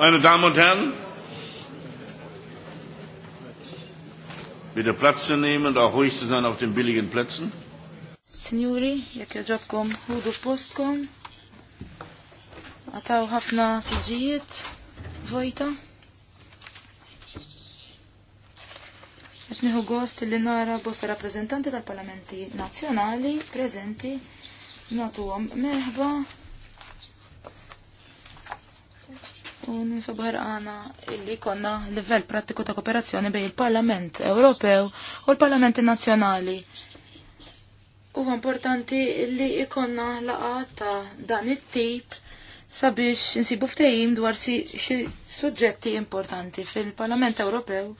Meine Damen und Herren, bitte Platz zu nehmen und auch ruhig zu sein auf den billigen Plätzen. Signori, jak ja jaġobkom hudu postkom, għataw ħafna siġijiet, vojta. Etniħu gost li nara bosta rappresentanti tal-parlamenti nazjonali prezenti, natu merħba U għana illi konna livell prattiku ta' kooperazzjoni bej il-Parlament Ewropew u l-Parlamenti Nazzjonali. U importanti illi ikonna laqa ta' dan it-tip sabiex insibu ftehim dwar xi suġġetti importanti fil-Parlament Ewropew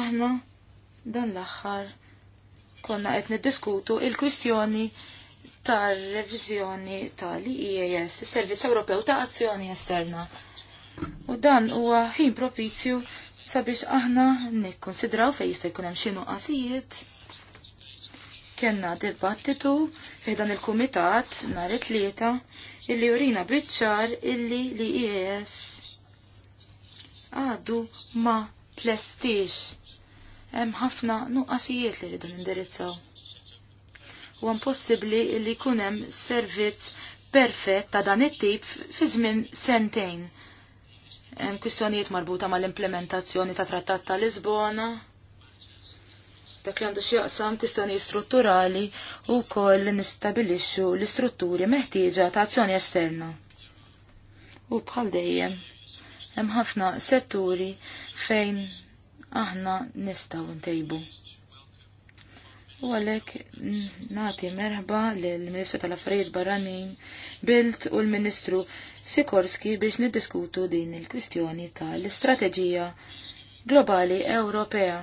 aħna dan l-aħħar konna qed niddiskutu il-kwistjoni tar-reviżjoni tal-IES, is-Servizz Ewropew ta' Azzjoni Esterna u dan huwa ħin propizju sabiex aħna nikkonsidraw fejn jista' jkun hemm xi nuqqasijiet. Kenna dibattitu fejn dan il-kumitat nhar it-tlieta illi urina biċċar illi li IES għadu ma tlestix. Hemm ħafna nuqqasijiet li rridu nindirizzaw. Huwa impossibbli li jkun hemm servizz perfett ta' dan it-tip fi żmien sentejn Hemm kwistjonijiet marbuta mal-implementazzjoni ta' Trattat ta' Lisbona. Dak li għandu x'jaqsam kwistjonijiet strutturali u wkoll nistabilixxu l-istrutturi meħtieġa ta' azzjoni esterna. U bħal dejjem hemm ħafna setturi fejn aħna nistgħu ntejbu. U għalek nati merħba l-Ministru tal-Affarijiet Barranin Bilt u l-Ministru Sikorski biex niddiskutu din il-kwistjoni tal-istrateġija globali Ewropea.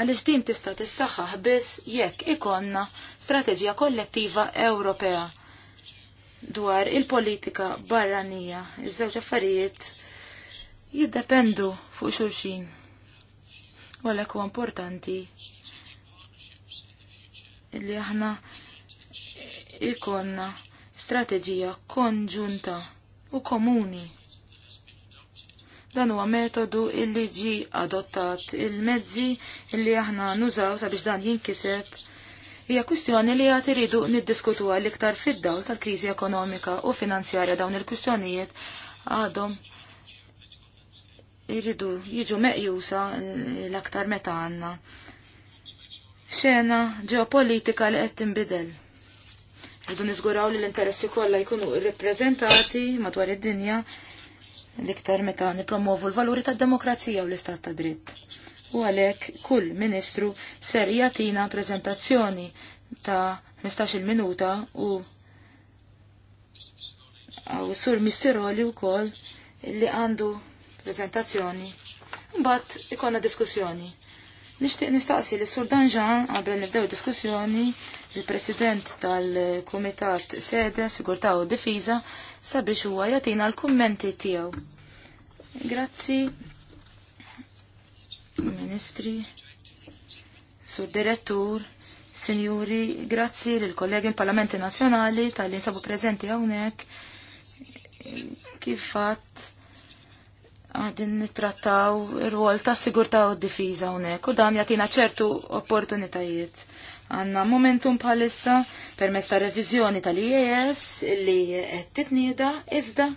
Għalix din tista' tissaħħaħ biss jekk ikonna strateġija kollettiva Ewropea dwar il-politika barranija. Iż-żewġ affarijiet jiddependu fuq xulxin. U għalek u importanti li aħna ikonna strateġija konġunta u komuni. Dan huwa metodu illi ġi adottat il-mezzi illi aħna nużaw sabiex dan jinkiseb hija kwistjoni li għad iridu niddiskutu l-iktar fid-dawl tal-kriżi ekonomika u finanzjarja dawn il-kwistjonijiet għadhom iridu jiġu meqjusa l-aktar meta għandna xena ġeopolitika li qed tinbidel. Rridu niżguraw li l-interessi kollha jkunu rippreżentati madwar id-dinja l-iktar meta nipromovu l-valuri tad-demokrazija u l-istat ta' dritt. U għalhekk kull ministru ser jagħtina preżentazzjoni ta' 15-il minuta u għaw sur mistiroli u koll li għandu prezentazzjoni. Mbatt ikonna diskussjoni. Nixtieq nistaqsi li sur Danġan qabel nibdew diskussjoni il-President tal-Kumitat Sede Sigurta' u Difiża sabiex huwa jagħtina l-kummenti tiegħu. Grazzi, Ministri, Sur Direttur, Sinjuri, grazzi lill kollegi in parlamenti Nazzjonali tal-li sabu preżenti hawnhekk kif fatt għadin nitrattaw ir-rwol ta' sigurta u d-difiża hawnhekk u dan jagħtina ċertu opportunitajiet. Għanna momentum bħalissa permezz ta' reviżjoni tal-IAS illi qed titnieda iżda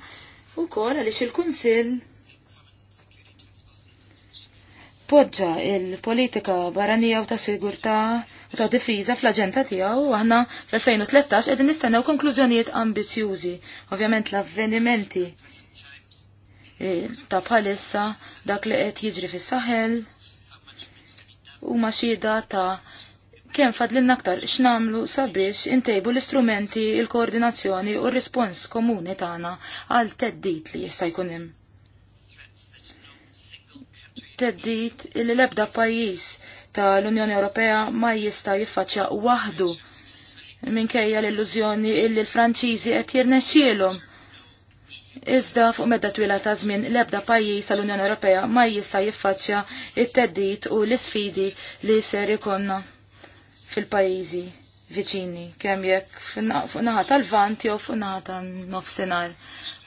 kol għaliex il-Kunsill poġġa il-politika barranija u ta' sigurta u ta' difiża fl-aġenda tiegħu u aħna fl-2013 qegħdin nistennew konklużjonijiet ambizjużi. Ovvjament l-avvenimenti E, ta' bħalissa dak li qed jiġri fis-saħel huma xhieda ta' kemm fadlin aktar x'namlu sabiex intejbu l-istrumenti, il-koordinazzjoni u r-rispons komuni tagħna għal teddit li jista' jkun hemm. Teddit li l-ebda pajjiż tal-Unjoni Ewropea ma jista' jiffaċċja waħdu minkejja l-illużjoni illi l-Franċiżi qed jirnexxielhom Iżda fuq medda twila ta' żmien l-ebda pajjiż tal-Unjoni Ewropea ma jista' jiffaċċja it-teddit u l-isfidi li ser ikonna fil-pajjiżi viċini kemm jekk fuq naħa tal-vant jew fuq naħa tan-nofsinhar.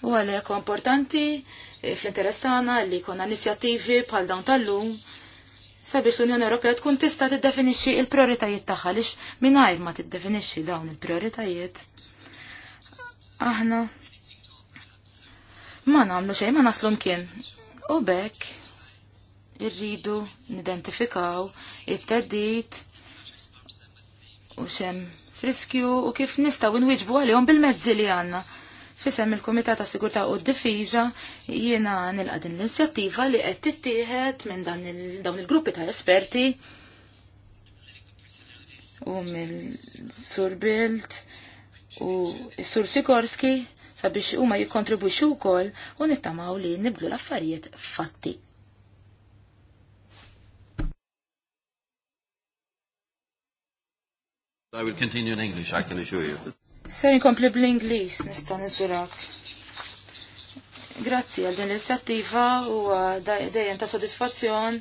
U għalhekk importanti eh, fl-interess tagħna li jkollna inizjattivi bħal dawn tal-lum sabiex l-Unjoni Ewropea tkun tista' tiddefinixxi l prijoritajiet tagħha għaliex mingħajr ma tiddefinixxi dawn il-prijoritajiet. Aħna ma nagħmlu xejn ma naslu mkien. U bekk irridu nidentifikaw it-teddit u xem friskju u kif nistaw inwiġbu għalihom bil-mezzi li għandna. Fisem il-Komitat ta' Sigurtà u d-Difiża jiena nilqa' din l-inizjattiva li qed tittieħed minn dawn il-gruppi ta' esperti u mill Sur Bilt u Sur Sikorski sabiex huma jikkontribwixxu wkoll u nittamaw li nibdu l-affarijiet fatti. I will continue in English, I can assure you. Se inkompli bl-Inglis, nista' nizbirak. Grazzi għal din l-inizjattiva u dejjem ta' sodisfazzjon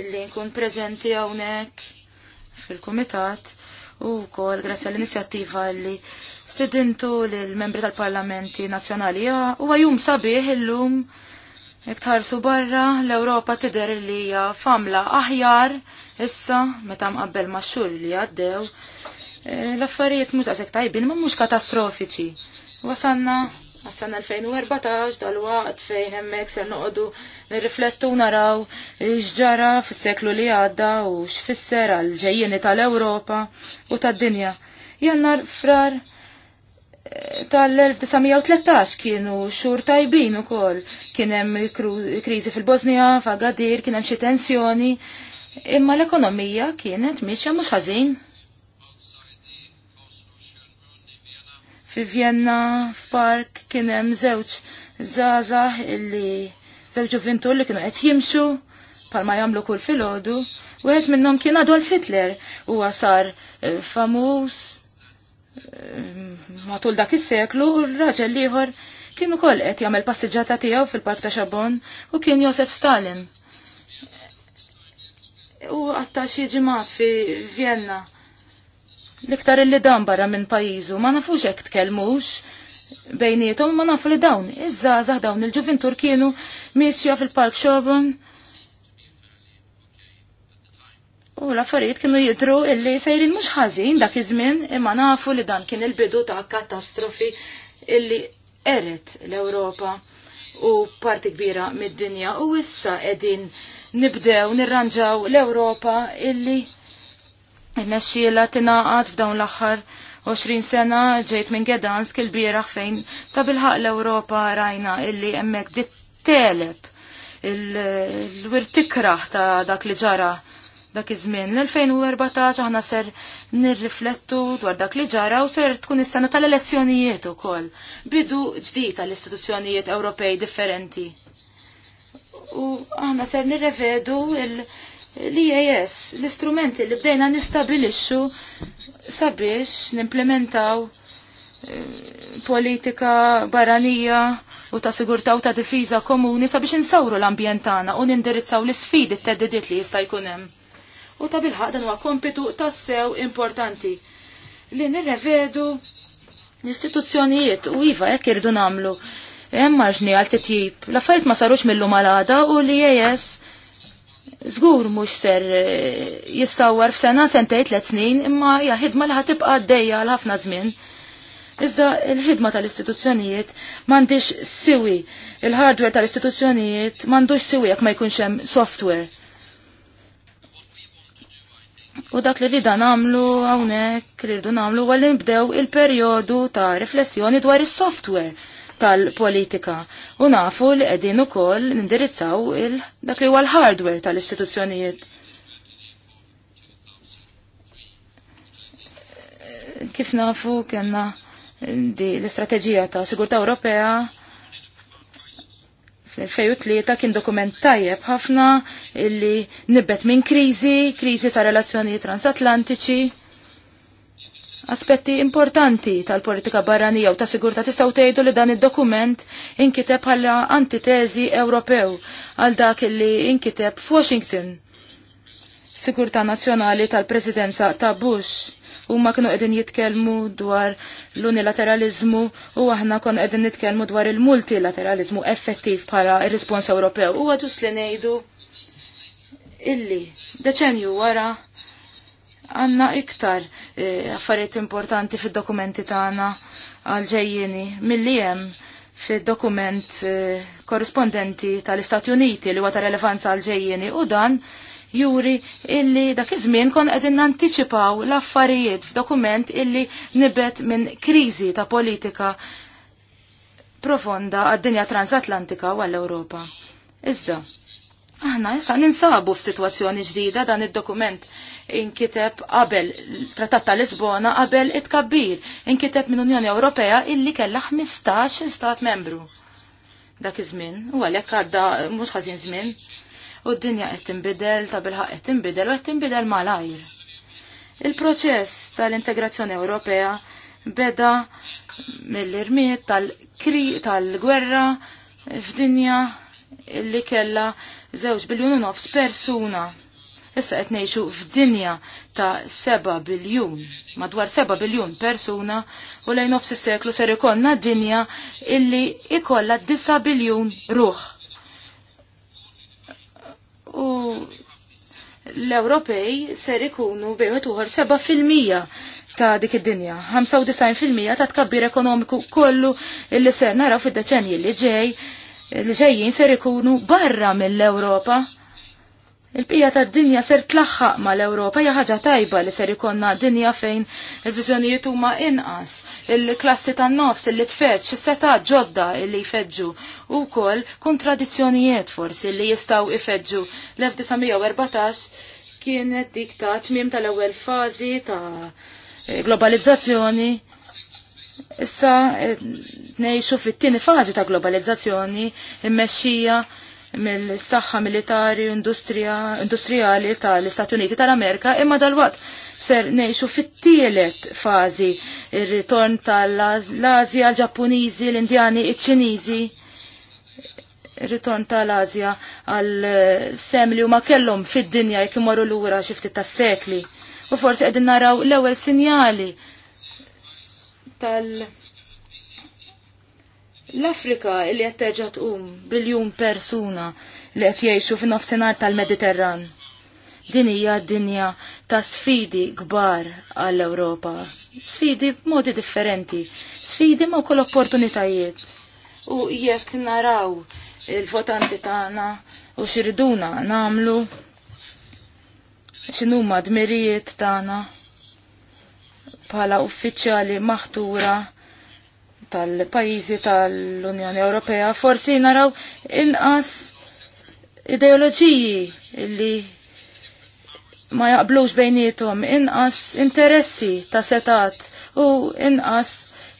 illi nkun preżenti hawnhekk fil-kumitat u kol grazzi għall-inizjattiva li stidintu l-membri tal-parlamenti nazjonali ja, u għajum sabiħ iktar su barra l-Europa tider li hija famla aħjar issa meta mqabbel maċxur xhur li għaddew eh, l-affarijiet mhux daqshekk tajbin ma mhux katastrofiċi. Wasanna għas-sena 2014 dal-waqt fejn hemmhekk se noqogħdu nirriflettu naraw x'ġara fis-seklu li għadda u x'fisser għal ġejjieni tal-Ewropa u tad-dinja. Jannar frar eh, tal-1913 kienu xhur tajbin ukoll kien hemm kriżi fil-Bosnija, f'Agadir, kien hemm xi tensjoni, imma l-ekonomija kienet miexja mhux ħażin. fi Vienna, f'park, kien hemm żewġ żgħażagħ illi żewġ ġuventu li kienu qed jimxu bħalma jagħmlu kull filgħodu, wieħed minnhom kien Adolf Hitler huwa sar eh, famuż eh, matul dak is-seklu u r-raġel ieħor kien ukoll qed jagħmel passiġġata tiegħu fil-Park ta' Xabon u kien Josef Stalin. U għatta xi ġimgħat fi Vienna L-iktar illi dan barra minn pajizu, ma nafux hekk tkellmux bejnietom, ma nafu li dawn. iż zaħ dawn il ġuvin kienu misja fil-Park xobun. U l-affarijiet kienu jidru illi sejrin mhux ħażin dak iż-żmien imma nafu li dan kien il-bidu ta' katastrofi illi eret l-Ewropa u parti kbira mid-dinja u issa qegħdin nibdew nirranġaw l-Ewropa illi il nexxiela tinaqat f'dawn l-axħar 20 sena ġejt minn Gedansk il-bieraħ fejn ta' bilħaq l-Ewropa rajna illi emmek dit teleb il-wirtikraħ ta' dak li ġara dak iż-żmien. L-2014 aħna ser nirriflettu dwar dak li ġara u ser tkun is-sena tal-elezzjonijiet ukoll. Bidu ġdid tal-istituzzjonijiet Ewropej differenti. U aħna ser nirrevedu il- l-IAS, l-istrumenti li bdejna nistabilixxu sabiex nimplementaw eh, politika barranija u ta' sigurta u ta' difiża komuni sabiex insawru l-ambjent tagħna u nindirizzaw l-isfidi t-teddidiet li jista' jkun hemm. U ta' bilħaq dan huwa kompitu tassew importanti li nirrevedu l-istituzzjonijiet u iva jekk irdu namlu. Hemm marġni għal titjib. L-affarijiet ma sarux mill-lum u li jes Zgur mux ser eh, jissawar f'sena sentej tlet snin imma hija ħidma li ħatibqa għaddejja għal ħafna żmien. Iżda l-ħidma tal-istituzzjonijiet m'għandix siwi. Il-hardware tal-istituzzjonijiet m'għandux siwi jekk ma jkunx hemm software. U dak li rida nagħmlu hawnhekk li rridu nagħmlu għallin bdew il-perjodu ta' riflessjoni dwar is-software tal-politika. U nafu li qegħdin ukoll nindirizzaw dak li huwa l-hardware tal-istituzzjonijiet. Kif nafu kellna di l-istrateġija ta' Sigurtà Ewropea Fejju tlieta kien dokument tajjeb ħafna illi nibbet minn kriżi, kriżi ta' relazzjoni transatlantiċi aspetti importanti tal-politika barranija u ta' sigurta tistaw tgħidu li dan id-dokument inkiteb bħala antitezi Ewropew għal dak li inkiteb f'Washington. Sigurta nazzjonali tal-presidenza ta' Bush huma kienu qegħdin jitkellmu dwar l-unilateralizmu u aħna kon qegħdin nitkellmu dwar il-multilateralizmu effettiv bħala ir-rispons Ewropew. Huwa ġust li ngħidu illi deċenju wara għanna iktar eh, affarijiet importanti fid-dokumenti tagħna għal milli hemm fid-dokument korrespondenti eh, korrispondenti tal-Istati Uniti li huwa ta' relevanza għal-ġejjini u dan juri illi dak iż-żmien kon qegħdin nantiċipaw l-affarijiet f'dokument illi nibet minn kriżi ta' politika profonda għad-dinja transatlantika u għall-Ewropa. Iżda, Aħna issa ninsabu f'sitwazzjoni ġdida dan id-dokument inkiteb qabel trattat ta' Lisbona qabel it-kabbir inkiteb minn Unjoni Ewropea illi kellha 15 stat membru. Dak iż-żmien, u għalhekk għadda mhux ħażin żmien. U d-dinja qed tinbidel, ta' bilħaq qed tinbidel u qed tinbidel malajr. Il-proċess tal-integrazzjoni Ewropea beda mill-irmiet tal-gwerra tal gwerra f'dinja li kella żewġ biljun u nofs persuna. Issa qed ngħixu f'dinja ta' 7 biljun, madwar 7 biljun persuna u lejn nofs is-seklu ser ikollna dinja illi ikollha 9 biljun ruħ. U l-Ewropej ser ikunu bejwet uħar 7% ta' dik id-dinja. 95% ta' tkabbir ekonomiku kollu illi ser naraw fid-deċenji li ġej li ġejjin ser ikunu barra mill-Ewropa. Il-pija ta' dinja ser tlaħħaq ma l-Ewropa hija ħaġa tajba li ser ikonna dinja fejn il-viżjonijiet huma inqas, il-klassi tan-nofs illi tfetx, is-seta' ġodda li jfeġġu u wkoll kontradizzjonijiet forsi li jistgħu ifeġġu. L-1914 kienet dik ta' tmiem tal-ewwel fażi ta' globalizzazzjoni Issa eh, nejxu fit-tieni fażi ta' globalizzazzjoni immexxija mill-saħħa militari u industrijali tal-Istati Uniti tal-Amerika imma dal-waqt ser nejxu fit-tielet fażi ir-ritorn tal-Azja, l-Ġappuniżi, l-Indjani, iċ-Ċiniżi ritorn tal-Azja għal eh, sem li huma kellhom fid-dinja jekk imorru lura xi ftit tas-sekli. U forsi qegħdin naraw l-ewwel sinjali tal- L-Afrika li qed terġa' tqum biljun persuna li qed jgħixu f'nofsinhar tal-Mediterran. Din hija dinja ta' sfidi kbar għall-Ewropa. Sfidi b'modi differenti, sfidi ma' wkoll opportunitajiet. U jekk naraw il-votanti tagħna u xiriduna namlu x'inhuma dmirijiet tagħna bħala uffiċjali maħtura tal-pajizi tal-Unjoni Ewropea forsi naraw inqas ideoloġiji li ma jaqblux bejnietom, inqas interessi ta' setat u inqas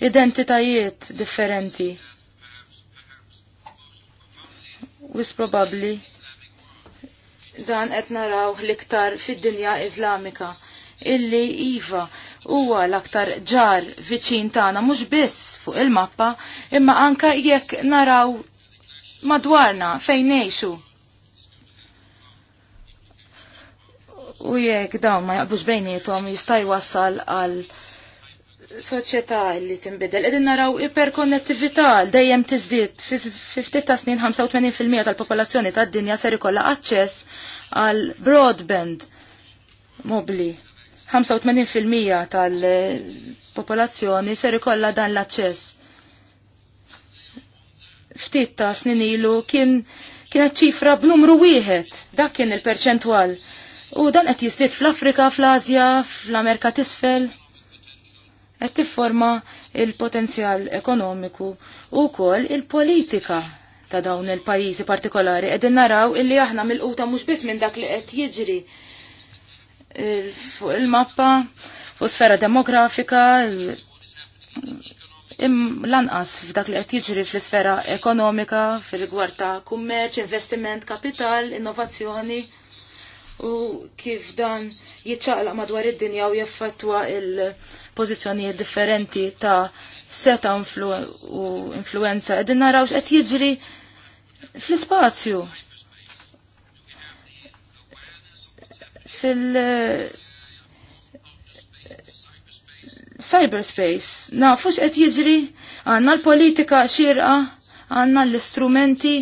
identitajiet differenti. Wis probabli dan qed naraw l-iktar fid-dinja Islamika illi iva huwa l-aktar ġar viċin tagħna mhux biss fuq il-mappa, imma anka jekk naraw madwarna fejn ngħixu. U jekk dawn ma jaqbux bejnietom jista' jwassal għal soċjetà li tinbidel. Qegħdin naraw iperkonnettività l dejjem tiżdied fi ftit ta' snin 85% tal-popolazzjoni tad-dinja ser ikollha aċċess għal broadband mobli 85% tal-popolazzjoni ser ikollha dan l-aċċess. Ftit ta' snin ilu kien kienet ċifra b'numru wieħed, dak kien il-perċentwal. U dan qed jiżdied fl-Afrika, fl-Asja, fl-Amerika t'isfel. Qed tifforma il-potenzjal ekonomiku u wkoll il-politika ta' dawn il-pajjiżi partikolari qegħdin naraw illi aħna mill-quta mhux biss minn dak li qed jiġri fuq il-mappa, fuq sfera demografika, lanqas f'dak li qed jiġri fl-isfera ekonomika, fil-rigward ta' kummerċ, investiment, kapital, innovazzjoni u kif dan jiċċaqlaq madwar id-dinja u jaffattwa il-pożizzjonijiet differenti ta' seta influ u influenza. Qegħdin naraw x'qed jiġri fl-ispazju fil- cyberspace. Nafux qed jiġri, għandna l-politika xirqa, għandna l-istrumenti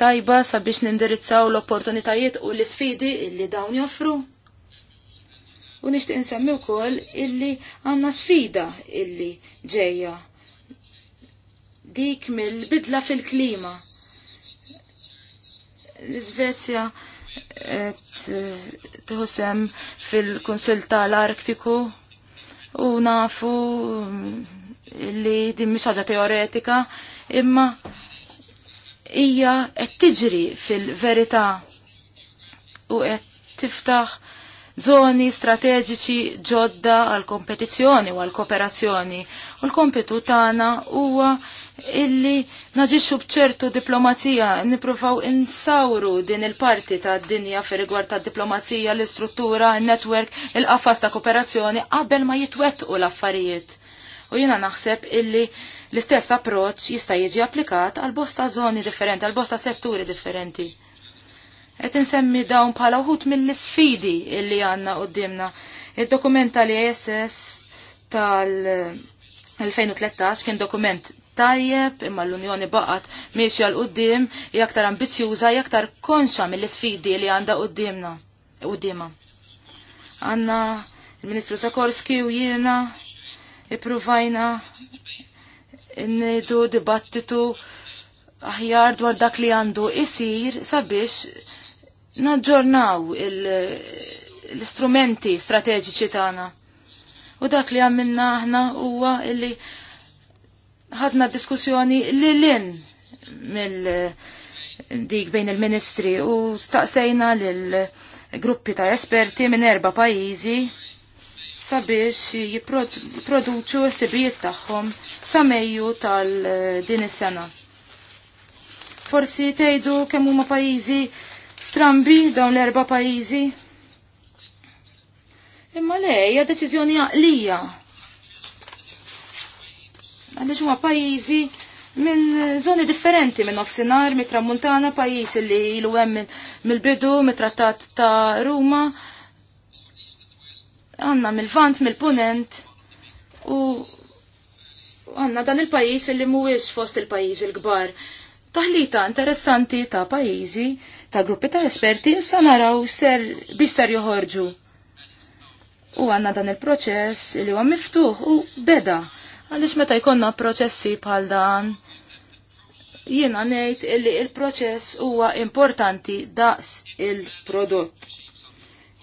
tajba sabiex nindirizzaw l-opportunitajiet u l-isfidi illi dawn joffru. U nixtieq insemmi wkoll illi għandna sfida illi ġejja dik mill-bidla fil-klima. L-Iżvezja Eh, tħossem fil-Kunsil tal-Arktiku u nafu mm, li din mhix ħaġa teoretika imma hija qed tiġri fil-verità u qed tiftaħ zoni strateġiċi ġodda għal kompetizzjoni u għal kooperazzjoni u l-kompetu tagħna huwa illi naġixxu bċertu diplomazija nipruvaw insawru din il-parti ta' dinja fi rigward ta' diplomazija, l-istruttura, il-netwerk, il-qafas ta' kooperazzjoni qabel ma jitwettqu l-affarijiet. U jiena naħseb illi l-istess approċ jista' jiġi applikat għal bosta zoni differenti, għal bosta setturi differenti. Qed insemmi dawn bħala uħut mill-isfidi illi għandna dimna. il dokumenta li ISS tal-2013 kien dokument tajjeb, imma l-Unjoni baqat miexi għal qudiem hija aktar ambizzjuża hija aktar konxa mill-isfidi li għandha qoddimna. quddiemha. Għandna il-Ministru Sakorski u jiena ippruvajna innidu dibattitu aħjar dwar dak li għandu isir sabiex naġġornaw l-istrumenti strateġiċi tagħna. U dak li għamilna aħna huwa illi ħadna diskussjoni li lin mill dik bejn il-ministri u staqsejna l gruppi ta' esperti minn erba' pajjiżi sabiex jipproduċu s-sibijiet tagħhom sa Mejju tal-din eh, is-sena. Forsi tgħidu kemm huma pajjiżi strambi dawn l-erba' pajjiżi. Imma lej, hija deċiżjoni għaqlija Għaliex huma pajjiżi minn zoni differenti minn nofsinhar, mit tramuntana, pajizi li ilu hemm mill-bidu, mit-trattat ta' Ruma. Għanna mill-vant, mill-punent u għandna dan il pajizi li mhuwiex fost il pajizi l kbar Taħlita interessanti ta' pajjiżi, ta' gruppi ta' esperti, issa naraw ser biex ser joħorġu. U għanna dan il-proċess li huwa miftuħ u beda Għaliex meta jkollna proċessi bħal dan, jiena ngħid illi il-proċess huwa importanti daqs il-prodott.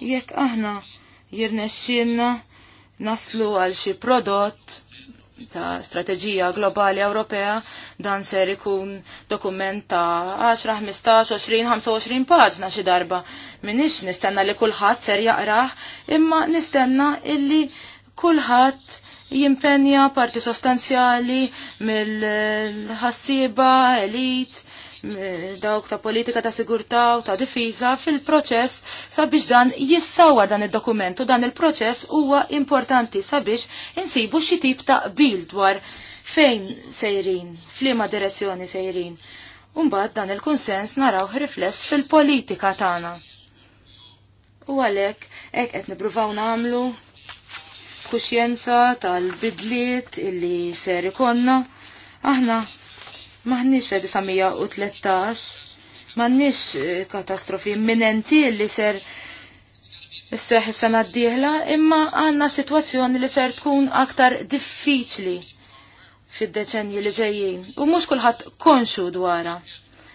Jekk aħna jirnexxinna naslu għal xi prodott ta' strateġija globali Ewropea dan ser ikun dokument ta' 10, 15, 20, 25 paġna xi darba. Minix nistenna li kulħadd ser jaqrah, imma nistenna illi kulħadd jimpenja parti sostanzjali mill-ħassiba, elit, dawk ta' politika ta' sigurtà u ta' difiża fil-proċess sabiex dan jissawar dan id-dokument u dan il-proċess huwa importanti sabiex insibu xi tip ta' bil dwar fejn sejrin, f'liema direzzjoni sejrin. Umbad dan il-kunsens naraw rifless fil-politika tagħna. U għalhekk hekk qed nippruvaw nagħmlu kuxjenza tal-bidliet illi ser konna. Aħna maħniex u 1913 maħnix eh, katastrofi imminenti illi ser s-seħ sena d-dihla imma għanna situazzjoni li ser tkun aktar diffiċli fid-deċenji li ġejjin u mhux kulħadd konxu dwarha.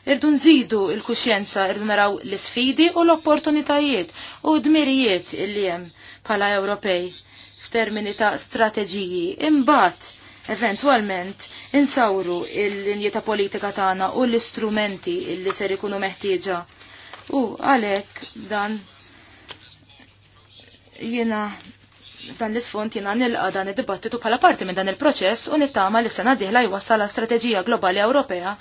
Irdu nżidu il-kuxjenza, irdu naraw l-sfidi u l-opportunitajiet u d-dmirijiet li hemm bħala Ewropej f'termini ta' strateġiji. Imbagħad eventwalment insawru il linjeta ta' politika tagħna u l-istrumenti li ser ikunu meħtieġa. U għalhekk dan jiena f'dan l-isfond jiena nilqa dan id-dibattitu bħala parti minn dan il-proċess u nittama li sena diħla jwassal strateġija globali Ewropea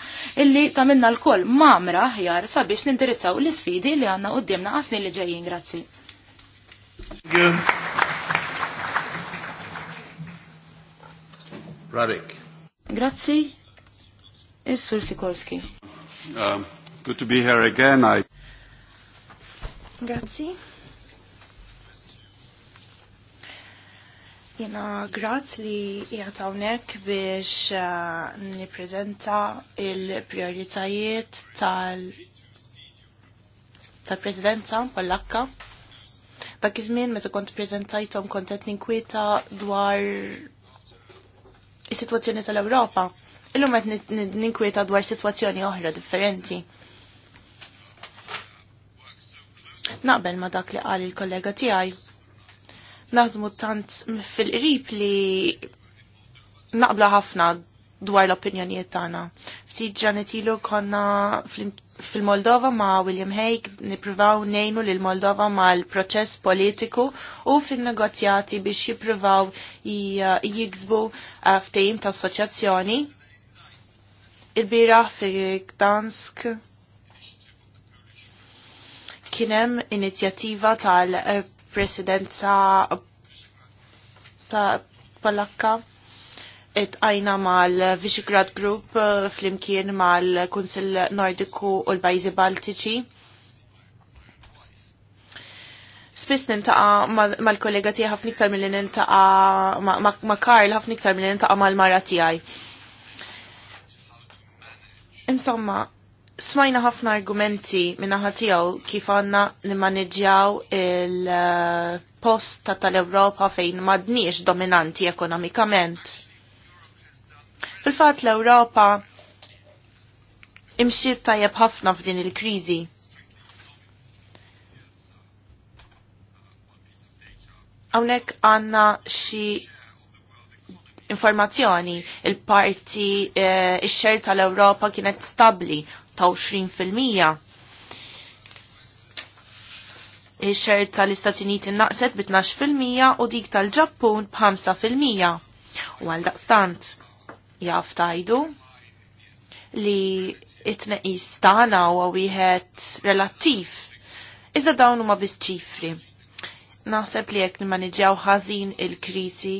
illi tamilna l-koll mamra ħjar sabiex nindirizzaw l-isfidi li għandna qudiemna għasni li ġejjin. Grazzi. Radek. Grazzi. Issur Sikorski. Um, good to be here again. I... Grazzi. Jena graz li jgħatawnek biex uh, niprezenta il-prioritajiet tal tal-prezidenza pal-lakka. Dak iż-żmien meta kont prezentajtom kontet ninkwieta dwar is-sitwazzjoni tal-Ewropa. Illum qed ninkwieta dwar sitwazzjoni oħra differenti. Naqbel ma dak li qal il-kollega tiegħi. Naħdmu tant fil-qrib li naqbla ħafna dwar l-opinjonijiet tagħna ftit ġanet ilu konna fil-Moldova ma' William Haig nipruvaw nejnu lil Moldova ma' l-proċess politiku u fil-negozjati biex jipruvaw uh, jiksbu uh, ftejim ta' assoċjazzjoni. Il-bira fil Gdansk kienem inizjattiva tal-presidenza ta' Polakka tqajna mal-Visegrad Group eh, flimkien mal-Kunsill Nordiku u l-Pajjiżi Baltiċi. Spiss nintaqa mal-kollega tiegħi ħafna iktar milli nintaqa ma' Karl ħafna iktar milli nintaqa mal-mara tiegħi. Insomma, smajna ħafna argumenti min-naħa tiegħu kif għandna nimmaneġġjaw il-post eh, ta' tal-Ewropa fejn madniex dominanti ekonomikament Fil-fat l-Ewropa imxiet tajjeb ħafna f'din il-kriżi. Hawnhekk għandna xi informazzjoni il-parti eh, ix-xer tal-Ewropa kienet stabli ta' 20%. Ix-xer tal-Istati Uniti naqset fil 12% u dik tal-Ġappun b'5%. U għal daqstant jaf tajdu li it-tneqis tagħna huwa wieħed relattiv. Iżda dawn huma biss ċifri. Naħseb li jekk nimmaneġġjaw ħażin il-kriżi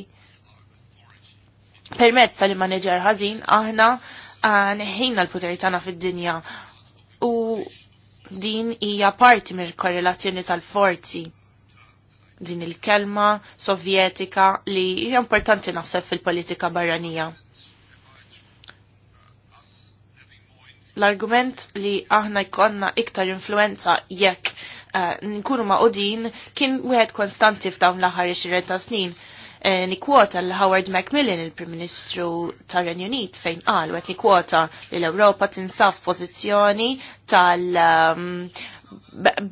permezz tal maneġer ħażin aħna neħinna l-poter tagħna fid-dinja u din hija parti mill-korrelazzjoni tal-forzi din il-kelma sovjetika li hija importanti naħseb fil-politika barranija. L-argument li aħna jkonna iktar influenza jekk eh, nkunu ma' odin kien wieħed konstanti f'dawn l-aħħar 20 ta' snin. Eh, nikwota l-Howard Macmillan, il-Prim Ministru tar renju Unit, fejn qal, għet nikwota li l-Europa tinsaf pozizjoni tal- ehm,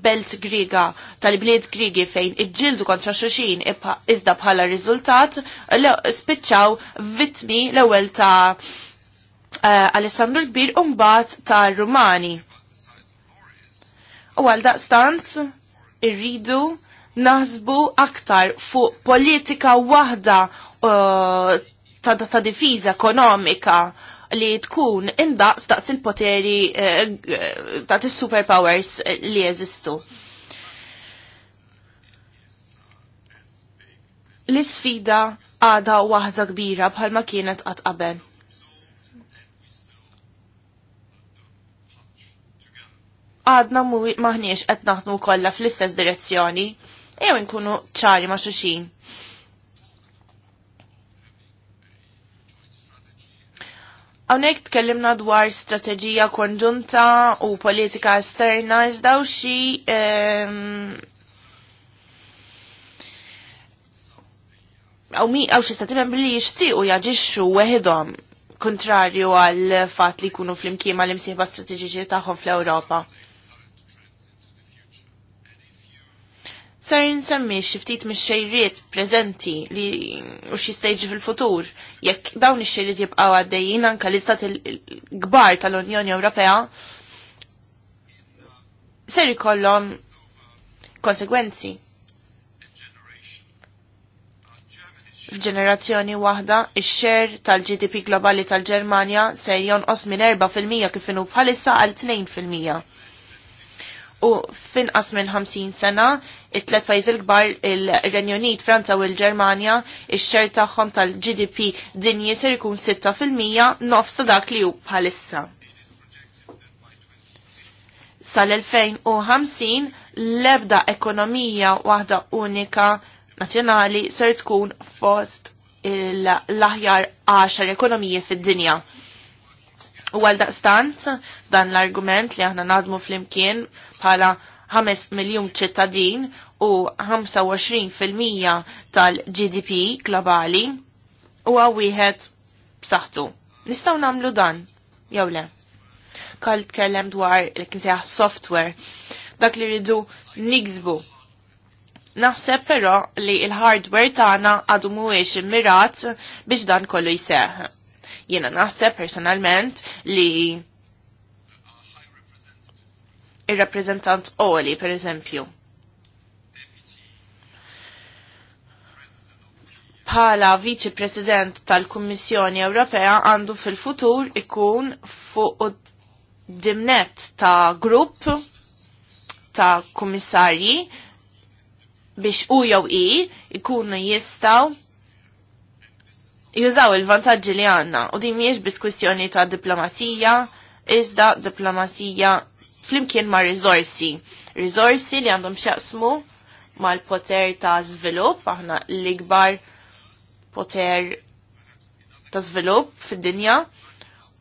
belt griga tal-bliet grigi fejn iġġildu kontra xuxin iżda bħala riżultat spiċċaw vitmi l-ewwel ta' Eh, Alessandro l-Kbir u mbagħad ta' rumani U għal daqstant irridu naħsbu aktar fuq politika waħda eh, ta' difiża ekonomika li tkun indaqs daqs il-poteri ta' eh, il-superpowers li jeżistu. L-sfida għada waħda kbira bħalma kienet għat qabel. għadna maħniex qed naħdmu kolla fl-istess direzzjoni jew nkunu ċari ma' xuxin. Għonek tkellimna dwar strategija konġunta u politika esterna izdaw xie ehm, għaw mi għaw xie membri li jishtiqu jaġixxu weħidhom kontrarju għal fat li kunu fl-imkien mal-imsieħba strateġiċi tagħhom fl-Ewropa. Sar nsemmi xiftit mis xejriet prezenti li u xi stage fil-futur, jekk dawn ix-xejriet jibqgħu għaddejjin anke l-istat il kbar tal-Unjoni Ewropea, ser ikollhom konsegwenzi. F'ġenerazzjoni waħda, ix-xer tal-GDP globali tal-Ġermanja ser jonqos minn 4% kif inhu bħalissa għal 2%. U finqas minn 50 sena, it-tlet pajjiżi l-kbar il-Renju Unit, Franza u l-Ġermanja, ix-xer tagħhom tal-GDP dinji ser ikun 6% nofs ta' dak li hu bħalissa. Sal-2050 l-ebda ekonomija waħda unika nazzjonali ser tkun fost l-aħjar 10 ekonomiji fid-dinja. U għal daqstant, dan l-argument li aħna nadmu fl-imkien bħala 5 miljon ċittadin u 25% tal-GDP globali u għawihet b'saħtu. Nistaw namlu dan, jew le. Kall tkellem dwar l-kinsija software, dak li rridu nigzbu. Naħseb però li il-hardware tagħna għadu mhuwiex immirat biex dan kollu jseħ. Jiena naħseb personalment li ir rappreżentant Oli, per eżempju, bħala viċi president tal-Kummissjoni Ewropea għandu fil-futur ikun fuq dimnet ta' grupp ta' kummissarji biex u jew i ikunu jistaw jużaw il-vantaġġi li għanna u din miex bis kwistjoni ta' diplomazija, iżda diplomazija flimkien ma' rizorsi. Rizorsi li għandhom xaqsmu mal-poter ta' zvilup aħna l-ikbar poter ta' svilup fid-dinja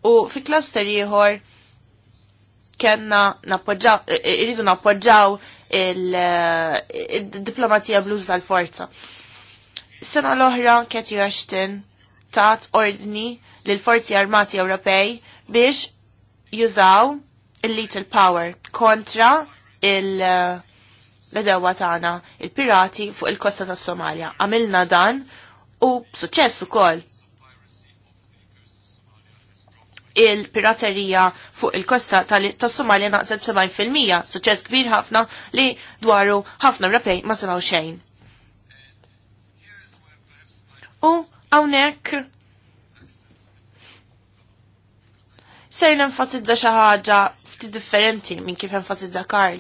u fi klaster ieħor kena nappoġġaw irridu nappoġġaw il-diplomazija eh, bluż tal-forza. Sena l-oħra Cathy Ashton tat ordni l forzi armati Ewropej biex jużaw il-little power kontra il- eh, l-edewa tagħna il-pirati fuq il-kosta tas Somalia. Għamilna dan u b'suċċess ukoll. Il-piraterija fuq il-kosta tas somalia naqset 70%, suċċess kbir ħafna li dwaru ħafna rapej ma semgħu xejn. U hawnhekk ser nenfasizza xi ħaġa ftit differenti minn kif enfasizza Karl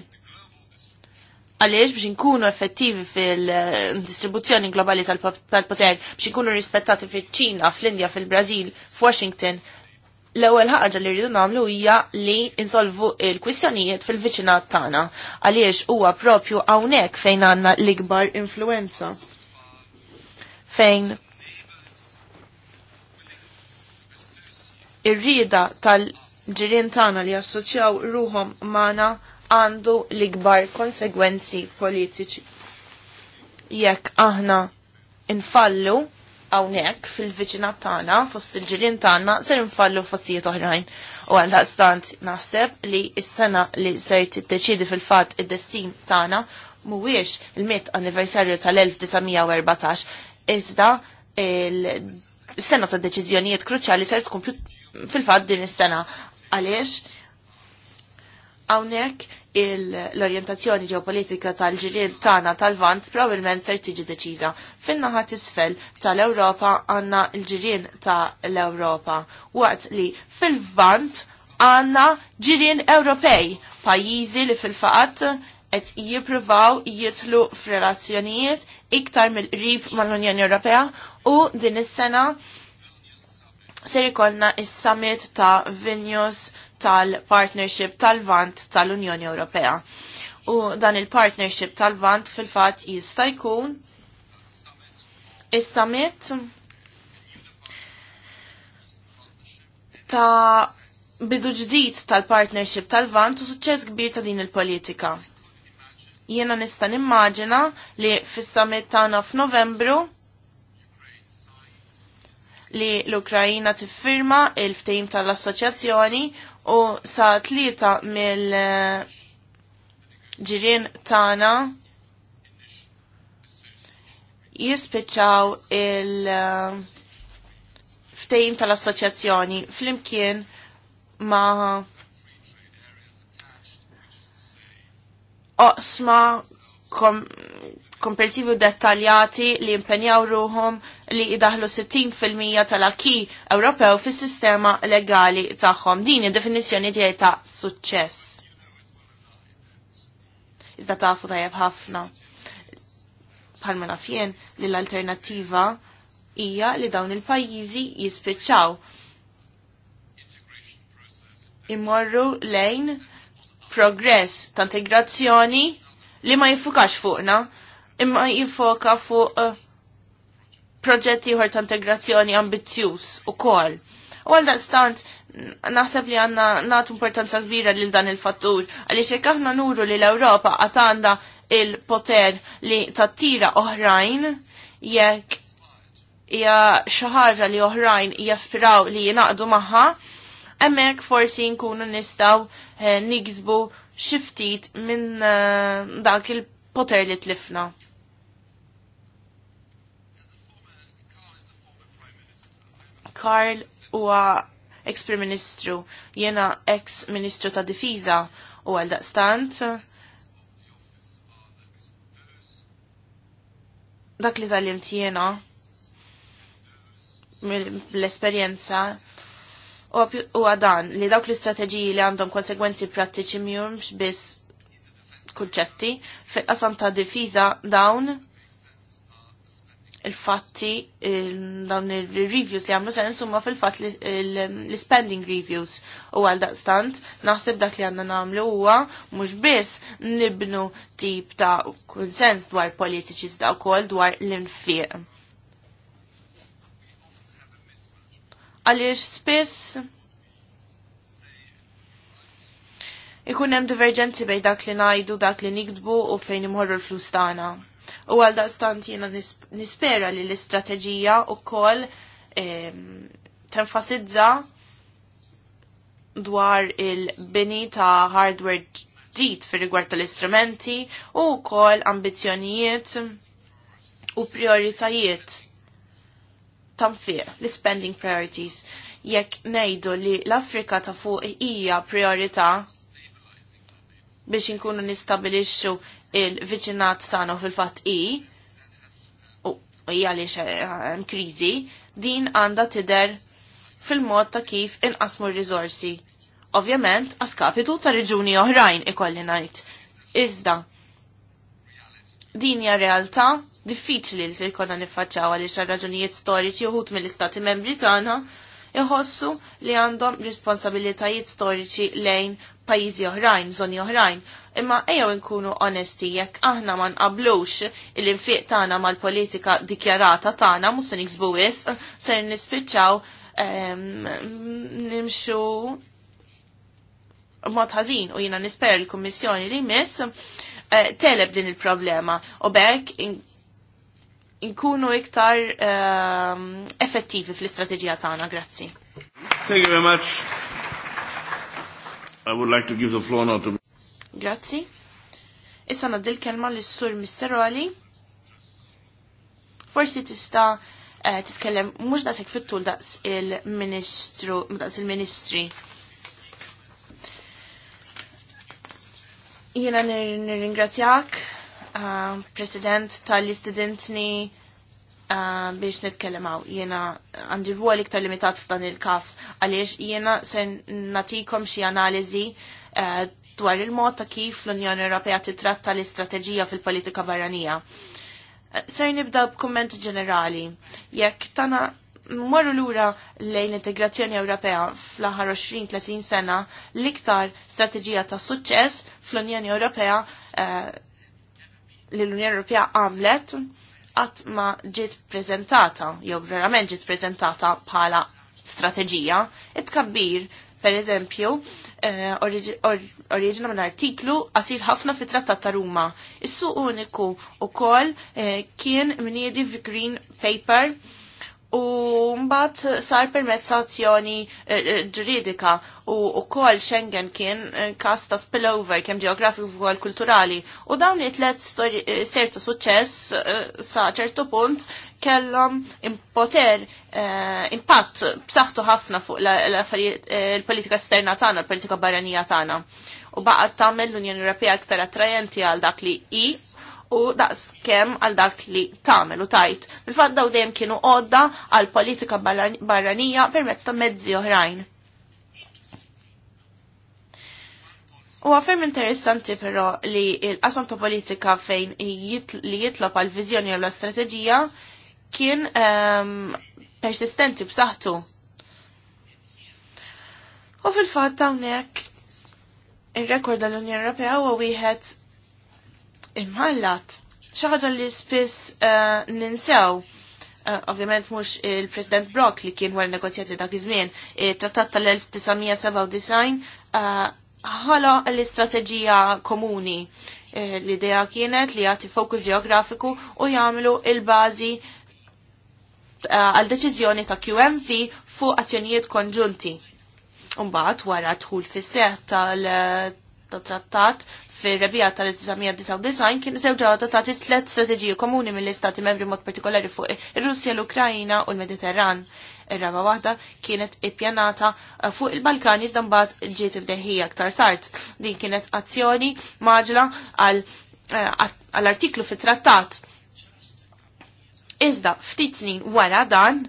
Għaliex biex nkunu effettivi fil-distribuzzjoni globali tal-poter, biex nkunu rispettati fil-ċina, fl-Indja, fil-Brazil, f'Washington, l-ewwel ħaġa li rridu nagħmlu hija li insolvu l-kwistjonijiet fil-viċinat tagħna għaliex huwa propju hawnhekk fejn għandna l-ikbar influenza. Fejn ir-rieda tal-ġirien tagħna li assoċjaw ruhom magħna għandu l-ikbar konsegwenzi politiċi. Jekk aħna infallu hawnhekk fil-viċinat tagħna fost il-ġirien tagħna ser infallu fostijiet oħrajn. U għal daqstant naħseb li s-sena li ser tiddeċidi fil-fatt id-destin tagħna mhuwiex il-mit anniversarju tal-1914 iżda il-sena ta' deċiżjonijiet kruċjali ser tkun fil-fatt din is-sena għaliex Hawnhekk l-orjentazzjoni ġeopolitika tal-ġirien tagħna tal-Vant probabbilment ser tiġi deċiża. Fin-naħa tisfel tal-Ewropa għandna l-ġirien tal ewropa waqt li fil-Vant għandna ġirien Ewropej, pajjiżi li fil-faqat qed jippruvaw jitlu f'relazzjonijiet iktar mill-qrib mal-Unjoni Ewropea u din is-sena ser ikolna is-summit ta' Vilnius tal-Partnership tal-Vant tal-Unjoni Ewropea. U dan il-Partnership tal-Vant fil-fat jista' jkun is-summit ta' bidu ġdid tal-partnership tal-vant u suċċess kbir ta' din il-politika. Jiena nista' nimmaġina li fis-summit tagħna f'Novembru li l-Ukrajina tiffirma il ftim tal-assoċjazzjoni u sa tlieta mill ġirien tagħna jispiċċaw il ftim tal-assoċjazzjoni flimkien ma oqsma kompertivi u dettaljati li impenjaw ruhom li idaħlu 60% tal-aki Ewropew fis sistema legali tagħhom. Din id-definizzjoni tiegħi ta' suċċess. Iżda tafu tajjeb ħafna. Bħalma naf jien li l-alternattiva hija li dawn il-pajjiżi jispiċċaw imorru lejn progress ta' integrazzjoni li ma jiffukax fuqna imma jifoka fuq eh, proġetti uħor ta' integrazzjoni ambizzjuż u kol. U għal stant, naħseb li għanna nat importanza kbira lil dan il-fattur, għaliex jekk aħna nuru li l-Ewropa għatanda għandha il-poter li tattira oħrajn jekk hija xi ħaġa li oħrajn jaspiraw li jinaqdu magħha, hemmhekk forsi nkunu nistgħu eh, niksbu xi ftit minn eh, dak il-poter li tlifna. Karl huwa ex-Prim Ministru, jiena ex-Ministru ta' Difiża u għal daqstant. Dak li tal-limt l-esperjenza u għadan li dawk l-istrateġiji li għandhom konsekwenzi prattiċi mjumx biss kunċetti, fil-qasam ta' difiża dawn il-fatti dawn il-reviews li għamlu sen insumma fil-fatt l-spending reviews u għal daqstant naħseb dak li għanna namlu huwa mhux biss nibnu tip ta' konsens dwar politiċi da' wkoll dwar l-infiq. Għaliex spiss ikun hemm diverġenzi bejn dak li ngħidu dak li nikdbu u fejn imħorru l-flus tagħna U għal daqstant jena nispera li l-istrateġija u koll ehm, tenfasizza dwar il-bini ta' hardware ġdid fir rigward tal-istrumenti u kol ambizjonijiet u prioritajiet tanfiq, l-spending priorities. Jekk nejdu li l-Afrika ta' fuq hija priorità biex inkunu nistabilixxu il-viċinat tagħna fil-fatt i u għaliex eh, hemm kriżi, din għandha tidher fil-mod ta' kif inqasmu r rizorsi Ovvjament, għaskapitu ta' reġuni oħrajn ikolli ngħid. Iżda, din hija realtà diffiċli li se jkollna niffaċċaw għaliex raġunijiet storiċi uħut mill-Istati Membri tagħna iħossu li għandhom responsabilitajiet storiċi lejn pajjiżi oħrajn, żoni oħrajn, imma ejjew nkunu onesti jekk aħna ma nqablux il infiq tagħna mal-politika dikjarata tagħna mhux se niksbu wisq se nispiċċaw nimxu mod ħażin u jiena nisper il-Kummissjoni li miss eh, teleb din il-problema u bekk nkunu iktar effettivi fl-istrateġija tagħna. Grazzi. Thank you very much. I would like to give the floor now to Grazzi. Issa naddi l-kelma s sur Misteroli. Forsi tista eh, titkellem mhux daqshekk fit-tul daqs il-Ministru, daqs il-Ministri. Jiena nirringrazzjak, eh, President, tal-istudentni eh, biex nitkellem hawn. Jiena għandi rwol iktar limitat f'dan il-każ għaliex jiena se natikom xi analiżi dwar il-mod ta' kif l-Unjoni Ewropea titratta l-istrateġija fil-politika barranija. Ser nibda b'kumment ġenerali. Jekk tana morru lura lejn l-integrazzjoni Ewropea fl-aħħar 20-30 sena l-iktar strateġija ta' suċċess fl-Unjoni Ewropea eh, li l-Unjoni Ewropea għamlet qatt ma ġiet prezentata, jew verament ġiet prezentata bħala strateġija, it-kabbir Per eżempju, eh, oriġina minn artiklu qasir ħafna fi trattat ta' Ruma. Is-suq uniku ukoll eh, kien mniedi fi Green Paper u mbagħad sar permezz azzjoni eh, eh, ġuridika u wkoll Schengen kien eh, każ ta' spillover kemm ġeografiku wkoll kulturali u dawn it-tlet ser ta' suċċess sa' ċertu punt kellhom impoter impatt b'saħħtu ħafna fuq l-politika esterna tagħna, l-politika barranija tagħna. U baqgħet tagħmel l-Unjoni Ewropea aktar attrajenti għal dak li i u daqs kem għal dak li tamel u tajt. Bil-fat daw dejjem kienu għodda għal politika barranija permezz ta' mezzi oħrajn. U għafem interessanti però li l qasam ta' politika fejn li jitlob għal viżjoni u l-strategija kien um, persistenti b'saħħtu. U fil-fatt hawnhekk ir-rekord tal-Unjoni Ewropea huwa wieħed imħallat. xaħġa li spiss uh, ninsew. Uh, ovvjament mhux il-President Brock li kien wara negozjati dak iż-żmien, trattat tal-1997 ħala uh, eh, l-istrateġija komuni. Uh, L-idea kienet li jagħti fokus geografiku u jagħmlu il-bażi għal deċiżjoni ta' QMP fuq azzjonijiet konġunti. Mbagħad wara dħul fis-seħ tal-trattat fil rebija tal-1999 kien żewġa adottati tliet strateġiji komuni mill-istati membri mod partikolari fuq ir-Russja, l-Ukrajna u l-Mediterran. Ir-raba waħda kienet ippjanata eh, fuq il-Balkani iżda mbagħad ġiet imdeħija aktar tard. Din kienet azzjoni maġla eh, għall-artiklu fit-trattat. Iżda ftit snin wara dan,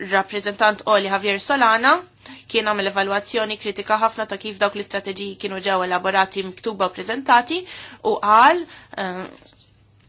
rappresentant Oli Javier Solana kien għamil evalwazzjoni kritika ħafna ta' kif dawk l-istrateġiji kienu ġew elaborati miktuba u prezentati u għal uh,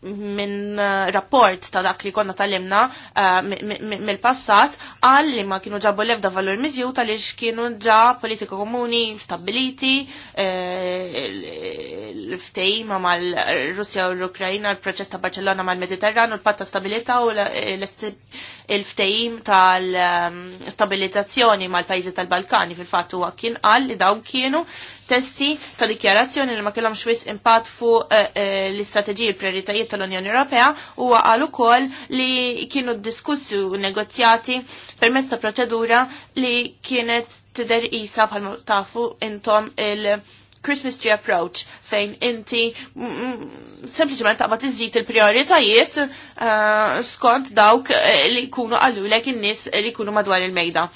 minn eh, rapport ta' dak li konna tal-imna eh, mill-passat għal li ma kienu ġabu lebda valur mizju tal kienu ġa politika komuni stabiliti eh, l-ftejma mal-Russja u l-Ukrajina l-proċess ta' Barcellona mal-Mediterran u l-patta stabilita u l-ftejim tal-stabilizzazzjoni ehm, mal-pajzi tal-Balkani fil fattu huwa kien għal li daw kienu testi ta' dikjarazzjoni li ma kellhomx xwiss impatt fuq eh, eh, l-istrateġiji e prioritajiet tal-Unjoni Ewropea u qal ukoll li kienu diskussi u negozjati permezz ta' proċedura li kienet tidher isa bħal tafu intom il- Christmas tree approach fejn inti mm, mm, sempliciment taqba iżżid il-prioritajiet eh, skont dawk li jkunu għallulek in-nies li jkunu madwar il-mejda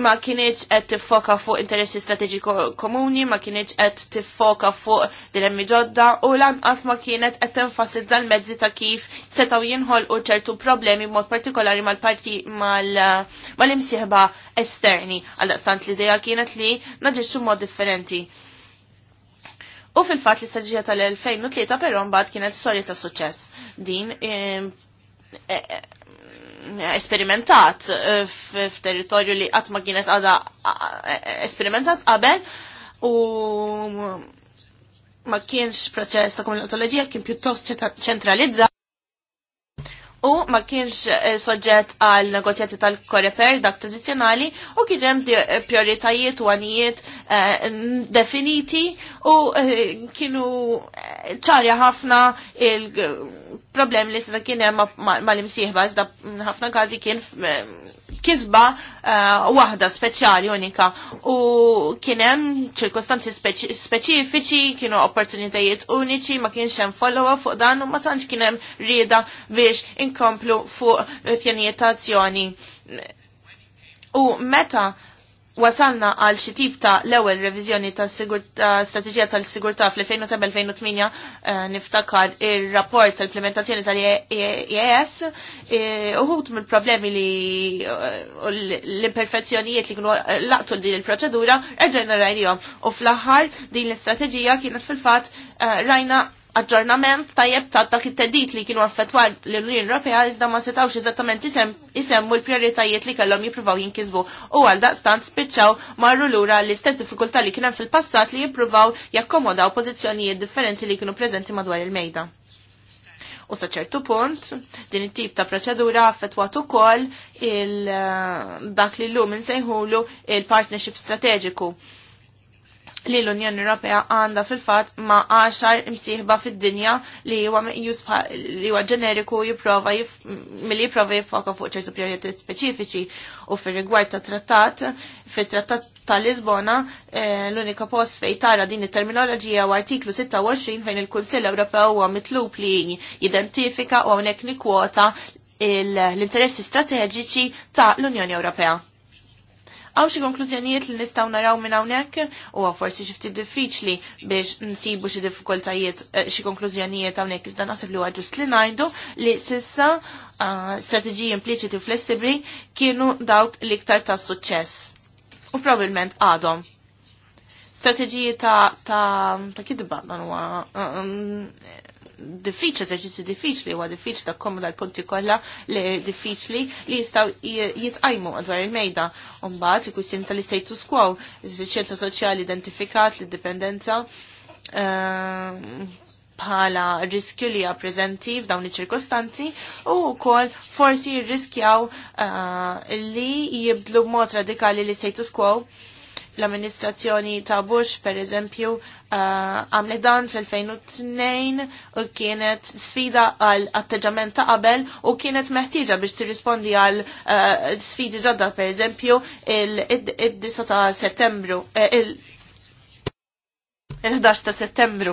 ma kienieċ qed tiffoka fuq interessi strateġiku komuni, ma kienieċ qed tiffoka fuq dilemmi ġodda u lanqas ma kienet qed tenfasizza l-mezzi ta' kif setgħu jinħolqu ċertu problemi mod partikolari mal-parti mal-imsieħba esterni, esterni għaldaqstant l-idea kienet li naġiċu mod differenti. U fil-fatt li staġija tal-2003 però mbagħad kienet storja ta' suċċess. Din e- e- esperimentat eh, f'territorju li qatt ma kienet għada eh, eh, esperimentat qabel u ma kienx proċess ta' komunitologija kien pjuttost ċentralizza u ma kienx soġġett għal negozjati tal-koreper dak tradizjonali u kien hemm prioritajiet u għanijiet definiti u kienu ċarja ħafna il-problem li sena kien hemm mal-imsieħba ħafna każi kien kisba uh, eh, waħda speċjali unika u kien hemm ċirkostanzi speċifiċi, kienu opportunitajiet uniċi, ma kienx hemm follow-up fuq dan u ma tantx kien hemm rieda biex inkomplu fuq eh, pjanijiet azzjoni. U meta wasalna għal xi tip ta' l-ewwel reviżjoni tal-strateġija tal-sigurtà fl-2007-2008 eh, niftakar ir-rapport tal-implementazzjoni tal-EAS e e eh, uħud mill-problemi li eh, l-imperfezzjonijiet li kienu laqtu din il-proċedura erġajna rajnijhom u fl-aħħar din l-istrateġija kienet fil-fatt rajna aġġornament tajjeb ta' dak it-tedit li kienu affettwat l-Unjoni Ewropea iżda ma setawx eżattament isemmu l-prioritajiet li kellhom jippruvaw jinkisbu u għal daqstant spiċċaw marru lura l-istess diffikultà li kien hemm fil-passat li jippruvaw jakkomodaw pożizzjonijiet differenti li kienu preżenti madwar il-mejda. U sa ċertu punt, din it-tip ta' proċedura affettwat ukoll il dak li llum insejħulu il-partnership strateġiku li l-Unjoni Ewropea għandha fil-fatt ma' għaxar imsieħba fid-dinja li huwa meqjus li huwa ġeneriku jipprova milli jipprova jiffoka fuq ċertu prijoritajiet speċifiċi u fir-rigward ta' trattat fit-trattat ta' Lisbona eh, l-unika post fejn tara din it-terminoloġija u artiklu 26 fejn il-Kunsill Ewropew huwa mitlub li jidentifika u hawnhekk nikwota l-interessi strateġiċi ta' l-Unjoni Ewropea Għaw xi konklużjonijiet li nistgħu naraw minn hawnhekk huwa forsi xi ftit diffiċli biex nsibu xi diffikultajiet eh, xi konklużjonijiet hawnhekk iżda naħseb li huwa ġust li ngħidu li sissa eh, strateġiji impliċiti flessibbli kienu dawk l-iktar ta' suċċess. U probabbilment għadhom. Strateġiji ta' ta' ta' kidba dan huwa eh, mm, diffiċli, eżerċizzju diffiċli, huwa diffiċli ta' komoda l-punti kollha li diffiċli li jistgħu jitqajmu dwar il-mejda. Mbagħad il-kwistjoni tal-istatus quo, iż-xjenza soċjali identifikat l-dipendenza ehm, bħala riskju li jappreżenti f'dawn iċ-ċirkostanzi u wkoll forsi jirriskjaw eh, li jibdlu b'mod radikali l istatus quo L-amministrazzjoni ta' Bush, per eżempju, eh, għamlet uh, dan fl-2002 u kienet sfida għal atteġġament ta' qabel u kienet meħtieġa biex tirrispondi għal uh, sfidi ġodda, per eżempju, il-9 ta' settembru, eh, il-11 ta' settembru.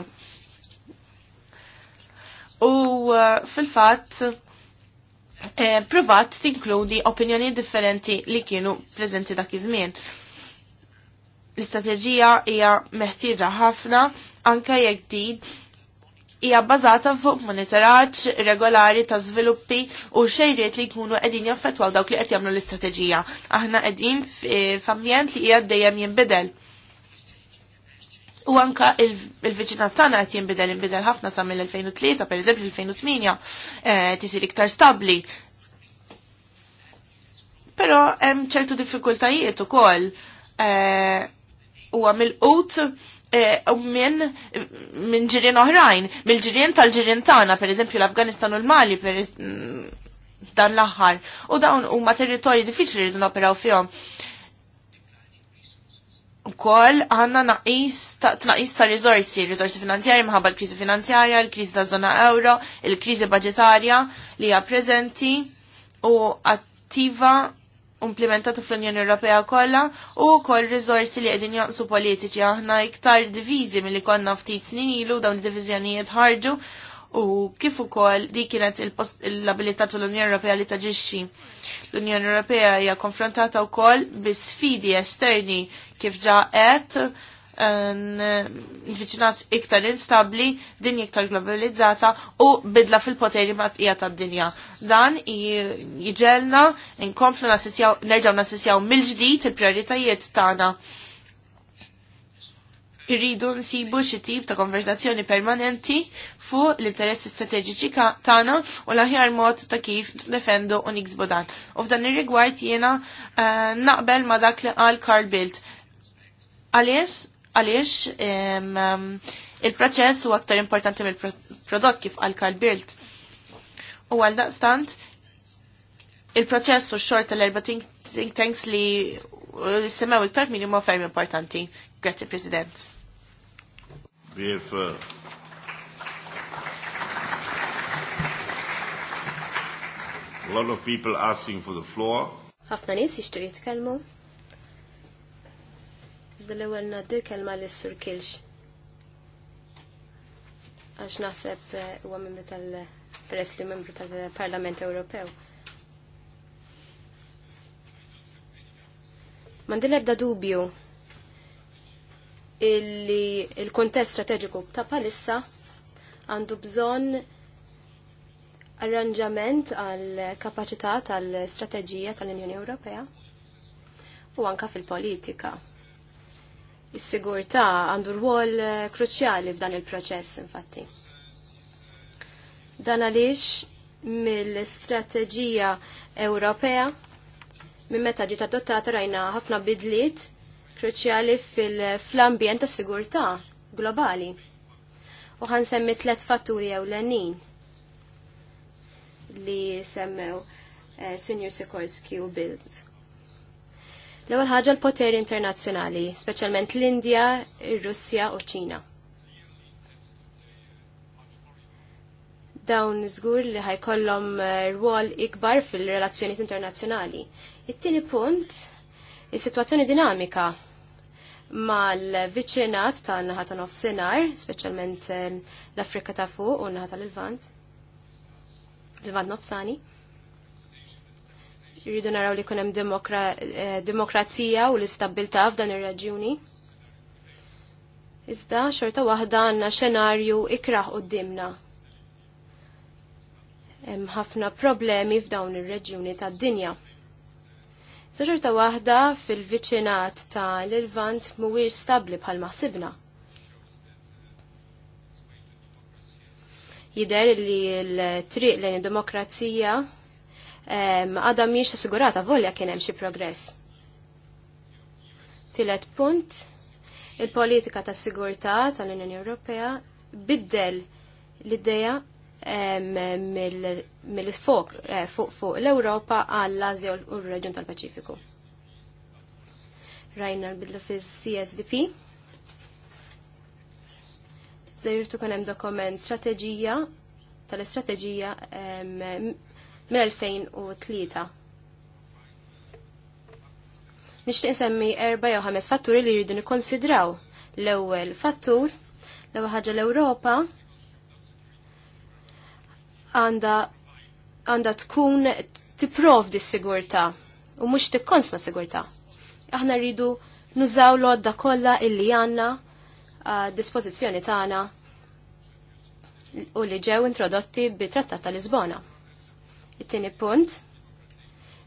U uh, fil-fatt, eh, provat tinkludi opinjoni differenti li kienu prezenti dak iż-żmien l-istrateġija hija meħtieġa ħafna anke jekk din hija bbażata fuq monitoraġġ regolari ta' żviluppi u xejriet li jkunu qegħdin jaffettwaw dawk li qed jagħmlu l-istrateġija. Aħna qegħdin eh, f'ambjent li hija dejjem jinbidel. U anka il-viċinat tagħna qed jinbidel inbidel ħafna sa mill-2003, pereżempju l-2008 eh, tisir iktar stabbli. Però hemm ċertu diffikultajiet ukoll. Eh, u għamil ut eh, u minn minn ġirien oħrajn, mill ġirien tal-ġirien tagħna, per eżempju l-Afganistan u l-Mali, per mm, dan l-aħħar. U dawn huma territorji diffiċli rridu noperaw fihom. Ukoll għandna naqis tnaqis ta' riżorsi, riżorsi finanzjarji minħabba l-kriżi finanzjarja, l-kriżi ta' żona euro, il-kriżi budgetarja li hija preżenti u attiva implementatu fl-Unjoni Ewropea kollha u wkoll riżorsi li qegħdin jonqsu politiċi aħna iktar diviżi milli konna ftit snin ilu dawn id-diviżjonijiet ħarġu u kif ukoll di kienet l-abilità tal-Unjoni Ewropea li taġixxi. L-Unjoni Ewropea hija konfrontata wkoll bi sfidi esterni kif ġa qed viċinat iktar instabli, din iktar globalizzata u bidla fil-poteri ma' bqija ta' dinja. Dan jġelna, inkomplu nerġaw nasisjaw mill-ġdijt il-prioritajiet tagħna. Irridu nsibu xi tip ta' konverzazzjoni permanenti fuq l-interessi strateġiċi tagħna u l-aħjar mod ta' kif defendu u niksbu dan. U f'dan ir-rigward jiena eh, naqbel ma' dak li qal Carl Bilt. Għalies, għaliex il-proċess u aktar importanti mill-prodott kif għal kalbilt. U għal daqstant, il-proċess u xorta l-erba think tanks li eh, semmew iktar min huma ferm importanti. Grazie, President. Uh, a lot of people asking for the floor. Ħafna nies jixtru jitkellmu. Iżda l-ewwel ngħaddi kelma lis sur Kilx. Għax naħseb eh, huwa membru tal-Peress li membru tal-Parlament Ewropew. Mandi ebda dubju illi il-kontest strateġiku ta' palissa għandu bżon arranġament għal kapacità tal-strateġija tal-Unjoni Ewropea u anka fil-politika. Is-sigurtà għandu rwol eh, kruċjali f'dan il-proċess infatti. Dan għaliex mill strategija Ewropea minn meta ġiet adottata rajna ħafna bidliet kruċjali fl ambjent ta' sigurtà globali. U ħansemmi tliet fatturi ewlenin li semmew eh, Senior Sikorski u Bills L-ewwel ħaġa l-poteri internazzjonali, speċjalment l-Indja, ir-Russja u ċina. Dawn żgur li ħajkollhom eh, rwol ikbar fil-relazzjonijiet internazzjonali. It-tieni punt, is-sitwazzjoni dinamika mal-viċinat tan-naħa ta' nofsinhar, speċjalment eh, l-Afrika ta' fuq u n-naħa tal-Lvant. Levant nofsani. Irridu naraw li kunem demokra eh, demokrazija u l-istabilta f'dan ir-raġuni. Iżda xorta waħda għanna xenarju ikraħ qoddimna. Hemm ħafna problemi f'dawn ir-reġjuni tad-dinja. xorta waħda fil-viċinat ta' l-Ilvant mhuwiex stabli bħal maħsibna. Jider li l-triq lejn id demokrazija Għada mhijiex assigurata volja kien hemm xi progress. Tielet punt, il-politika ta' sigurtà tal-Unjoni Ewropea biddel l-idea mill-fok eh, fuq l-Ewropa għall-Azja u r-Reġjun tal-Paċifiku. Rajna l bidlu fi CSDP. Zajrtu kunem hemm dokument strateġija tal-istrateġija mill-2003. Nixtieq nsemmi erba' jew ħames fatturi li jridu nikkonsidraw. L-ewwel fattur, l-ewwel ħaġa l-Ewropa għandha għandha tkun tipprovdi s-sigurtà u mhux tikkons ma' sigurtà. Aħna rridu nużaw l-odda kollha illi għandna dispożizzjoni tagħna u li ġew introdotti bit-Trattat ta' Lisbona. It-tieni punt,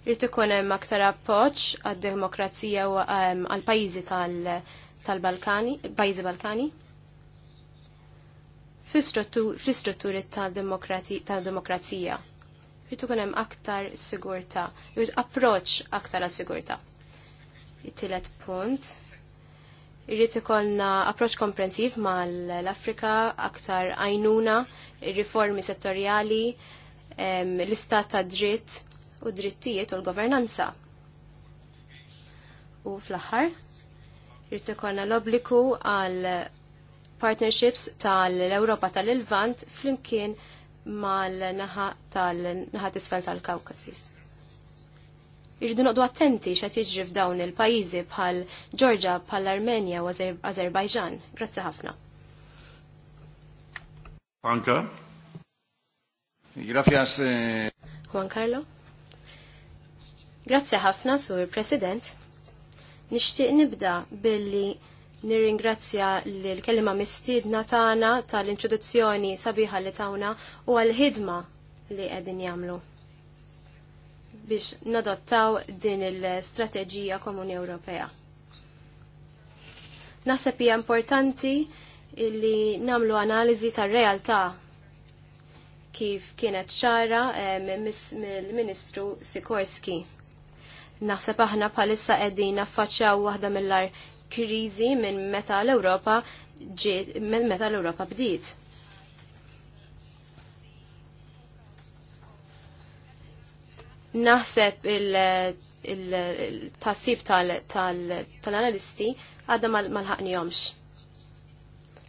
rrid ikun hemm aktar appoġġ għad-demokrazija u ehm, għall-pajjiżi tal-Balkani, pajjiżi Balkani. Fl-istrutturi tal-demokrazija. Rrid ikun hemm aktar sigurtà, rrid approċċ aktar għas-sigurtà. It-tielet punt, irrit ikollna approċ komprensiv mal-Afrika, aktar għajnuna, riformi settorjali, l-istat ta' dritt u drittijiet u l-governanza. U fl-aħħar, irrid konna l obliku għal partnerships tal-Ewropa tal-Ilvant flimkien mal-naħa tal-naħa tisfel tal kaukasis Irridu noqdu attenti xat jiġri f'dawn il-pajjiżi bħal Georgia, bħal Armenja u Azerbajġan. Grazzi ħafna. Anka, Gracias. Eh. Juan Carlo. Grazie ħafna, Sur President. Nixtieq nibda billi nirringrazzja l-kelima mistiedna tagħna tal-introduzzjoni sabiħa li tawna u għall-ħidma li qegħdin jagħmlu biex nadottaw din il-strateġija komuni Ewropea. Naħseb hija importanti li nagħmlu analiżi tar-realtà kif kienet ċara eh, mill-Ministru Sikorski. Naħseb aħna bħalissa qegħdin affaċċjaw waħda mill-ar kriżi minn meta l-Ewropa ġiet minn meta l-Ewropa bdiet. Naħseb il-tassib tal-analisti għadha mal-ħaqnijomx.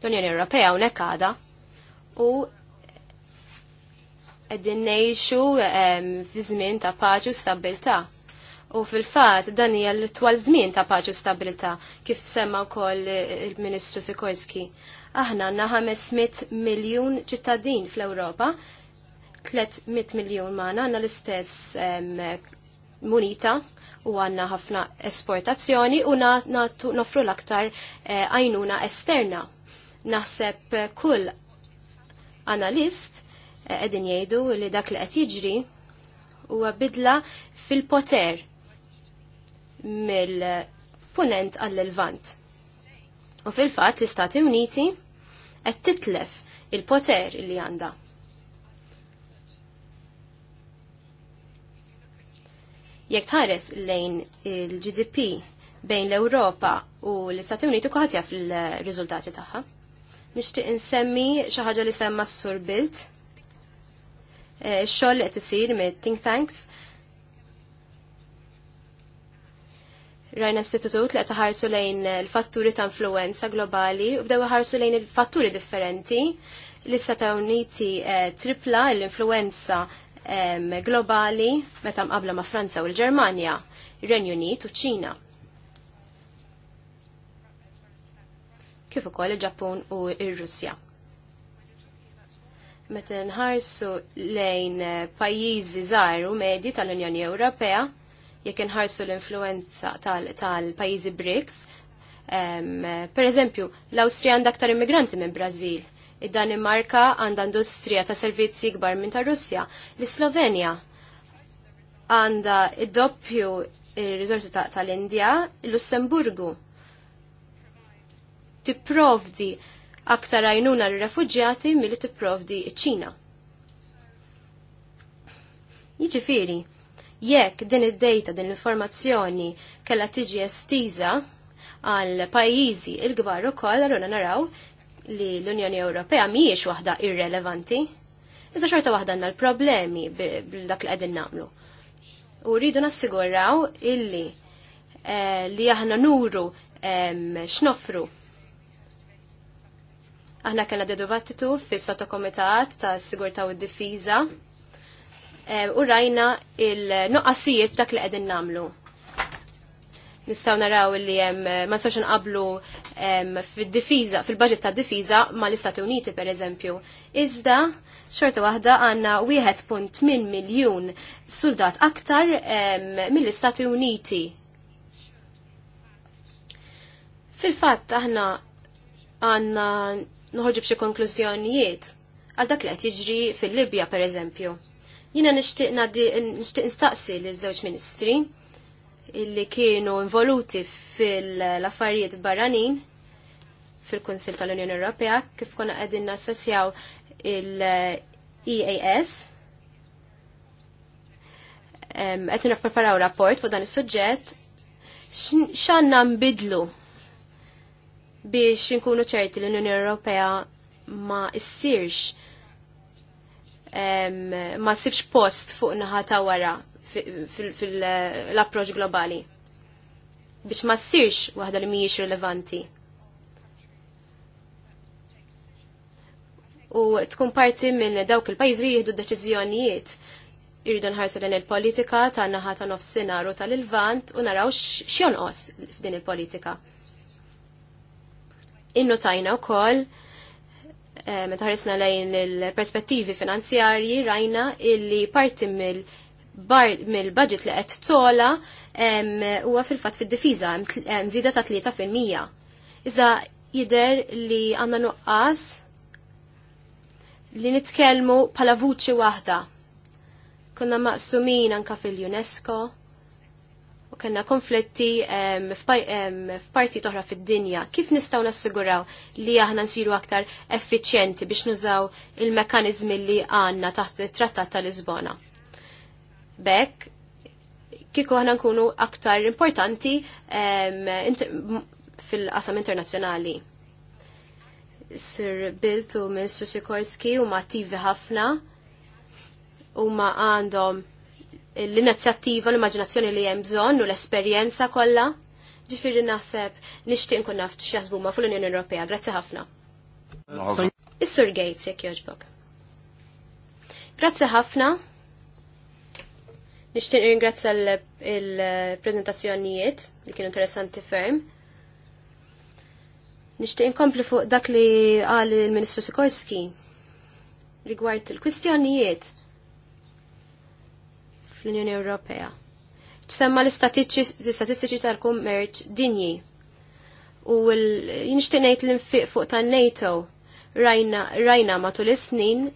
L-Unjoni Ewropea unek għada u qegħdin ngħixu ehm, fi żmien ta' paċi u stabilità. U fil-fatt dan hija l-twal żmien ta' paċi u stabilità kif semma wkoll il-Ministru Sikorski. Aħna għandna 500 miljun ċittadin fl-Ewropa, 300 miljun maħna għandna l-istess ehm, munita u għanna ħafna esportazzjoni u nofru l-aktar eh, għajnuna esterna. Naħseb kull analist qegħdin jgħidu li dak li qed jiġri huwa bidla fil-poter mill-punent għall-Levant. U fil-fatt l-Istati Uniti qed titlef il-poter li għandha. Jekk tħares lejn il-GDP bejn l-Ewropa u l-Istati Uniti kuħatja fil-riżultati tagħha. Nixtieq insemmi xi ħaġa li semma s-Sur Bilt xoll qed isir mit-think tanks. Rajna istitutut li qed iħarsu lejn il-fatturi ta' influenza globali u bdew iħarsu lejn il-fatturi differenti l-Istata Uniti eh, tripla l-influenza globali meta mqabla ma' Franza u l-Ġermanja, ir-Renju Unit u ċina kif ukoll il-Ġappun u russja il ġappun u r russja meta nħarsu lejn eh, pajjiżi żgħar u medji tal-Unjoni Ewropea, jekk inħarsu l-influenza tal-pajjiżi BRICS, per eżempju, l-Awstrija għandha aktar immigranti minn Brażil, id-Danimarka għandha industrija ta' servizzi kbar minn ta' Russja, l-Slovenja għandha id-doppju ir-riżorsi tal-Indja, l-Lussemburgu tipprovdi aktar għajnuna l-refugġjati mill tipprovdi ċ-Ċina. Jiġifieri, jekk din id-dejta, din l-informazzjoni kellha tiġi estiża għal pajjiżi il-kbar ukoll allura naraw li l-Unjoni Ewropea mhijiex waħda irrelevanti. Iżda xorta waħda għandna l-problemi b'dak dak li qegħdin namlu. U rridu nassiguraw illi eh, li aħna nuru x'nofru Aħna kena dibattitu fis sottokomitat ta' sigurta u d difiza eh, u rajna il-nuqqasijiet dak li qegħdin namlu. Nistaw naraw li eh, ma soċan qablu fil-difiza, fil budget ta' difiża mal-Istati Uniti pereżempju. Iżda xorta waħda għandna 1.8 miljun soldat aktar mill-Istati Uniti. Fil-fatt aħna għandna noħorġu bċi konklużjonijiet għal dak li qed jiġri fil-Libja pereżempju. Jiena nixtieq nishtiq nistaqsi li żewġ ministri illi kienu involuti fil-affarijiet barranin fil-Kunsil tal-Unjoni Ewropea kif konna qegħdin nassessjaw il-EAS qed nippreparaw rapport fuq dan is-suġġett x'għandna nbidlu biex inkunu ċerti l-Unjoni Ewropea ma issirx ma sibx post fuq naħa ta' wara fil-approċ eh, globali biex ma ssirx waħda li mhijiex rilevanti. U tkun parti minn dawk il pajz li jieħdu deċiżjonijiet irridu nħarsu lejn il-politika ta' naħa ta' nofsinhar u tal vant u naraw x'jonqos f'din il-politika. il politika Innotajna wkoll eh, meta ħarisna lejn il-perspettivi finanzjarji rajna illi parti mill mill-budget li qed tola huwa fil-fatt fid-difiża hemm żieda ta' 3%. Iżda jidher li għandna nuqqas li nitkellmu bħala vuċi waħda. konna maqsumin anka fil-UNESCO kena konflitti f'parti toħra fid-dinja. Kif nistgħu nassiguraw li aħna nsiru aktar effiċjenti biex nużaw il-mekkaniżmi li għandna taħt it-Trattat ta' Lisbona? Bekk, kieku aħna nkunu aktar importanti fil-qasam internazzjonali. Sir Biltu minn Susikorski u ma' attivi ħafna u ma' għandhom l-inizjattiva, l-immaġinazzjoni li hemm bżonn u l-esperjenza kollha. Ġifieri naħseb nixtieq nkun naf x'jaħsbuma fl-Unjoni Ewropea. Grazzi ħafna. Is-Sur Gates jekk jogħġbok. Grazzi ħafna. Nixtieq ringrazzja l-preżentazzjonijiet li kienu interessanti ferm. Nixtieq inkompli fuq dak li qal il-Ministru Sikorski rigward il-kwistjonijiet fl-Unjoni Ewropea. ċsemma l-istatistiċi tal-kummerċ dinji u l-jinxtenajt l-infiq fuq ta' NATO rajna, rajna matul is-snin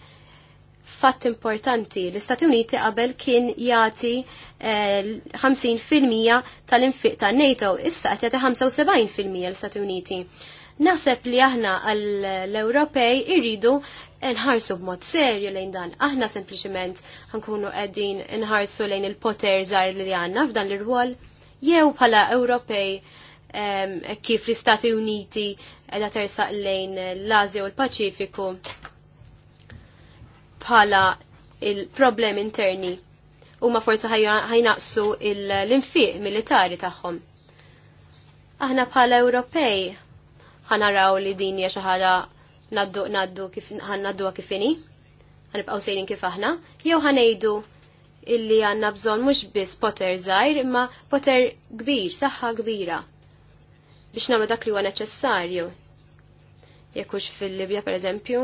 fatt importanti. L-Istati Uniti qabel kien jati eh, 50% tal-infiq ta' NATO, issa qed jagħti 75% l-Istati Uniti. Naħseb li aħna għall-Ewropej irridu nħarsu b'mod serju lejn dan. Aħna sempliċement ħankunu qegħdin nħarsu lejn il-poter żgħar li għandna f'dan l-irwol jew bħala Ewropej kif l-Istati Uniti qiegħda tersaq lejn l-Asja u l-Paċifiku bħala il-problemi interni u ma forsa ħajnaqsu l-infiq militari tagħhom. Aħna bħala Ewropej ħanaraw li din hija xi ħaġa naddu naddu kif ħannadduha kifini, ibqaw sejrin kif aħna, jew ħanejdu illi għanna bżon mhux biss poter żgħir imma poter kbir, saħħa kbira biex nagħmlu dak li huwa neċessarju. Jekk hux fil-Libja pereżempju,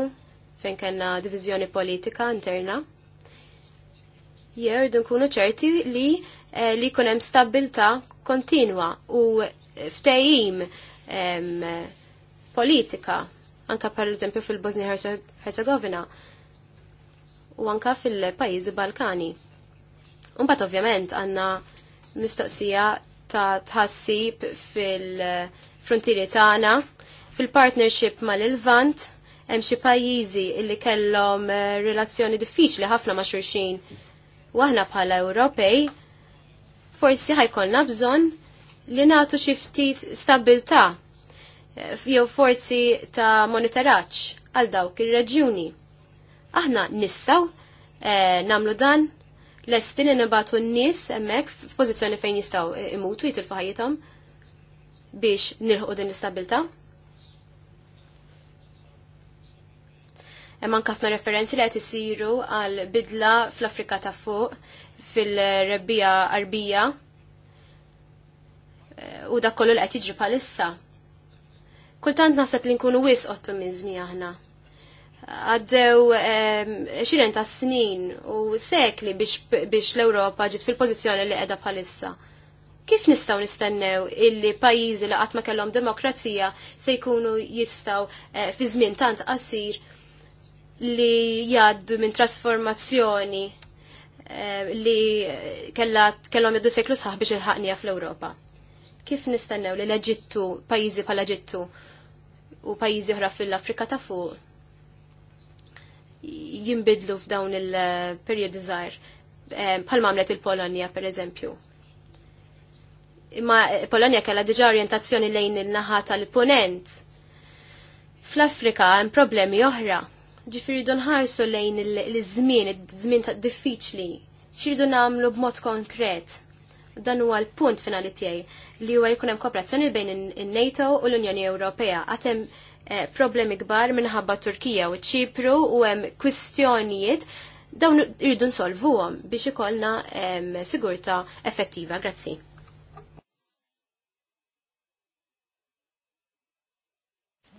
fejn kellna diviżjoni politika interna, jew nkunu ċerti li eh, li jkun hemm stabilta kontinwa u ftehim politika anka per eżempju fil-Bosnia Herzegovina u anka fil-pajjiżi Balkani. Unbat ovvjament għanna mistoqsija ta' tħassib fil-frontieri tagħna, fil-partnership mal-Ilvant, hemm xi pajjiżi li kellhom eh, relazzjoni diffiċli ħafna ma' xulxin. U aħna bħala Ewropej forsi ħajkollna bżonn li nagħtu xi ftit stabilità jew forzi ta' monitoraġġ għal dawk ir-reġjuni. Aħna nissaw eh, namlu dan lestin nibatu n-nies hemmhekk f'pożizzjoni fejn jistgħu eh, imutu jitil ħajjithom biex nilħu din l-istabilta. Emman kafna referenzi li qed isiru għal bidla fl-Afrika ta' fuq fil-rebbija Arbija? Eh, u dak kollu li qed jiġri bħalissa. Kultant naħseb li nkunu wis ottomizmi aħna. Għaddew xiren ta' snin u sekli biex l-Ewropa ġiet fil-pożizzjoni li qiegħda bħalissa. Kif nistaw nistennew illi pajjiżi li qatt ma kellhom demokrazija se jkunu jistaw eh, fi żmien tant qasir li jgħaddu minn trasformazzjoni eh, li eh, kellhom jgħaddu seklu sħaħ biex il-ħaqnija fl-Ewropa? kif nistennew li l-Eġittu, pajizi pal eġittu u pajjiżi oħra fil-Afrika ta' fuq jimbidlu f'dawn il-periodi żgħar eh, bħalma għamlet il-Polonja per eżempju. Imma Polonja kellha diġà orjentazzjoni lejn il-naħa tal-ponent. Fl-Afrika hemm problemi oħra. Ġifieri nħarsu lejn il-żmien, iż-żmien diffiċli. Xiridu nagħmlu b'mod konkret dan huwa l-punt finali tiegħi li huwa jkun hemm kooperazzjoni bejn in-NATO u l-Unjoni Ewropea. Għad hemm eh, problemi kbar minħabba Turkija u ċipru u hemm kwistjonijiet dawn irridu nsolvuhom biex ikollna sigurta effettiva. Grazzi.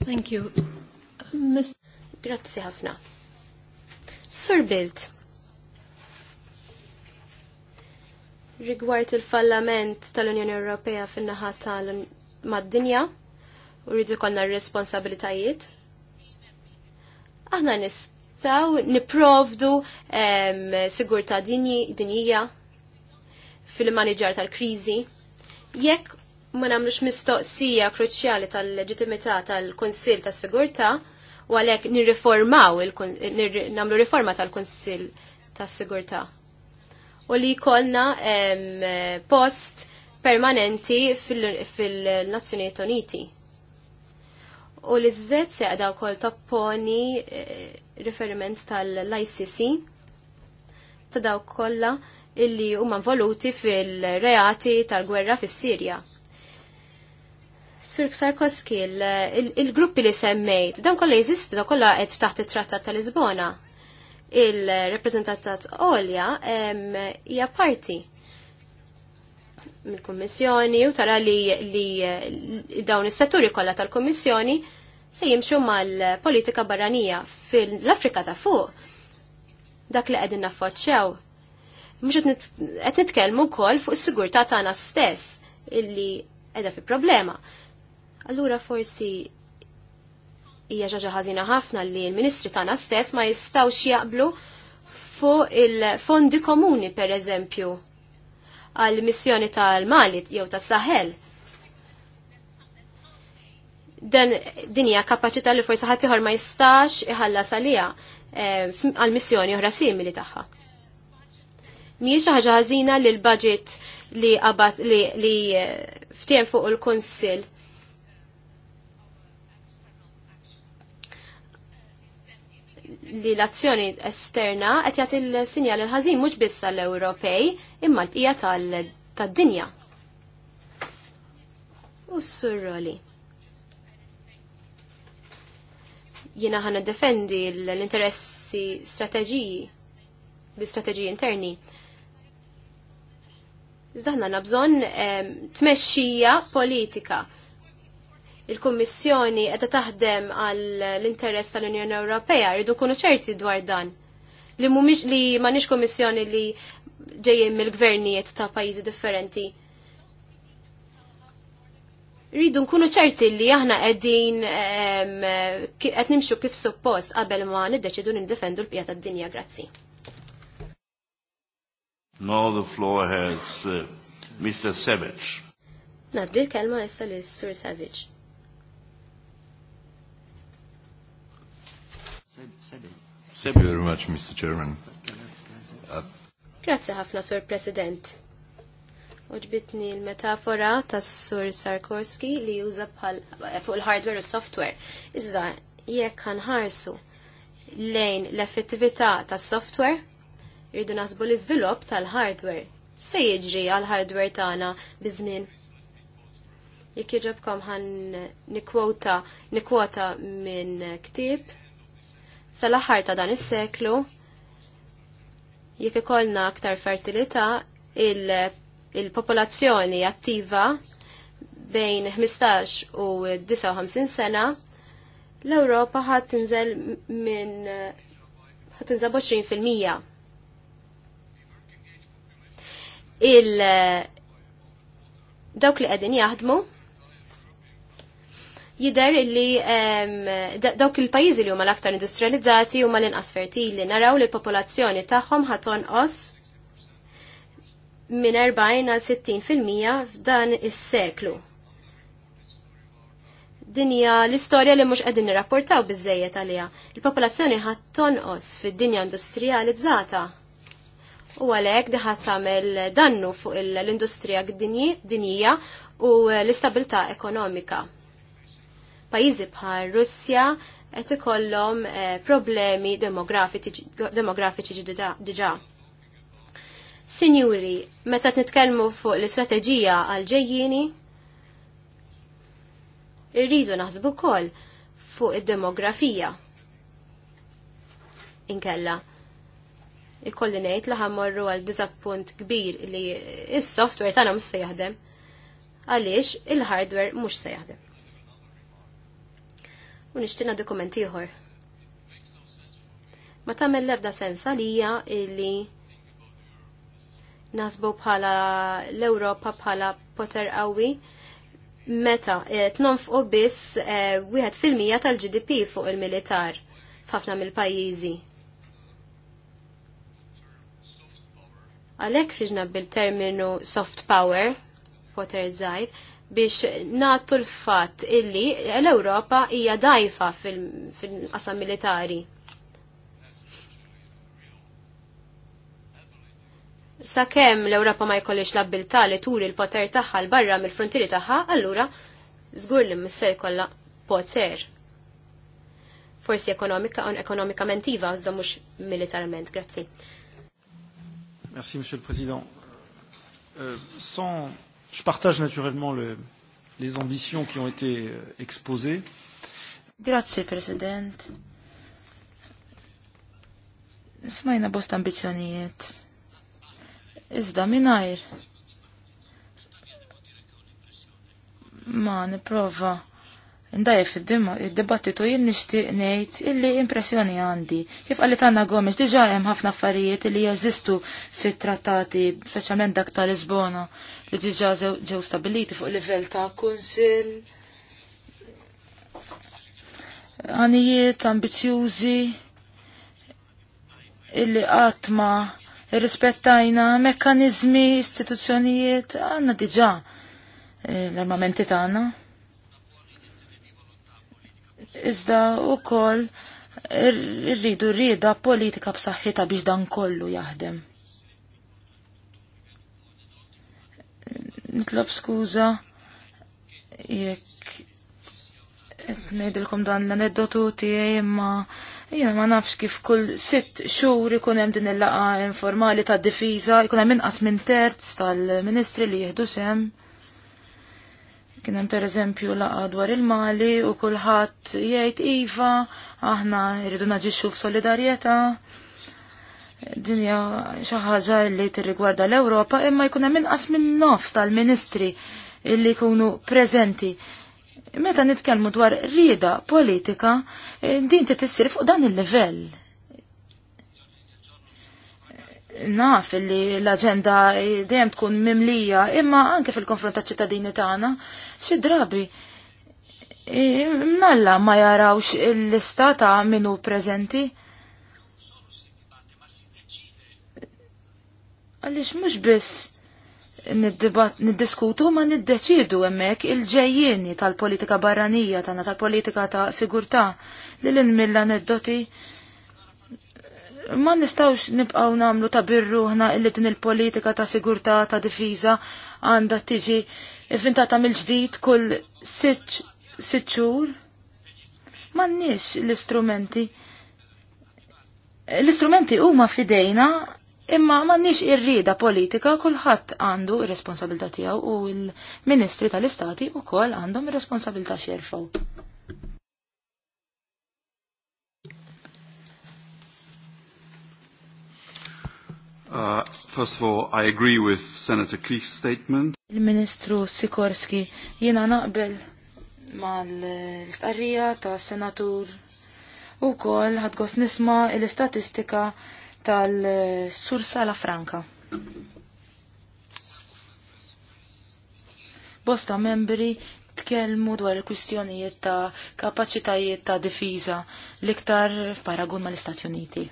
Thank you. Grazzi ħafna. Sir Bilt. rigward il-fallament tal-Unjoni Ewropea fin-naħa tal-mad-dinja u rridu konna responsabilitajiet. Aħna nistaw niprovdu sigurta dinjija fil-maniġar tal-krizi. Jekk ma namlux mistoqsija kruċjali tal-leġitimità tal kunsill tas-Sigurtà u għalhekk nirriformaw il-kun namlu riforma tal kunsill tas-Sigurtà u li jkollna post permanenti fil-Nazzjonijiet fil Uniti. U l Svezja għada wkoll topponi eh, riferiment tal-ICC ta' daw kollha illi huma voluti fil-reati tal-gwerra fis-Sirja. Sur Sarkoski, il-gruppi li semmejt, dan kolla jizistu, dan kolla qed taħt it-Trattat tal Lisbona il-reprezentantat Olja hija parti mill-Kummissjoni u tara li, li dawn is-setturi kollha tal-Kummissjoni se jimxu mal-politika barranija fil-Afrika ta' fuq. Dak li qegħdin naffoċċew. Mhux qed nitkellmu wkoll fuq is-sigurtà tagħna stess illi qiegħda fi problema. Allura forsi hija ġaġa ħażina ħafna li l-Ministri tagħna stess ma jistgħux jaqblu fuq il-fondi komuni per eżempju għal missjoni tal malit jew tas-Saħel. Dan dinja kapaċità li forsi ħadd ieħor ma jistax iħallas għalija eh, għal missjoni oħra simili tagħha. Mhijiex ħaġa ħażina li l-budget li qabad li, li eh, ftiem fuq il-Kunsill li l-azzjoni esterna qed jagħti l-sinjal il-ħażin mhux biss għall-Ewropej imma l-bqija tad-dinja. U s-surroli. Jiena ħana defendi l-interessi strateġiji, l-istrateġiji interni. Iżda ħna bżonn eh, tmexxija politika il-Kummissjoni qiegħda taħdem għall interess tal-Unjoni Ewropea, rridu kunu ċerti dwar dan. Li mhumiex li m'għandniex kommissjoni li ġejjin mill-gvernijiet ta' pajjiżi differenti. Rridu nkunu ċerti li aħna qegħdin qed nimxu kif suppost qabel ma niddeċidu nindefendu l-bqija tad-dinja, grazzi. Now the floor has uh, Mr. Savage. Naddi kelma issa li Sur Savage. Thank you very much, Mr. Chairman. Grazie ħafna, Sur President. Uġbitni l-metafora tas Sur Sarkorski li juża bħal fuq il-hardware u software. Iżda, jekk ħanħarsu lejn l-effettività tas software, rridu nasbu l-iżvilupp tal-hardware. Se jiġri għal-hardware tagħna biżmien jekk jġobkom ħan nikwota nikwota minn ktieb sal-aħħar ta' dan is-seklu jekk ikollna aktar fertilità il-popolazzjoni il attiva bejn 15 u 59 sena l-Ewropa ħadd tinżel minn ħadd tinżel 20 fil-mija. Il dawk li qegħdin jaħdmu jider illi dawk il-pajizi li huma l-aktar industrializzati huma l-inqas fertili. Naraw li l-popolazzjoni tagħhom os minn 40 għal 60 fil-mija f'dan is-seklu. Dinja l-istorja li mhux qegħdin nirrapportaw biżejjed għaliha. Il-popolazzjoni ħadd tonqos fid-dinja industrializzata. U għalhekk diħa tagħmel dannu fuq l-industrija dinjija u l-istabilità ekonomika pajizi bħal Russja qed ikollhom eh, problemi demografiċi diġà. Sinjuri, meta nitkellmu fuq l-istrateġija għal ġejjini, irridu naħsbu wkoll fuq id-demografija. Inkella, ikolli ngħid li ħammorru għal diżappunt kbir li s-software tagħna mhux se jaħdem għaliex il-hardware mhux se jaħdem u nishtina dokumenti ieħor. Ma tagħmel l-ebda sens għalija illi nasbu bħala l-Ewropa bħala poter qawwi meta eh, tnonfqu biss eh, wieħed fil-mija tal-GDP fuq il-militar f'ħafna mill-pajjiżi. Għalhekk riġna bil-terminu soft power, poter żgħir, biex natu l-fat illi l-Europa hija dajfa fil-qasam militari. Sakemm l-Ewropa ma jkollix l-abilità li turi l-poter tagħha l barra mill-frontieri tagħha, allura żgur li misser jkollha poter. Forsi ekonomika un ekonomikament iva, iżda mhux militarment. Grazzi. Merci, Monsieur le Président. Euh, sans Je partage naturellement le, les ambitions qui ont été euh, exposées. Grazie, President. Smajna bost ambizjonijiet. Iżda minajr. Ma niprofa ndajef id-dibattitu jien nixtieq ngħid illi impressjoni għandi. Kif għalli tanna Gomes diġà hemm ħafna affarijiet li jeżistu fit-trattati, specialment dak ta' Lisbona li diġà ġew stabiliti fuq livell ta' kunsill. Għanijiet ambizjużi illi għatma irrispettajna mekkanizmi, istituzzjonijiet għanna diġà eh, l-armamenti tagħna iżda wkoll irridu rrieda politika b'saħħita biex dan kollu jaħdem. Nitlob skuża jekk qed ngħidilkom dan l-aneddotu tiegħi imma Jena ma nafx kif kull sitt xhur ikun hemm din il-laqa informali tad difiża, ikun hemm inqas minn terz tal-ministri li jieħdu sem. Kien hemm pereżempju laqa dwar il-Mali u kulħadd jgħid iva, aħna rridu naġixxu f'solidarjetà. Din hija xi ħaġa li tirrigwarda l-Ewropa imma jkun hemm inqas minn nofs tal-Ministri illi jkunu preżenti meta nitkellmu dwar rieda politika, eh, din titissir fuq dan il-livell naf li l-agenda dejjem tkun mimlija, imma anke fil-konfront ċittadini tagħna, xi drabi mnalla ma jarawx il-lista ta' minu preżenti. Għaliex mhux biss niddiskutu ma niddeċidu hemmhekk il-ġejjieni tal-politika barranija tagħna tal-politika ta' sigurtà li l-inmilla neddoti. Ma nistawx nibqaw namlu ta' birru ħna illi din il-politika ta' sigurtà ta' difiza għandha tiġi ivvintata mill-ġdid kull sitt xhur. M'għandniex l-istrumenti. L-istrumenti huma fidejna imma m'għandniex irrida politika kulħadd għandu r-responsabilità tiegħu u l-Ministri tal-Istati wkoll għandhom ir-responsabilità xjerfaw. Uh, first of all, I agree with Senator Klich's statement. Il-Ministru Sikorski jiena naqbel mal istarrija ta' senatur u kol ħadgos nisma l-istatistika tal sursa Sala Franka. Bosta membri tkellmu dwar il-kwistjonijiet ta' kapaċitajiet ta' difiża l-iktar f'paragun mal-Istati Uniti.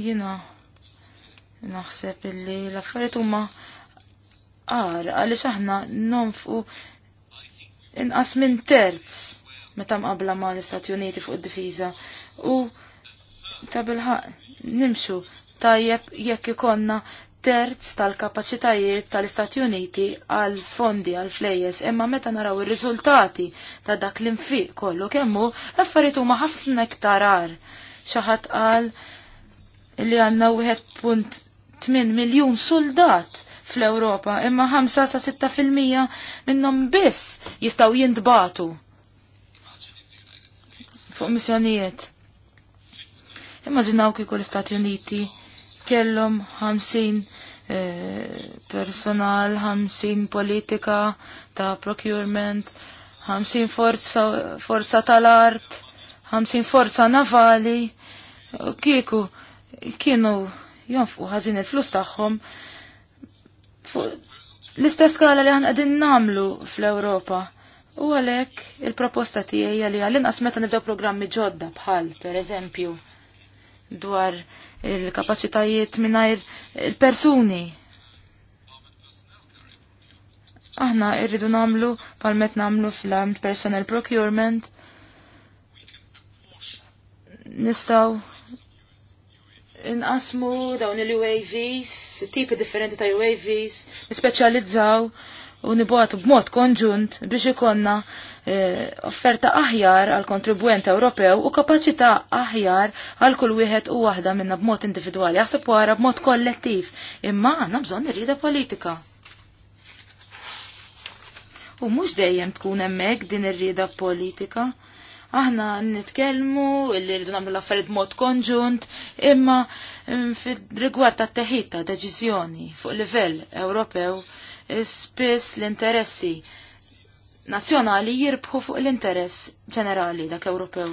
Jina naħseb illi l-affarijiet huma għar għaliex aħna nonfqu inqas minn terz meta mqabla ma l-Istati Uniti fuq id-difiża u ta' bilħaq nimxu tajjeb jekk ikonna terz tal-kapacitajiet tal-Istati Uniti għal fondi għal flejes imma meta naraw ir-riżultati ta' dak l-infiq kollu kemmu affarijiet huma ħafna iktar għar. Xi ħadd qal li għanna 1.8 miljon soldat fl-Europa, imma 5 sa 6% minnhom biss jistgħu jintbatu fuq missjonijiet. Immaġinaw kieku l-Istati Uniti kellhom 50 eh, personal, 50 politika ta' procurement, 50 forza, forza tal-art, 50 forza navali, kieku kienu jonfqu ħażin il-flus tagħhom fuq l-istess skala li ħan qegħdin namlu fl-Ewropa. U għalhekk il-proposta tiegħi li għall-inqas meta nibdew programmi ġodda bħal, pereżempju, dwar il-kapaċitajiet mingħajr il-persuni aħna irridu namlu palmet namlu fl personal procurement nistaw inqasmu dawn il-UAVs, tipi differenti ta' UAVs, nispeċjalizzaw u nibgħatu b'mod konġunt biex ikonna eh, offerta aħjar għal kontribwent Ewropew u kapaċità aħjar għal kull wieħed u waħda minna b'mod individwali, jaħseb wara b'mod kollettiv, imma għandna bżonn irrida politika. U mhux dejjem tkun hemmhekk din ir-rieda politika aħna nitkellmu illi rridu nagħmlu l-affarijiet b'mod konġunt, imma mm, rigward ta' teħid ta' deċiżjoni fuq livell Ewropew spiss l-interessi nazzjonali jirbħu fuq l-interess ġenerali dak Ewropew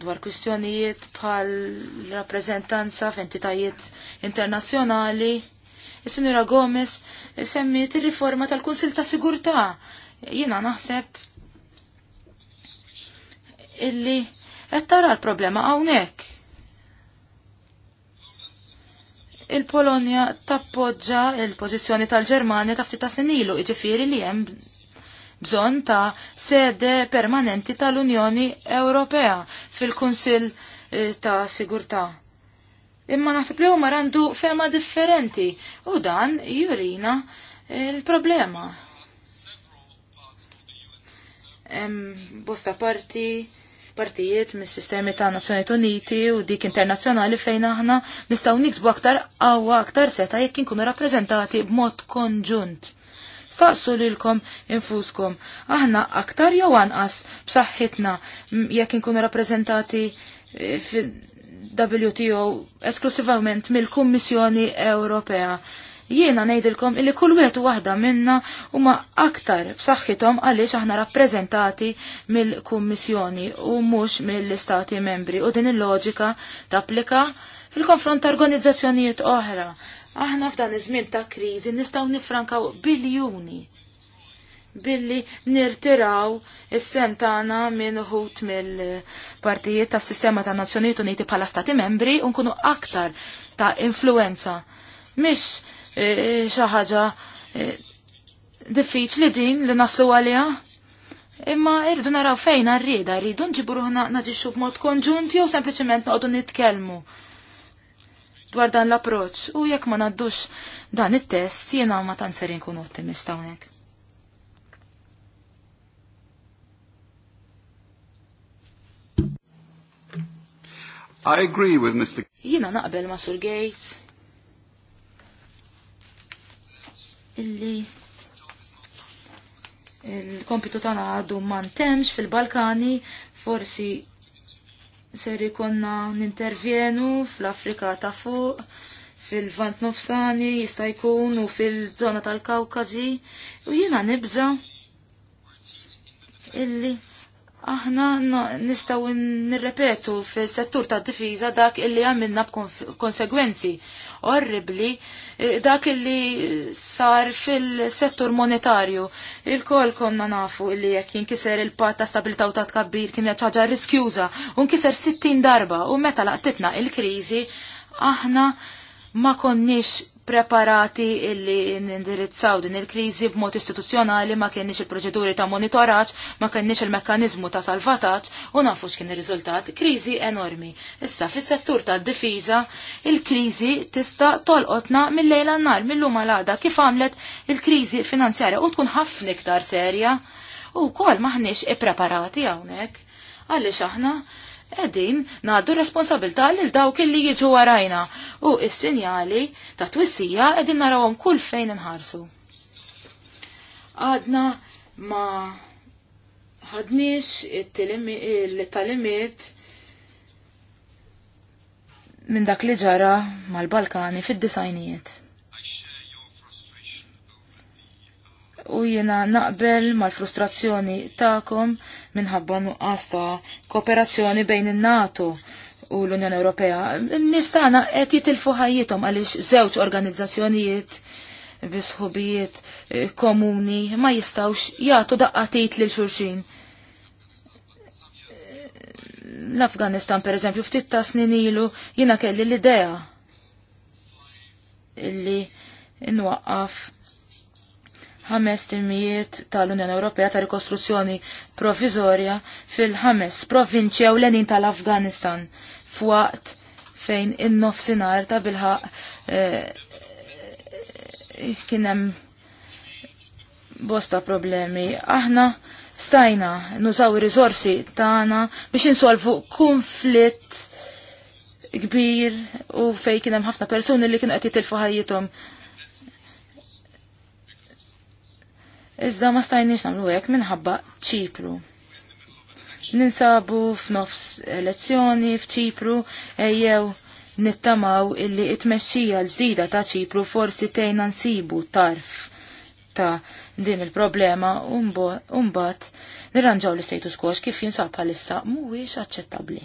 dwar kwistjonijiet bħal rappreżentanza f'entitajiet internazzjonali. Is-Sinjura Gomez semmiet ir-riforma tal-Kunsil ta' Sigurtà. Jiena naħseb illi qed tara l-problema hawnhekk. Il-Polonja tappoġġa il-pożizzjoni tal-Ġermanja ta' ftit ta' sinilu, jiġifieri li hemm bżonn ta' sede permanenti tal-Unjoni Ewropea fil-Kunsill eh, ta' Sigurtà. Imma naħseb li huma għandu fema differenti u dan jurina il-problema. Bosta parti partijiet mis-sistemi ta' Nazzjonijiet Uniti u dik internazzjonali fejn aħna nistgħu niksbu aktar qawwa aktar seta' jekk inkunu rappreżentati b'mod konġunt. Staqsu lilkom infuskom, aħna aktar jew anqas b'saħħitna jekk inkunu rappreżentati eh, fil WTO esklusivament mill-Kummissjoni Ewropea Jiena ngħidilkom illi kull wieħed u waħda minna huma aktar b'saħħithom għaliex aħna rappreżentati mill-Kummissjoni u mhux mill-Istati membri u din il-loġika tapplika fil-konfront ta' organizzazzjonijiet oħra. Aħna f'dan iż-żmien ta' kriżi nistgħu nifrankaw biljuni billi nirtiraw is-sem tagħna minn uħut mill-partijiet tas-sistema ta' Nazzjonijiet Uniti bħala stati membri u nkunu aktar ta' influenza. Mhix Eh, eh, xaħġa ħaġa eh, diffiċli din li naslu għaliha. Imma irridu naraw fejn arrieda, rridu nġibu ruħna naġixxu b'mod konġunt jew sempliċement noqogħdu nitkellmu dwar dan l-approċ u jekk ma naddux dan it-test jiena ma tant ser inkun ottimista hawnhekk. I agree with Mr. Jiena naqbel ma' Sur Gates illi il-kompitu tagħna għadu temx fil-Balkani, forsi ser konna nintervjenu fl-Afrika ta' fuq, fil-Vant Nofsani jista' jkun u fil-żona tal-Kawkazi u jiena nibża illi Aħna nistaw nirrepetu fil-settur ta' difiża dak illi għamilna b'konsegwenzi orribli eh, dak illi sar fil-settur monetarju. Il-kol konna nafu illi jekk jinkiser il-pat ta' stabilta' u ta' tkabbir kien ċaġa riskjuża u nkiser 60 darba u meta laqtitna il-kriżi aħna ma konniex preparati illi nindirizzaw din il-krizi b'mod istituzzjonali ma kienniex il-proċeduri ta' monitoraġġ, ma kienniex il-mekkanizmu ta' salvataġġ u nafu x'kien ir-riżultat, krizi enormi. Issa fis-settur tad-difiża il-krizi tista' tolqotna mill n nar mill-lum għal kif għamlet il-krizi finanzjarja u tkun ħafna iktar serja u kol maħniex ippreparati hawnhekk. Għaliex aħna Eddin, naddu responsabilta lil dawk li jiġu għarajna u s sinjali ta' twissija eddin narawom kull fejn inħarsu. Għadna ma ħadniex il-talimiet minn dak li ġara mal-Balkani fid-disajnijiet. u jiena naqbel mal-frustrazzjoni ta'kom minħabba nuqqas ta' kooperazzjoni bejn in-NATO u l-Unjoni Ewropea. Nistana qed jitilfu ħajjithom għaliex żewġ organizzazzjonijiet bisħubijiet eh, komuni ma jistawx jagħtu daqqatit lil xulxin. L-Afganistan pereżempju ftit ta' snin ilu jiena kelli l-idea illi nwaqqaf ħames timijiet tal-Unjoni Ewropea ta' rikostruzzjoni provizorja fil-ħames provinċi ewlenin tal-Afganistan f'waqt fejn in-nofsinhar ta' bilħaq eh, kien hemm bosta problemi. Aħna stajna nużaw ir-riżorsi tagħna biex insolvu konflitt kbir u fej kien hemm ħafna persuni li kienu qed jitilfu ħajjithom Iżda ma stajniex nagħmlu hekk minħabba ċipru. Ninsabu f'nofs elezzjoni f'ċipru ejjew nittamaw illi it-mexxija l-ġdida ta' ċipru forsi tejna nsibu tarf ta' din il-problema umbat nirranġaw l-status quo kif jinsab bħalissa mhuwiex aċċettabbli.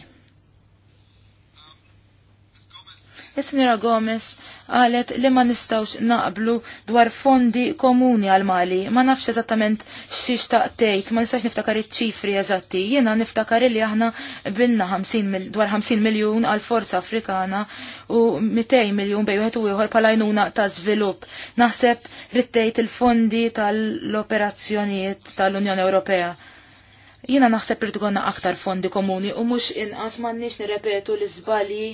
Is-Sinjora Gomez qalet li ma nistawx naqblu dwar fondi komuni għal Mali. Ma nafx eżattament xi xtaqtejt, ma nistax niftakar iċ-ċifri eżatti. Jiena niftakar li aħna bilna 50 dwar 50 miljun għal Forza Afrikana u 200 miljun bej u ieħor palajnuna ta' żvilupp. Naħseb rittejt il-fondi tal-operazzjonijiet tal-Unjoni Ewropea jina naħseb li aktar fondi komuni u mux inqas nix nirrepetu l-izbali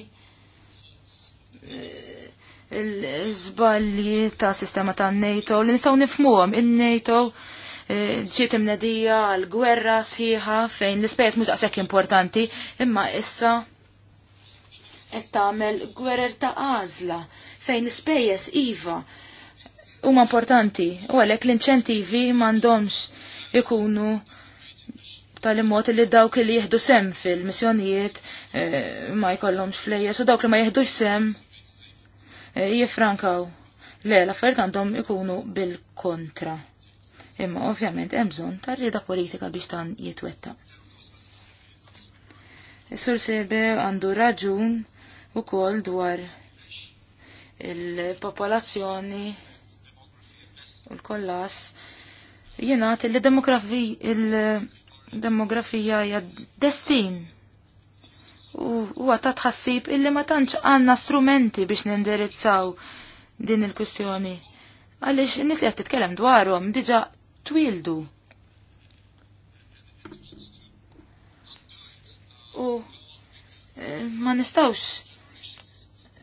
l-żbalji ta' sistema ta' NATO li nistgħu nifmuhom in-NATO eh, ġiet imnedija għal gwerra sħiħa fejn l-ispejjeż mhux daqshekk importanti imma issa qed tagħmel gwerer ta' għażla fejn l-ispejjeż iva huma importanti u għalhekk l-inċentivi m'għandhomx ikunu tal-immod li dawk li jieħdu sem fil-missjonijiet eh, ma jkollhomx flejjes u dawk li ma jieħdux sem Eh, jiffrankaw. Le, l-affarijiet għandhom ikunu bil-kontra. Imma ovvjament hemm bżonn ta' rieda politika biex dan jitwetta. Is-sur sebe għandu raġun ukoll dwar il-popolazzjoni u l-kollas jenat il-demografija hija destin huwa ta' tħassib illi ma tantx għandna strumenti biex nindirizzaw din il-kwistjoni. Għaliex in-nies li titkellem dwarhom diġà twildu. U eh, ma nistawx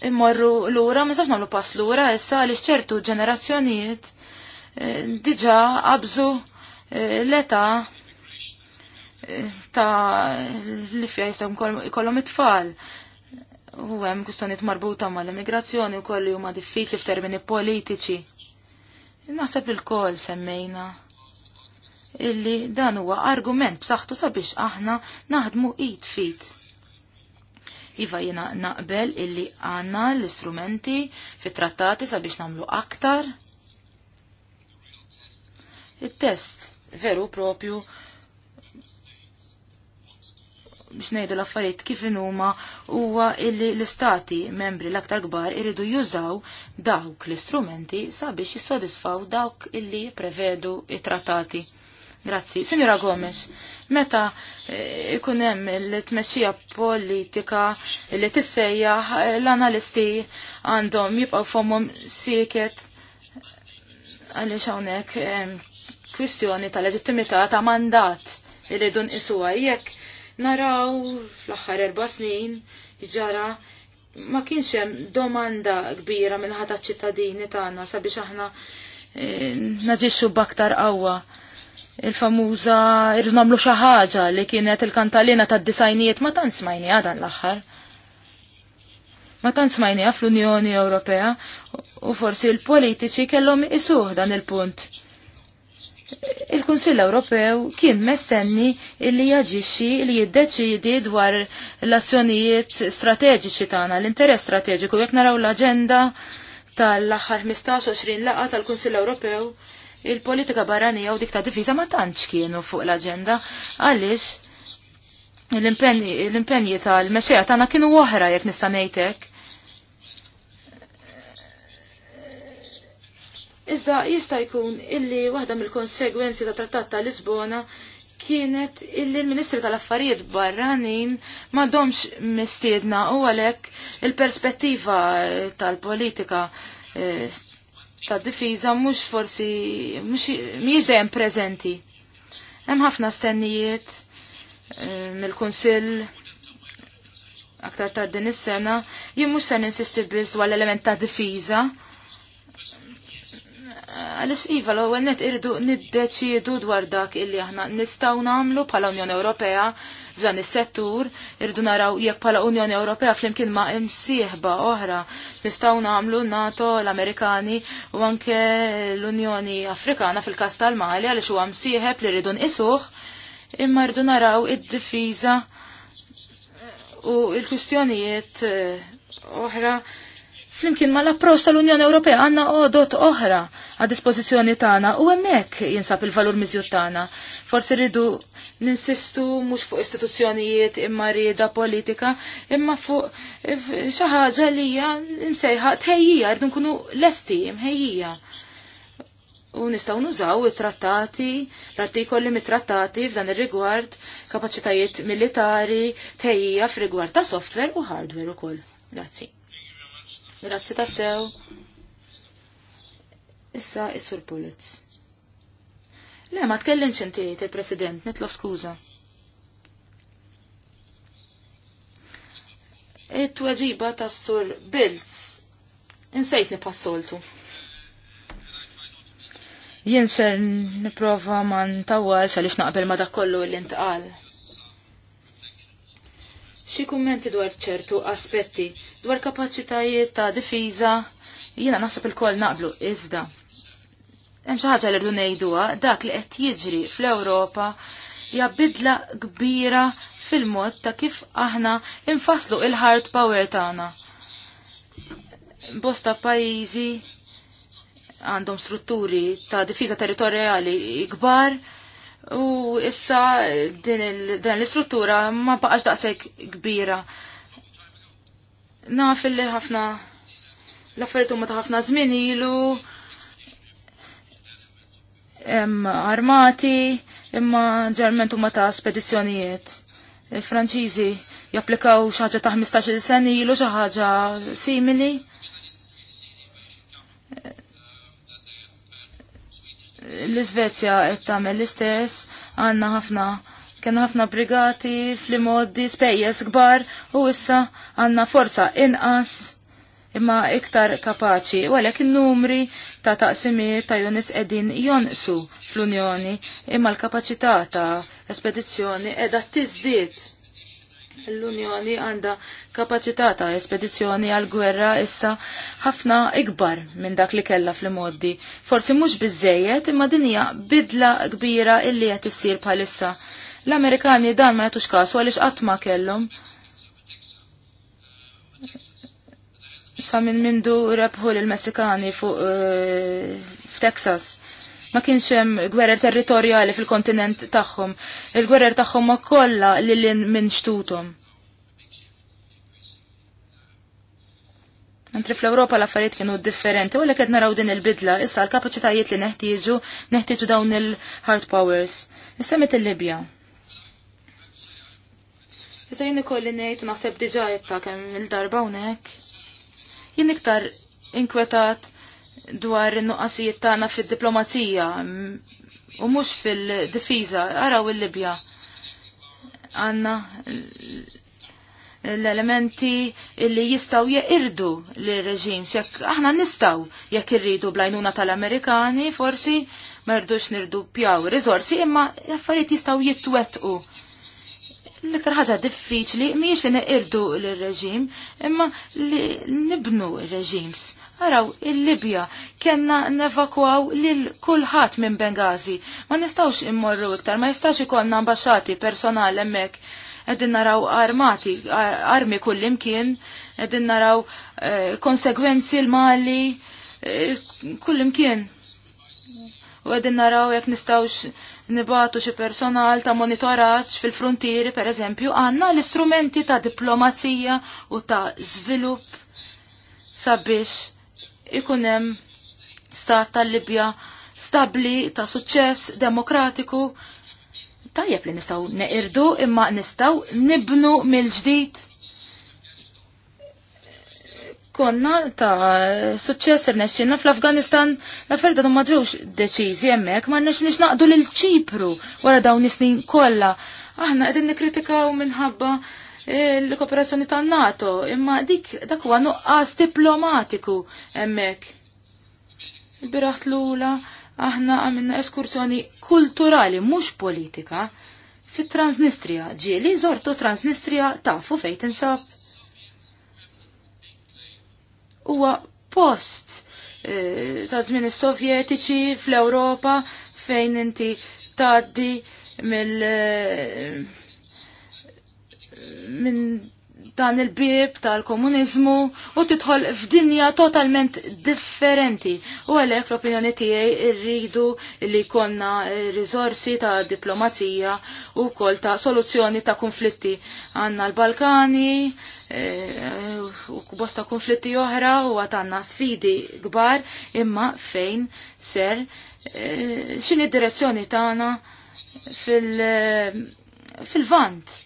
immorru lura, ma nistawx pass pass lura issa għaliex ċertu ġenerazzjonijiet eh, diġa' qabżu eh, l-età ta' li fija jistom kollom it-tfal. U hemm kustonit marbuta ma' l-immigrazzjoni u kolli huma diffiċli f'termini politiċi. Naħseb il-kol semmejna. Illi dan huwa argument b'saħħtu sabiex aħna naħdmu id fit. Iva jena naqbel illi għanna l-istrumenti fit-trattati sabiex namlu aktar. Il-test veru propju biex ngħidu l-affarijiet kif huma huwa illi l-istati membri l-aktar kbar iridu jużaw dawk l-istrumenti sabiex jissodisfaw dawk illi prevedu it-trattati. Grazzi. Signora Gomes, meta eh, ikun hemm il-tmexxija politika li tissejjaħ l-analisti għandhom jibqgħu fomhom sieket għaliex hawnhekk eh, kwistjoni ta' leġittimità ta' mandat irridu nqisuha jekk naraw fl-aħħar erba' snin ġara ma kienx hemm domanda kbira minn minħata ċittadini tagħna sabiex aħna eh, naġixxu baktar qawwa. Il-famuża nagħmlu xi ħaġa li kienet il-kantalina tad-disajnijiet ma tantx smajni għadan l-aħħar. Ma tantx smajni fl-Unjoni Ewropea u forsi l-politiċi kellhom isuh dan il-punt il-Kunsill Ewropew kien mestenni li jaġixxi li jiddeċidi dwar l-azzjonijiet strateġiċi tagħna, l-interess strateġiku jekk naraw l-aġenda tal-aħħar 15-20 laqgħa tal-Kunsill Ewropew il-politika barranija u dik ta' difiża ma tantx kienu fuq l-aġenda għaliex l-impenji tal-mexejja tagħna kienu oħra jekk nista' ngħidlek Iżda jista' jkun illi waħda mill-konsegwenzi ta' Trattat ta' Lisbona kienet illi l-Ministri tal-Affarijiet barranin m'għadhomx mistiedna u għalhekk il-perspettiva tal-politika eh, tad-difiża mhux forsi mhijiex dejjem preżenti. Hemm ħafna stennijiet eh, mill-Kunsill aktar tard din is-sena, jien mhux se ninsisti biss dwar l-element ta' difiża Għalix Iva, l-ewwel net irridu niddeċiedu dwar dak illi aħna nistgħu nagħmlu bħala Unjoni Ewropea f'dan is-settur, irridu naraw jekk bħala Unjoni Ewropea flimkien ma' imsieħba oħra nistgħu nagħmlu NATO, l-Amerikani u anke l-Unjoni Afrikana fil-każ tal-Mali għaliex huwa msieħeb li rridu nqisuh, imma rridu naraw id-difiża u l-kwistjonijiet eh, oħra flimkien ma l-approċ tal-Unjoni Ewropea għanna għodot oħra għad dispożizzjoni tagħna u hemmhekk jinsab il-valur miżjud tagħna. Forsi rridu ninsistu mhux fuq istituzzjonijiet imma rieda politika, imma fuq xi ħaġa li hija msejħa tħejjija, rridu nkunu lesti mħejjija. U nistgħu nużaw it-trattati, l-artikoli mit-trattati f'dan ir-rigward, kapaċitajiet militari, tejjija f'rigward ta' software u hardware ukoll. Grazzi. Grazzi ta' sew. Issa is-sur Pulitz. Le, ma tkellimx inti il-President, nitlob skuża. It-tweġiba tas sur Bilz. Insejtni passoltu. Jien ser niprofa ma ntawwal x'alix naqbel ma dak kollu l-intqal. Xi kummenti dwar ċertu aspetti dwar kapaċitajiet ta' difiża jiena naħseb il-koll naqblu iżda. Hemm xi ħaġa li rdu ngħiduha dak li qed jiġri fl-Ewropa hija bidla kbira fil-mod ta' kif aħna infaslu il-hard power tagħna. Bosta pajjiżi għandhom strutturi ta' difiża territorjali kbar u issa din l-istruttura ma baqax daqshekk kbira. Naf li ħafna l-affertu ma ta' ħafna żmien ilu armati imma ġermentu huma ta' spedizzjonijiet. Il-Franċiżi japplikaw xi ħaġa ta' 15-il sen ilu xi ħaġa simili. l-Svezja qed tagħmel l-istess, għandna ħafna kien ħafna brigati fl-imoddi spejjeż kbar u issa għandna forza inqas imma iktar kapaċi. U għalhekk in-numri ta' taqsimiet ta' Junis qegħdin jonqsu fl-Unjoni imma l-kapaċità ta' espedizzjoni qiegħda tiżdied L-Unjoni għandha kapaċità ta' espedizzjoni għal gwerra issa ħafna ikbar minn dak li kellha fl-modi. Forsi mhux biżejjed imma din hija bidla kbira illi qed issir bħalissa. L-Amerikani dan ma jagħtux kasu għaliex qatt ma kellhom sa minn mindu rebħu l-Messikani fuq uh, f'Texas ma kienx hemm gwerer territorjali fil-kontinent tagħhom. Il-gwerer tagħhom ma kollha lil minn xtutom. Mentri fl-Ewropa l-affarijiet kienu differenti, u qed naraw din il-bidla, issa l-kapaċitajiet li neħtieġu, neħtieġu dawn il-hard powers. Issa mit il-Libja. Issa jien ikolli ngħid u naħseb diġà ta' kemm il-darba hawnhekk. Jien iktar inkwetat dwar in-nuqqasijiet tagħna fid-diplomazija mm, u mhux fil-difiża, araw il-Libja. Għanna l-elementi li jistaw jeqirdu l-reġim, jekk aħna nistaw jekk irridu blajnuna tal-Amerikani, forsi merdux nirdu pjaw rizorsi, imma affarijiet jistaw jittwetqu. L-iktar ħaġa diffiċli miex li neqirdu l-reġim, imma li nibnu reġims Araw, il-Libja kena nevakwaw lil kulħadd minn Bengazi. Ma nistawx immorru iktar, ma jistax ikonna ambasċati personal hemmhekk. Qegħdin naraw armati, armi kullimkien, qegħdin naraw eh, konsegwenzi l-mali, eh, kullimkien. U qegħdin naraw jekk nistawx nibatu xi personal ta' monitoraċ fil-frontieri, per eżempju, għandna l-istrumenti ta' diplomazija u ta' żvilupp sabiex ikun hemm stat tal-Libja stabli ta' suċċess demokratiku tajjeb li nistaw neqirdu imma nistaw nibnu mill-ġdid. Konna ta' suċċess irnexxinna fl-Afganistan l-afferda ma ġewx deċiżi hemmhekk ma rnex nix naqdu lil ċipru wara dawn is-snin kollha. Aħna qegħdin nikkritikaw minħabba l-kooperazzjoni tan-NATO, imma dik dak huwa nuqqas diplomatiku hemmhekk. Il-biraħt lula aħna għamilna eskursjoni kulturali mhux politika fit-Transnistria. Ġieli żortu Transnistria tafu fejn tinsab. Huwa post eh, ta' żmien is-Sovjetiċi fl-Ewropa fejn inti tgħaddi mill minn dan il-bib tal-komunizmu u titħol f'dinja totalment differenti. U għalek fl-opinjoni tiegħi irridu li konna risorsi ta' diplomazija u kol ta' soluzzjoni ta' konflitti. Għanna l-Balkani eh, u bosta konflitti oħra u għatanna sfidi gbar imma fejn ser eh, xini direzzjoni tagħna fil- eh, fil-vant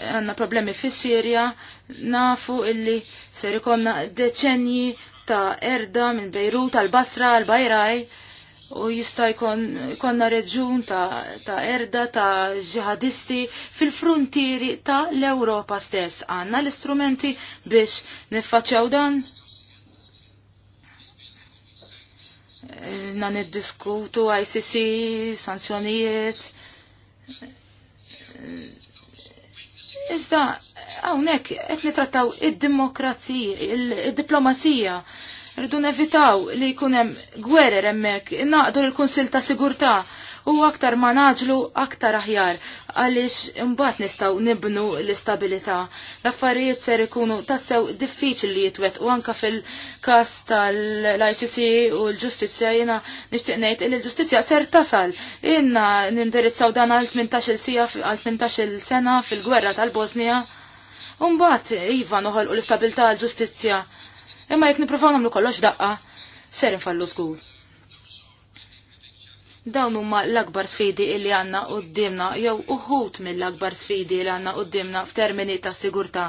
għanna problemi fis sirja nafu illi ser ikonna deċenji ta' erda minn Bejrut għal Basra għal Bajraj u jista' jkonna reġun ta', ta erda ta' ġihadisti fil-frontieri ta' l-Ewropa stess. Għanna l-istrumenti biex niffaċċjaw dan? Na niddiskutu ICC, sanzjonijiet, Iżda, għawnek, qed nitrattaw id-demokrazija, id-diplomazija, rridu nevitaw li jkun hemm gwerer hemmhekk, naqdu l konsil ta' Sigurtà, u aktar ma naġlu aktar aħjar għaliex imbagħad nistgħu nibnu l istabilita L-affarijiet ser ikunu tassew diffiċli jitwet u anka fil-każ tal-ICC u l ġustizja jina nixtieq ngħid li l-ġustizzja ser tasal. Inna nindirizzaw dan għal 18 sija għal 18-il sena fil-gwerra tal-Bosnija. Umbat, Iva, noħol u l-istabilta għal-ġustizja. Imma jek niprofaw namlu kollox daqqa, ser infallu zgur. Dawn huma l-akbar sfidi li għandna qudiemna jew uħut mill-akbar sfidi li għandna qudiemna f'termini ta' sigurtà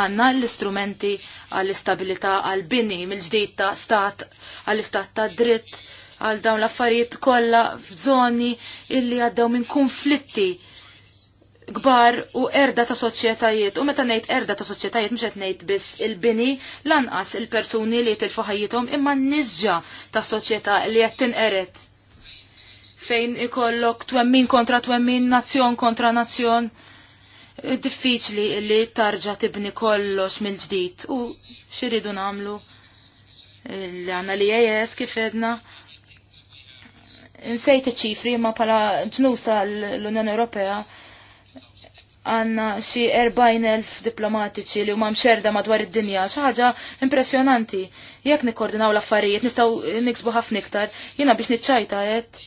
għandna l-istrumenti għall-istabilità għall-bini mill-ġdid ta' stat għall-istat ta' dritt għal dawn l-affarijiet kollha f'żoni illi għaddew minn konflitti gbar u erda ta' soċjetajiet. U meta ngħid erda ta' soċjetajiet mhux qed ngħid biss il-bini lanqas il-persuni li tilfu ħajjithom imma n-niżġa ta' soċjetà li qed tinqeret fejn ikollok twemmin kontra twemmin, nazzjon kontra nazzjon. Diffiċli li tarġa tibni kollox mill-ġdid u xiridu namlu li għanna li jajes kif Nsejt ċifri ma pala ġnus tal-Unjoni Ewropea għanna xi 40.000 diplomatiċi li huma mxerda madwar id-dinja, xi ħaġa impressjonanti. Jekk l-affarijiet nistgħu niksbu ħafna iktar, jiena biex niċċajta qed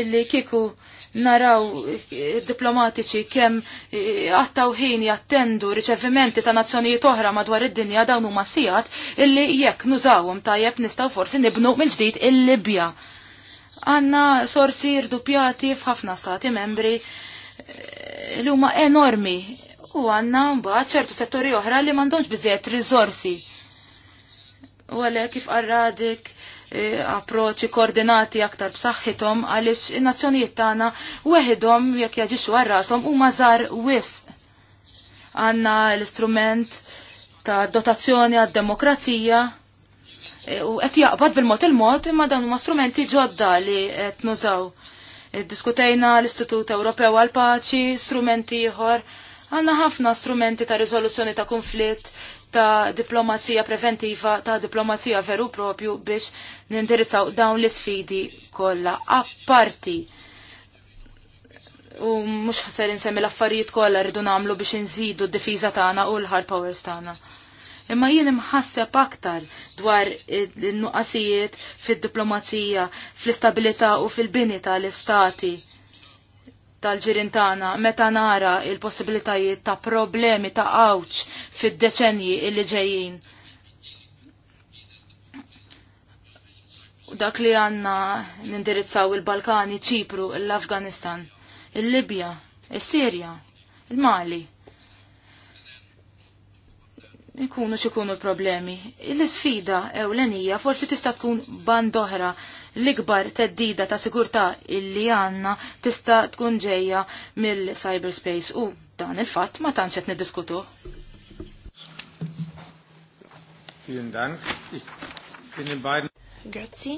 illi kiku naraw diplomatiċi kemm e, għattaw ħin jattendu riċevimenti ta' nazzjonijiet oħra madwar id-dinja dawn huma sigħat illi jekk nużawhom tajjeb nistgħu forsi nibnu minn ġdid il-Libja. Għanna sorsi irdupjati f'ħafna stati membri e, li huma enormi u għanna mbagħad ċertu setturi oħra li m'għandhomx biżejjed riżorsi. U għalhekk kif qarradik E, approċċi koordinati aktar b'saħħithom għaliex in-nazzjonijiet tagħna weħidhom jekk jaġixxu għarrashom rashom huma żgħar wisq. Għandna l-istrument ta' dotazzjoni għad-demokrazija e, u qed jaqbad bil-mod il-mod imma dawn huma strumenti ġodda li qed nużaw. E, diskutejna l-Istitut Ewropew għal Paċi, strumenti ieħor, għandna ħafna strumenti ta' riżoluzzjoni ta' konflitt, ta' diplomazija preventiva, ta' diplomazija veru propju biex nindirizzaw dawn l-sfidi kollha apparti. U mhux ħasser insemmi l-affarijiet kollha rridu nagħmlu biex nżidu d-difiża tagħna u l-hard powers tagħna. Imma jien imħasseb aktar dwar il-nuqqasijiet fid-diplomazija, fl-istabilità u fil-bini tal-istati tal tagħna meta nara il-possibilitajiet ta' problemi ta' għawċ fid-deċenji li ġejjin. U dak li għanna nindirizzaw il-Balkani, Ċipru, l-Afganistan, il-Libja, il-Sirja, il-Mali ikunu xikunu problemi. L-sfida ewlenija forsi tista' tkun band oħra l-ikbar teddida ta' sigurtà illi għanna tista' tkun ġejja mill-cyberspace u dan il-fatt ma tantx qed niddiskutu. Grazzi.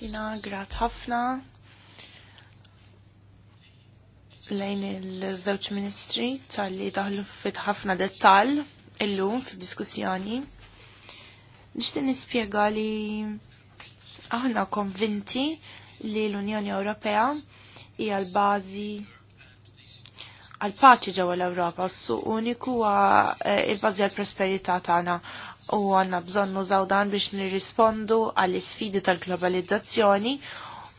Jina grat ħafna lejn il-żewġ ministri tal-li daħlu fit ħafna dettal illum fid-diskussjoni. Nixtieq nispjega li aħna konvinti li l-Unjoni Ewropea hija l-bażi għal paċi ġewwa l-Ewropa, s-suq uniku huwa eh, il-bażi għal prosperità tagħna u għandna bżonn nużaw dan biex nirrispondu għall isfidi tal-globalizzazzjoni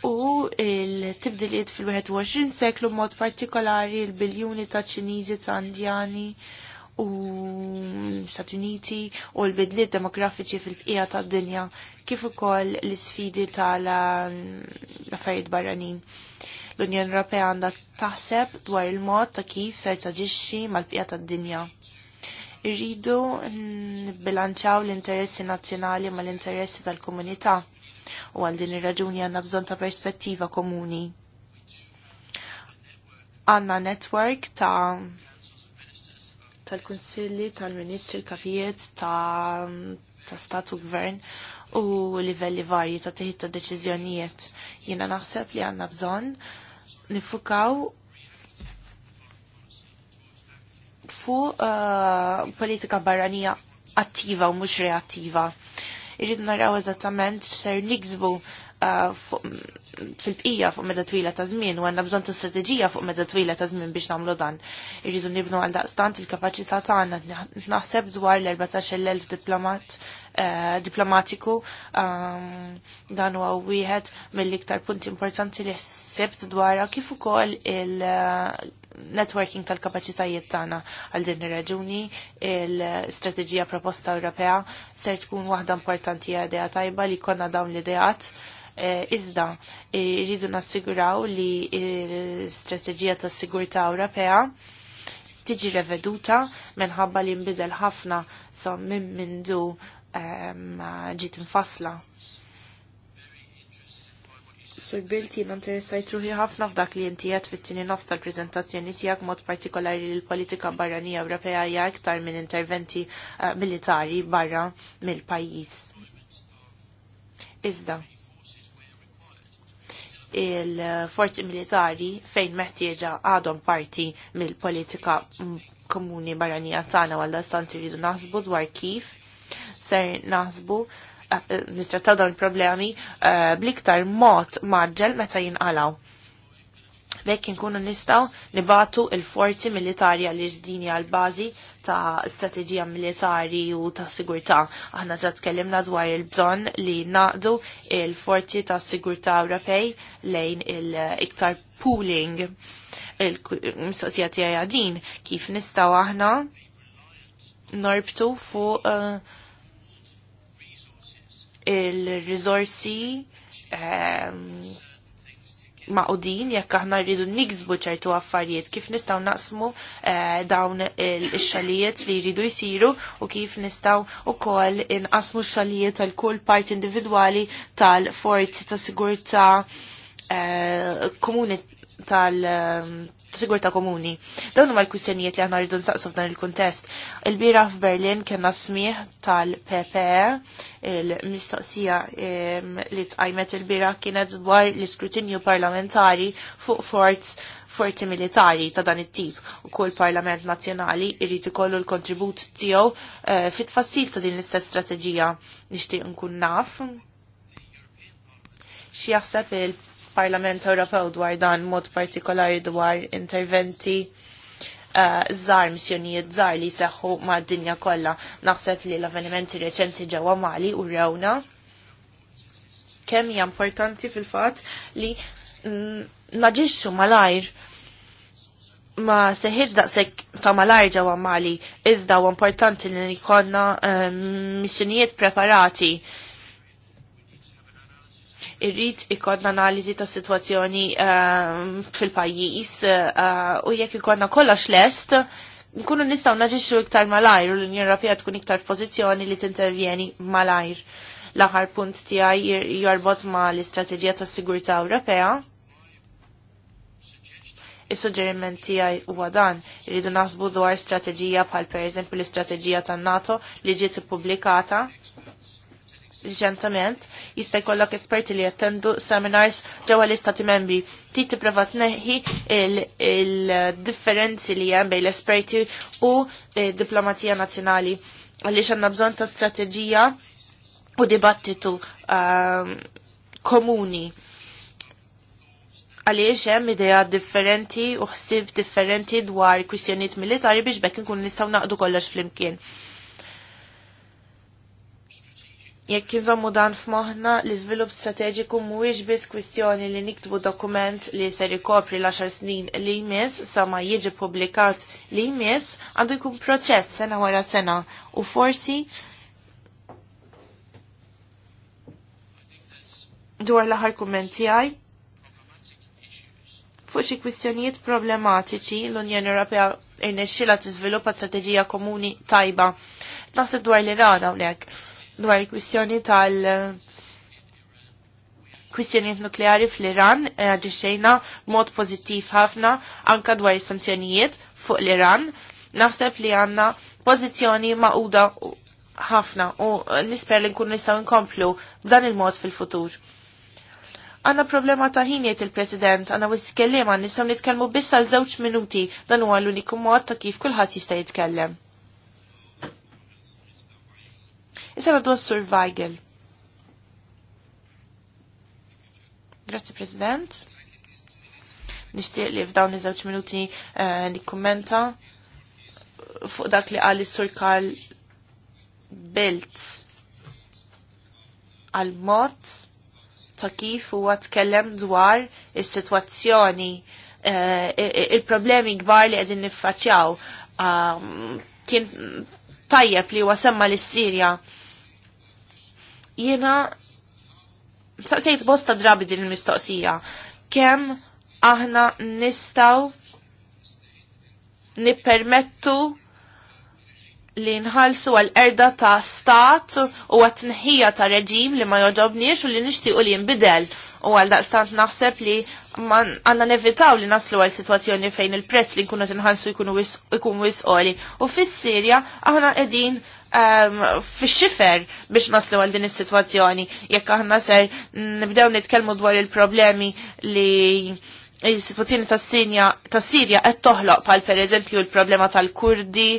u il-tibdiliet fil-21 seklu mod partikolari il-biljuni ta' ċinizi ta' indjani u Stati Uniti u l-bidliet demografiċi fil-bqija ta' dinja kif ukoll l-isfidi tal-affarijiet barranin. L-Unjoni Ewropea għandha taħseb dwar il-mod ta' kif ser taġixxi mal-bqija tad-dinja. Irridu bilanċaw l-interessi nazzjonali mal-interessi tal-komunità U għal din ir-raġuni għandna bżonn ta' perspettiva komuni. Għandna network ta' tal-Kunsilli, tal-Ministri, tal kapijiet ta' ta' statu gvern u livelli varji ta' teħid ta' deċiżjonijiet. Jiena naħseb li għandna bżonn nifukaw fu uh, eh, politika barranija attiva u mhux reattiva irridu naraw eżattament x'ser niksbu uh, mm, fil-bqija fuq meta twila ta' żmien u għandna bżonn ta' strateġija fuq meta twila ta' żmien biex nagħmlu dan. Irridu nibnu għal daqstant il-kapaċità tagħna naħseb dwar l-14,000 diplomat uh, diplomatiku um, dan huwa wieħed mill-iktar punti importanti li ħsibt dwarha kif ukoll il- uh, networking tal-kapacitajiet tagħna għal din ir-raġuni il-strateġija proposta Ewropea ser tkun waħda importanti idea tajba li konna dawn l-ideat eh, iżda jridu nassiguraw li l-strateġija tas sigurtà Ewropea tiġi reveduta minħabba li nbidel ħafna sa minn mindu eh, ġiet infasla. Sur Bilt jien interessajt ruħi ħafna f'dak li inti għed fit-tieni nofs tal-preżentazzjoni tiegħek mod partikolari l politika barranija Ewropea hija iktar minn interventi eh, militari barra mill-pajjiż. Iżda il-forzi militari fejn meħtieġa għadhom parti mill-politika komuni barranija tagħna għal dastanti irridu naħsbu dwar kif ser naħsbu nittrattaw dawn il-problemi eh, bliktar mod maġġel meta jinqalaw. Bekk nkunu nistaw nibatu il-forzi militari għal ġdini għal bażi ta' strategija militari u ta' sigurtà. Aħna ġat tkellimna dwar il-bżonn li naqdu il-forzi ta' sigurtà Ewropej lejn il-iktar pooling il-mistoqsija tiegħi din kif nistgħu aħna norbtu fuq uh, il-rizorsi um, maqudin jekk aħna rridu niksbu ċertu affarijiet kif nistgħu naqsmu eh, dawn il-xalijiet li jridu jsiru u kif nistgħu kol inqasmu x-xalijiet tal kull part individwali tal-forzi ta' sigurtà eh, komuni tal- ehm, sigurta komuni. Dawn huma l-kwistjonijiet li aħna rridu nsaqsu f'dan il-kuntest. Il-bira f'Berlin kena smieħ tal pp e, il-mistoqsija li tqajmet il-bira kienet dwar l-iskrutinju parlamentari fuq forz forzi militari ta' dan it-tip u kull parlament nazzjonali irrid ikollu l-kontribut tiegħu eh, fit-tfassil ta' din l-istess strateġija nixtieq nkun naf. Xi jaħseb il parlament Ewropew dwar dan mod partikolari dwar interventi uh, żar missjonijiet żar li seħħu mad-dinja kollha. Naħseb li l-avvenimenti reċenti ġewwa Mali u rewna kemm hija importanti fil-fatt li mm, naġixxu malajr ma seħiġ daqsek ta' malajr ġewwa Mali, iżda u importanti li jkollna um, missjonijiet preparati irrid ikodna analiżi ta' situazzjoni ehm, fil-pajjiż eh, u jekk ikonna kollox lest, nkunu nistaw naġiċu iktar malajr u l-Unjoni Ewropea tkun iktar pożizzjoni li t-intervjeni malajr. l punt tiegħi jorbot ma l-istrateġija tas sigurtà Ewropea. Is-suġġeriment tiegħi huwa dan irridu naħsbu dwar strateġija bħal pereżempju l-istrateġija tan-NATO li ġiet ippubblikata reċentament jista' jkollok esperti li jattendu seminars ġewwa l-istati membri. Titi tipprova tneħħi il-differenzi li hemm bejn l-esperti u eh, diplomatija nazzjonali għaliex xanna bżonn ta' strateġija u dibattitu ehm, komuni għaliex hemm idea differenti u xsib differenti dwar kwistjonijiet militari biex bekk nkun nistgħu naqdu kollox flimkien jekk jinżommu dan f'moħħna li żvilupp strateġiku mhuwiex biss kwistjoni li niktbu dokument li ser ikopri l-10 snin li jmiss sa ma jiġi publikat li jmiss għandu jkun proċess sena wara sena u forsi dwar l-aħħar kummenti tiegħi fuq xi kwistjonijiet problematiċi l-Unjoni Ewropea irnexxilha tiżviluppa strateġija komuni tajba. Naħseb dwar li iran hawnhekk dwar il-kwistjoni tal- eh, kwistjonijiet nukleari fl-Iran eh, ġiċċejna mod pozittiv ħafna anka dwar is-sanzjonijiet fuq l-Iran. Naħseb li għanna pozizjoni maquda ħafna u nisper li nkunu nistgħu nkomplu b'dan il-mod fil-futur. Għanna problema ta' ħiniet il-President, għanna wis kellima nistaw nitkellmu biss għal żewġ minuti dan huwa l-uniku mod ta' kif kulħadd jista' jitkellem. Issa għadu għassur Weigel. Grazie, President. Nishtiq li f'dawn iż-żewġ minuti eh, nikkummenta fuq dak li għal sur Karl Bilt għal mod ta' kif huwa tkellem dwar is-sitwazzjoni eh, il-problemi kbar li qegħdin niffaċċjaw ah, mm, kien tajjeb li huwa semma l-Sirja Jiena saqsejt bosta drabi din il-mistoqsija. Kemm aħna nistaw nippermettu li nħalsu għal-erda ta' stat u għat-nħija ta' reġim li ma joġobniex u li nishti u li nbidel u għal daqstant naħseb li għanna nevitaw li naslu għal situazzjoni fejn il-prezz li nkunu tinħalsu jkunu wis oli u fis-Sirja aħna edin um, fix-xifer biex naslu għal din is-sitwazzjoni jekk aħna ser nibdew nitkellmu dwar il-problemi li il-situazzjoni ta' Sirja qed toħloq pal pereżempju l-problema tal-Kurdi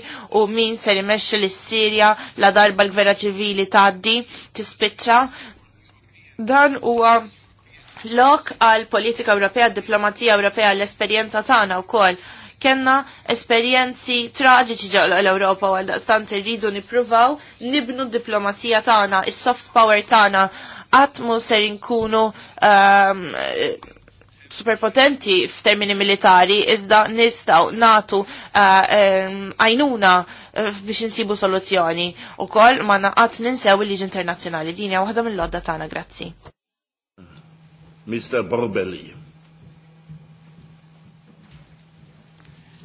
u min ser imexxi lis sirja la darba l-gvera ċivili tgħaddi tispiċċa. Dan huwa lok għal politika Ewropea, diplomazija Ewropea l-esperjenza tagħna wkoll kena esperjenzi traġiċi ġol l-Ewropa għal daqstant irridu nippruvaw nibnu d-diplomazija tagħna, is-soft power tagħna qatt mu ser inkunu um, superpotenti f'termini militari iżda nistaw natu eh, ehm, għajnuna uh, um, biex nsibu soluzzjoni u koll ma naqat ninsew il-liġi internazjonali. Dini għu għadam il-lodda tana, grazzi. Mr. Borbelli.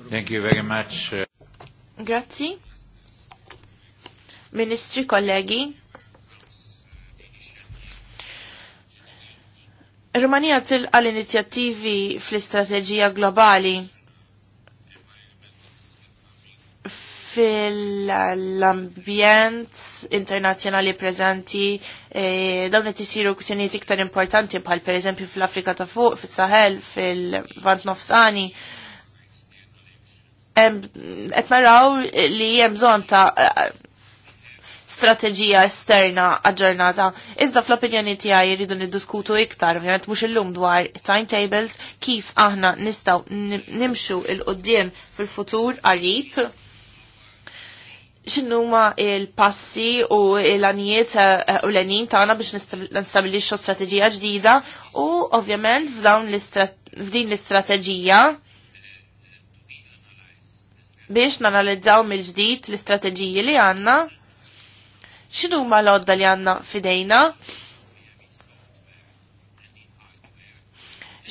Thank you very much. Uh, Grazzi. Ministri, kollegi. Rumanija tilqa l-inizjattivi fl-istrateġija globali fil-ambjent internazjonali prezenti e, dawn qed isiru kwistjonijiet iktar importanti bħal pereżempju fl-Afrika ta' fuq, fis sahel fil-Vant Nofsani etmaraw naraw li hemm bżonn ta' eh, strateġija esterna aġġornata. Iżda fl-opinjoni tiegħi jridu niddiskutu iktar, ovvjament mhux illum dwar timetables kif aħna nistgħu nimxu il qudiem fil-futur qarib. X'inhuma il-passi u l-anijiet eh, u l-għanin tagħna biex nistabilixu strateġija ġdida u ovvjament f'dawn l-istrateġija biex nanalizzaw mill-ġdid l-istrateġiji li għanna, xinu ma l-odda li għanna fidejna,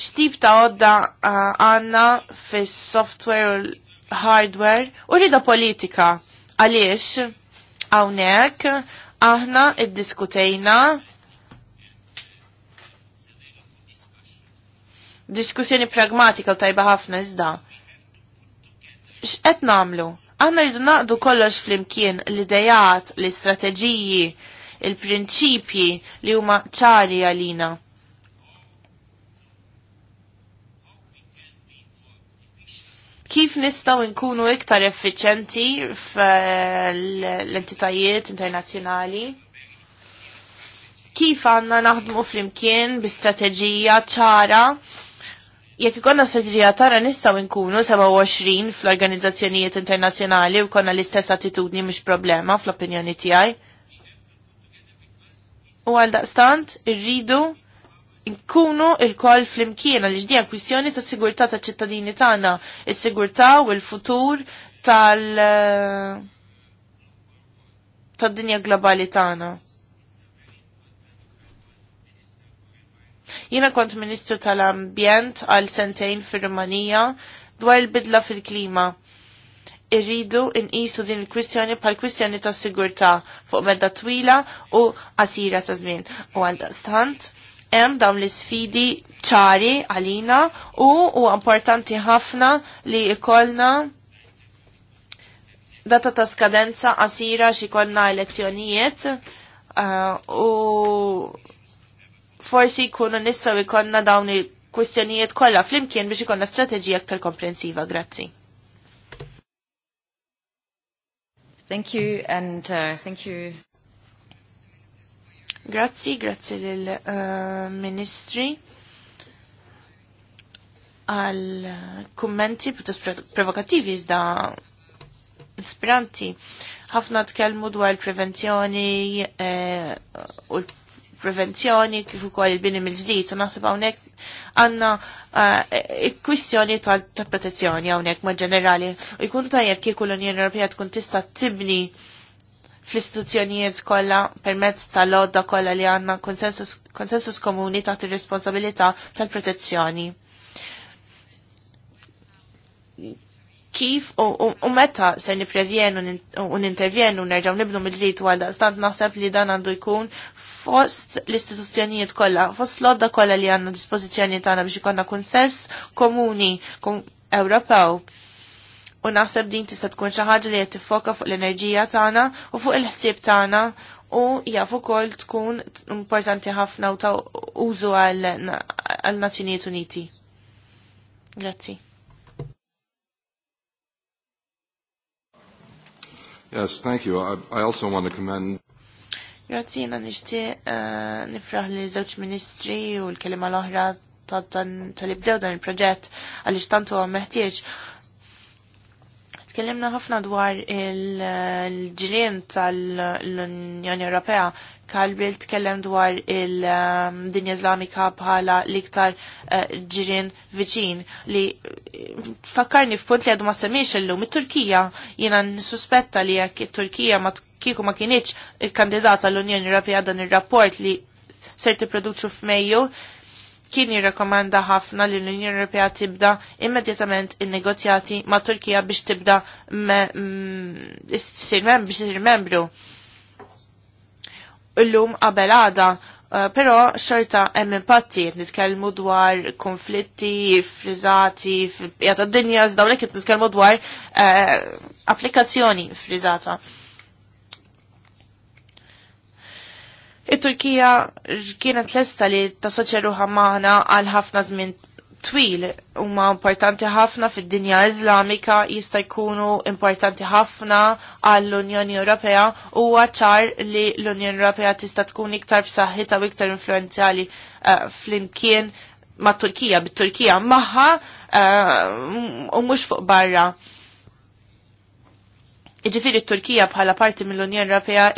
xtib ta' odda ah, għanna fi software u hardware u rida politika għaliex għawnek aħna id-diskutejna diskussjoni pragmatika u tajba ħafna iżda x'qed nagħmlu? Aħna rridu naqdu kollox flimkien l-idejat, l-istrateġiji, il-prinċipji li huma ċari għalina. kif nistaw nkunu iktar effiċenti fl-entitajiet internazzjonali? Kif għanna naħdmu flimkien bi strateġija ċara jekk ikonna strategija tara nistaw inkunu 27 fl-organizzazzjonijiet internazzjonali u konna l-istess attitudni mhux problema fl-opinjoni tiegħi. U għal daqstant irridu nkunu il-koll fl-imkien għal ġdija kwistjoni ta' sigurtà ta' ċittadini tagħna, is-sigurtà u l-futur tal eh, tad-dinja globali tagħna. Jiena kont Ministru tal-Ambjent għal sentejn fir-Rumanija dwar il-bidla fil-klima. Irridu nqisu din il-kwistjoni pal kwistjoni ta' sigurtà fuq medda twila u asira ta' żmien. U għal stant hemm dawn l-isfidi ċari għalina u huwa importanti ħafna li jkollna data ta' skadenza qasira xi konna elezzjonijiet uh, u forsi jkunu nistaw ikonna dawn il-kwistjonijiet kollha flimkien biex ikonna strateġija aktar komprensiva. Grazzi. Thank you and uh, thank you. Grazzi, grazzi lill uh, ministri għal kummenti putas provokattivi da ispiranti. Ħafna tkellmu dwar il-prevenzjoni eh, u prevenzjoni kif ukoll il-bini mill-ġdid u naħseb hawnhekk għandna eh, kwistjoni ta' protezzjoni hawnhekk ma' ġenerali u jkun tajjeb kieku l-Unjoni Ewropea tkun tista' tibni fl-istituzzjonijiet kollha permezz tal-lodda kollha li għandna konsensus komuni ta' ir-responsabilità tal-protezzjoni kif u meta se niprevjenu u nintervjenu nerġaw nibnu mill-ġdid għal stant naħseb li dan għandu jkun fost l-istituzzjonijiet kollha, fost l-odda kollha li għandna dispożizzjoni tagħna biex ikonna kunsess komuni Ewropew. U naħseb din tista' tkun xi ħaġa li qed tiffoka fuq l-enerġija tagħna u fuq il-ħsieb tagħna u jaf ukoll tkun importanti ħafna u ta' użu għal Nazzjonijiet Uniti. Grazzi. Yes, thank you. I, I also want to commend Grazina nishti eh, nifraħ li żewġ ministri u l-kelima l-oħra tal-ibdew dan il-proġett għaliex tantu huwa meħtieġ. Tkellimna ħafna dwar il-ġirien eh, tal-Unjoni Ewropea Karl tkellem dwar il-dinja um, Islamika bħala liktar uh, ġirin viċin li uh, fakkarni f'punt li għadu ma semmiex illum it-Turkija jiena nissuspetta li jekk it-Turkija ma kieku ma kienieċ kandidata l-Unjoni Ewropea dan ir-rapport li ser tipproduċu f'Mejju kien jirrekomanda ħafna li l-Unjoni Ewropea tibda immedjatament in-negozjati ma' Turkija biex tibda mm, biex tisir membru illum qabel għada. Uh, pero xorta hemm impatti qed nitkellmu dwar konflitti, friżati, jata d-dinja dawn qed nitkellmu dwar uh, applikazzjoni friżata. it-Turkija kienet lesta li tasoċeru magħna għal ħafna żmien twil huma importanti ħafna fid-dinja Iżlamika jista' jkunu importanti ħafna għall unjoni Ewropea u ċar li l-Unjoni Ewropea tista' tkun iktar f'saħħitha u iktar influenzjali uh, flimkien ma' Turkija, bit-Turkija magħha eh, u uh, mhux fuq barra. Iġifiri Turkija bħala parti mill-Unjoni Ewropea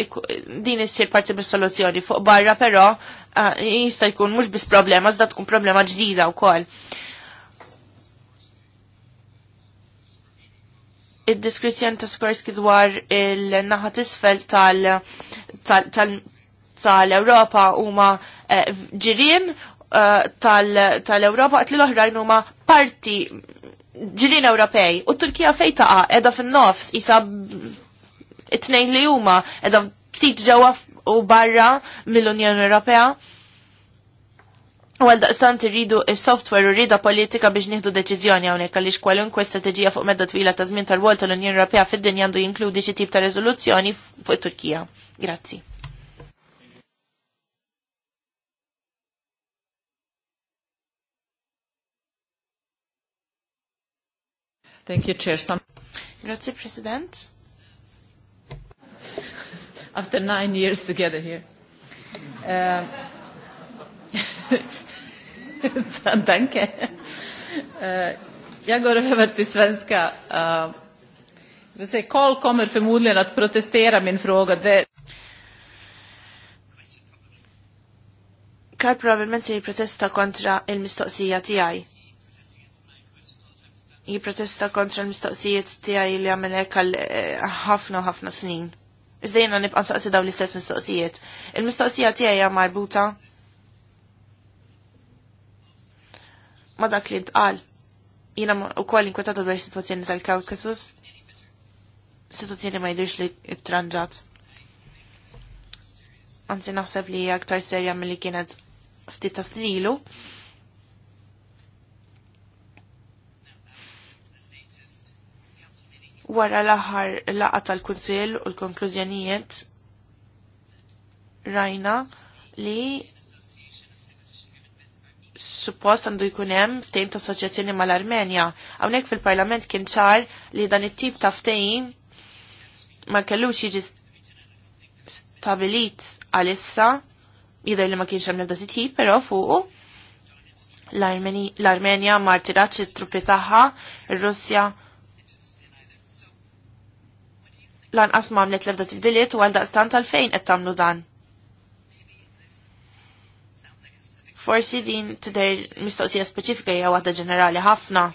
din issir parti mis-soluzzjoni fuq barra però Ah, jista' jkun mhux biss problema, iżda tkun problema ġdida wkoll. Id-diskrizzjoni ta' Skorski dwar il-naħa tisfel tal-Ewropa huma eh, ġirien eh, tal-Ewropa li l-oħrajn huma parti ġirien Ewropej. U Turkija fejtaqa' taqa' fin-nofs jisa it-tnejn li huma edha ftit ġewwa u barra mill-Unjoni Ewropea. U għal daqstant irridu il-software u rrida politika biex nieħdu deċiżjoni hawnhekk għaliex kwalunkwe strateġija fuq medda twila ta' żmien tal wolta l unjoni Ewropea fid-dinja għandu jinkludi xi tip ta' riżoluzzjoni fuq it-Turkija. Grazzi. Thank you, Chair. Grazie, President after nine years together here. Um, Danke. Uh, jag går över till svenska. Carl uh, kommer förmodligen att protestera min fråga. Carl Karl probablement se protesta kontra il-mistoqsija tiegħi. Jiprotesta kontra l-mistoqsijiet tiegħi li għamel hekk għal eh, ħafna ħafna snin. Iżda jena nibqa' nsaqsi daw l-istess mistoqsijiet. Il-mistoqsija tiegħi hija marbuta ma dak li tqal. Jiena wkoll inkwetata dwar is-sitwazzjoni tal-Kawkasus. Sitwazzjoni ma jidhirx li tranġat. Anzi naħseb li hija aktar serja milli kienet ftit ta' snilu. ilu Wara l-aħħar laqa tal-Kunsill u l-konklużjonijiet rajna li suppost għandu jkun hemm ftehim ta' soċjazzjoni mal-Armenja. Hawnhekk fil-Parlament kien ċar li dan it-tip ta' ftehim ma kellux jiġi stabilit għalissa jidher li ma kienx hemm nebda titjib, però fuqu l-Armenja ma rtirax it-truppi tagħha, ir-Russja lanqas mamlet l-ebda tibdiliet u għaldaqstant għalfejn qed tagħmlu dan. Forsi din tidher mistoqsija speċifika jgħu waħda ġenerali ħafna,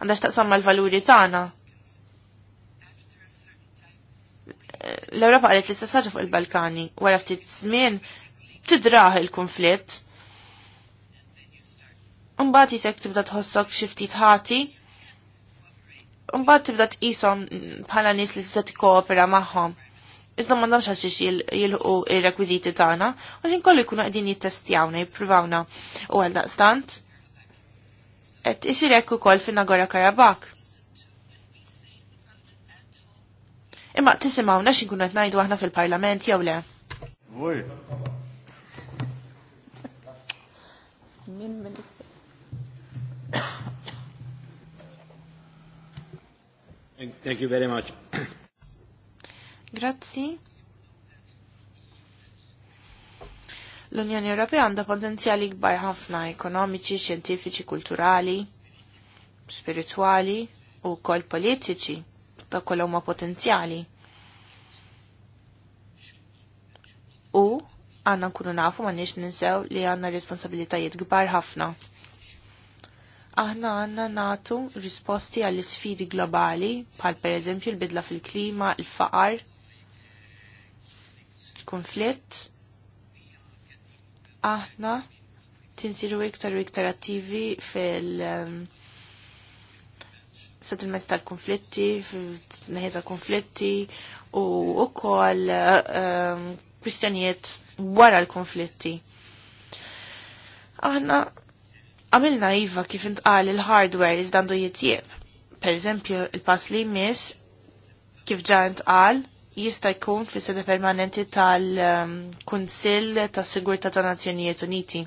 għandax taqsam mal-valuri tagħna. l europa qalet li s ħaġa fuq il-Balkani, wara ftit żmien tidraħ il-konflitt. Mbagħad jisek tibda tħossok xi ftit ħati Mbagħad tibda tqishom bħala nies li tista' tikkoopera magħhom. Iżda ma nafx għal xiex jilħu il-rekwiziti tagħna, u ħin kollu jkunu qegħdin jittestjawna, jippruvawna u għal daqstant. Qed isirek ukoll fin-Nagora Karabak. Imma tisimgħuna x'inkunu qed ngħidu aħna fil-Parlament jew le. Min Ministru Thank you very much. Grazzi. L-Unjoni Ewropea għandha potenzjali kbar ħafna ekonomiċi, xjentifiċi, kulturali, spirituali u kol politiċi ta' kol huma potenzjali. U għanna nkunu nafu ma nix ninsew li għanna responsabilitajiet kbar ħafna aħna għanna natu risposti għall sfidi globali, bħal per eżempju l-bidla fil-klima, il-faqar, il-konflitt. Aħna tinsiru iktar u iktar attivi fil- um, settlement tal-konflitti, neħiet tal-konflitti u ukoll um, kwistjonijiet wara l-konflitti. Aħna Għamilna iva kif intqal il-hardware iżdandu jitjieb. Per eżempju, il-pass li jmiss kif ġa intqal jista' jkun fis sede permanenti tal-Kunsill tas-Sigurtà ta' Nazzjonijiet Uniti.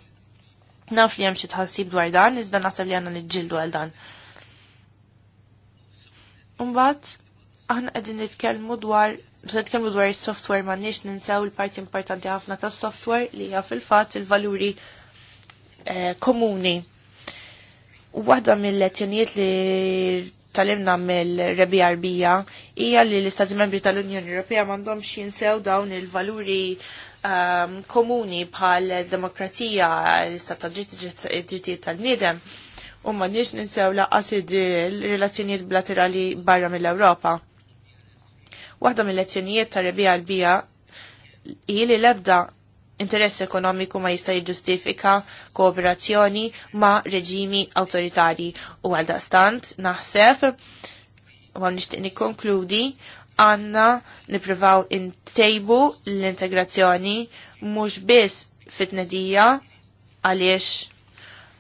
Naf li hemm xi tħassib dwar dan, iżda naħseb li għandna niġġieldu għal dan. Imbagħad aħna qegħdin nitkellmu dwar Bżed kemmu dwar il-software ma nix ninsew il-parti importanti ħafna ta' software li hija fil-fat il-valuri eh, komuni Waħda mill-lezzjonijiet li talimna mill-rebi arbija hija li l-Istati Membri tal-Unjoni Ewropea m'għandhomx jinsew dawn il-valuri um, komuni bħal demokrazija, l-istat ta' ġittijiet tal-nidem, u ma nix ninsew laqqas il-relazzjonijiet bilaterali barra mill-Ewropa. Waħda mill-lezzjonijiet tal-rebi arbija hi li l-ebda interess ekonomiku ma jista' jiġġustifika kooperazzjoni ma' reġimi awtoritarji u għal stant naħseb u għal nixtieq nikkonkludi għanna niprivaw intejbu l-integrazzjoni mhux biss fitnedija għaliex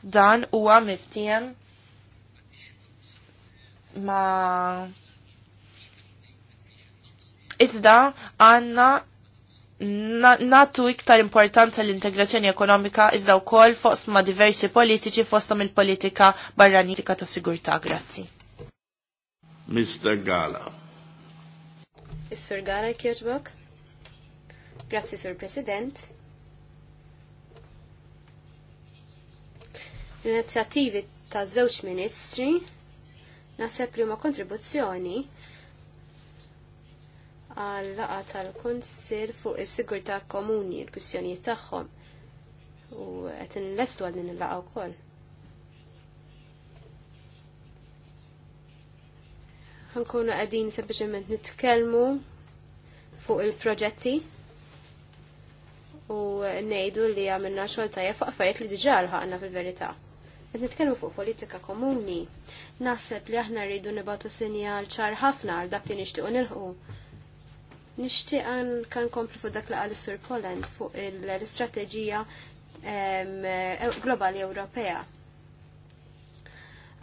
dan huwa iftijem ma' Iżda għanna natu iktar importanza l-integrazzjoni ekonomika iżda wkoll fost ma diversi politiċi fostom il-politika barranitika ta' sigurtà. Grazzi. Mr. Gala. Is-Sur Gala kieġbok? Grazzi, Sur President. L-inizjattivi ta' żewġ ministri naseb li ma' kontribuzzjoni għal laqa tal-Konsil fuq is-sigurtà komuni, il-kwistjonijiet tagħhom. U qed inlestu għal din il-laqa wkoll. Ħankunu qegħdin sempliċement nitkellmu fuq il-proġetti u ngħidu li għamilna xogħol tajjeb fuq affarijiet li diġà ħaqna fil-verità. Qed nitkellmu fuq politika komuni, naħseb li aħna rridu sinja sinjal ċar ħafna għal dak li nixtiequ nilħu Nishtiq għan kan komplu fuq dak laqal sur Poland fuq l-istrateġija e, globali Ewropea.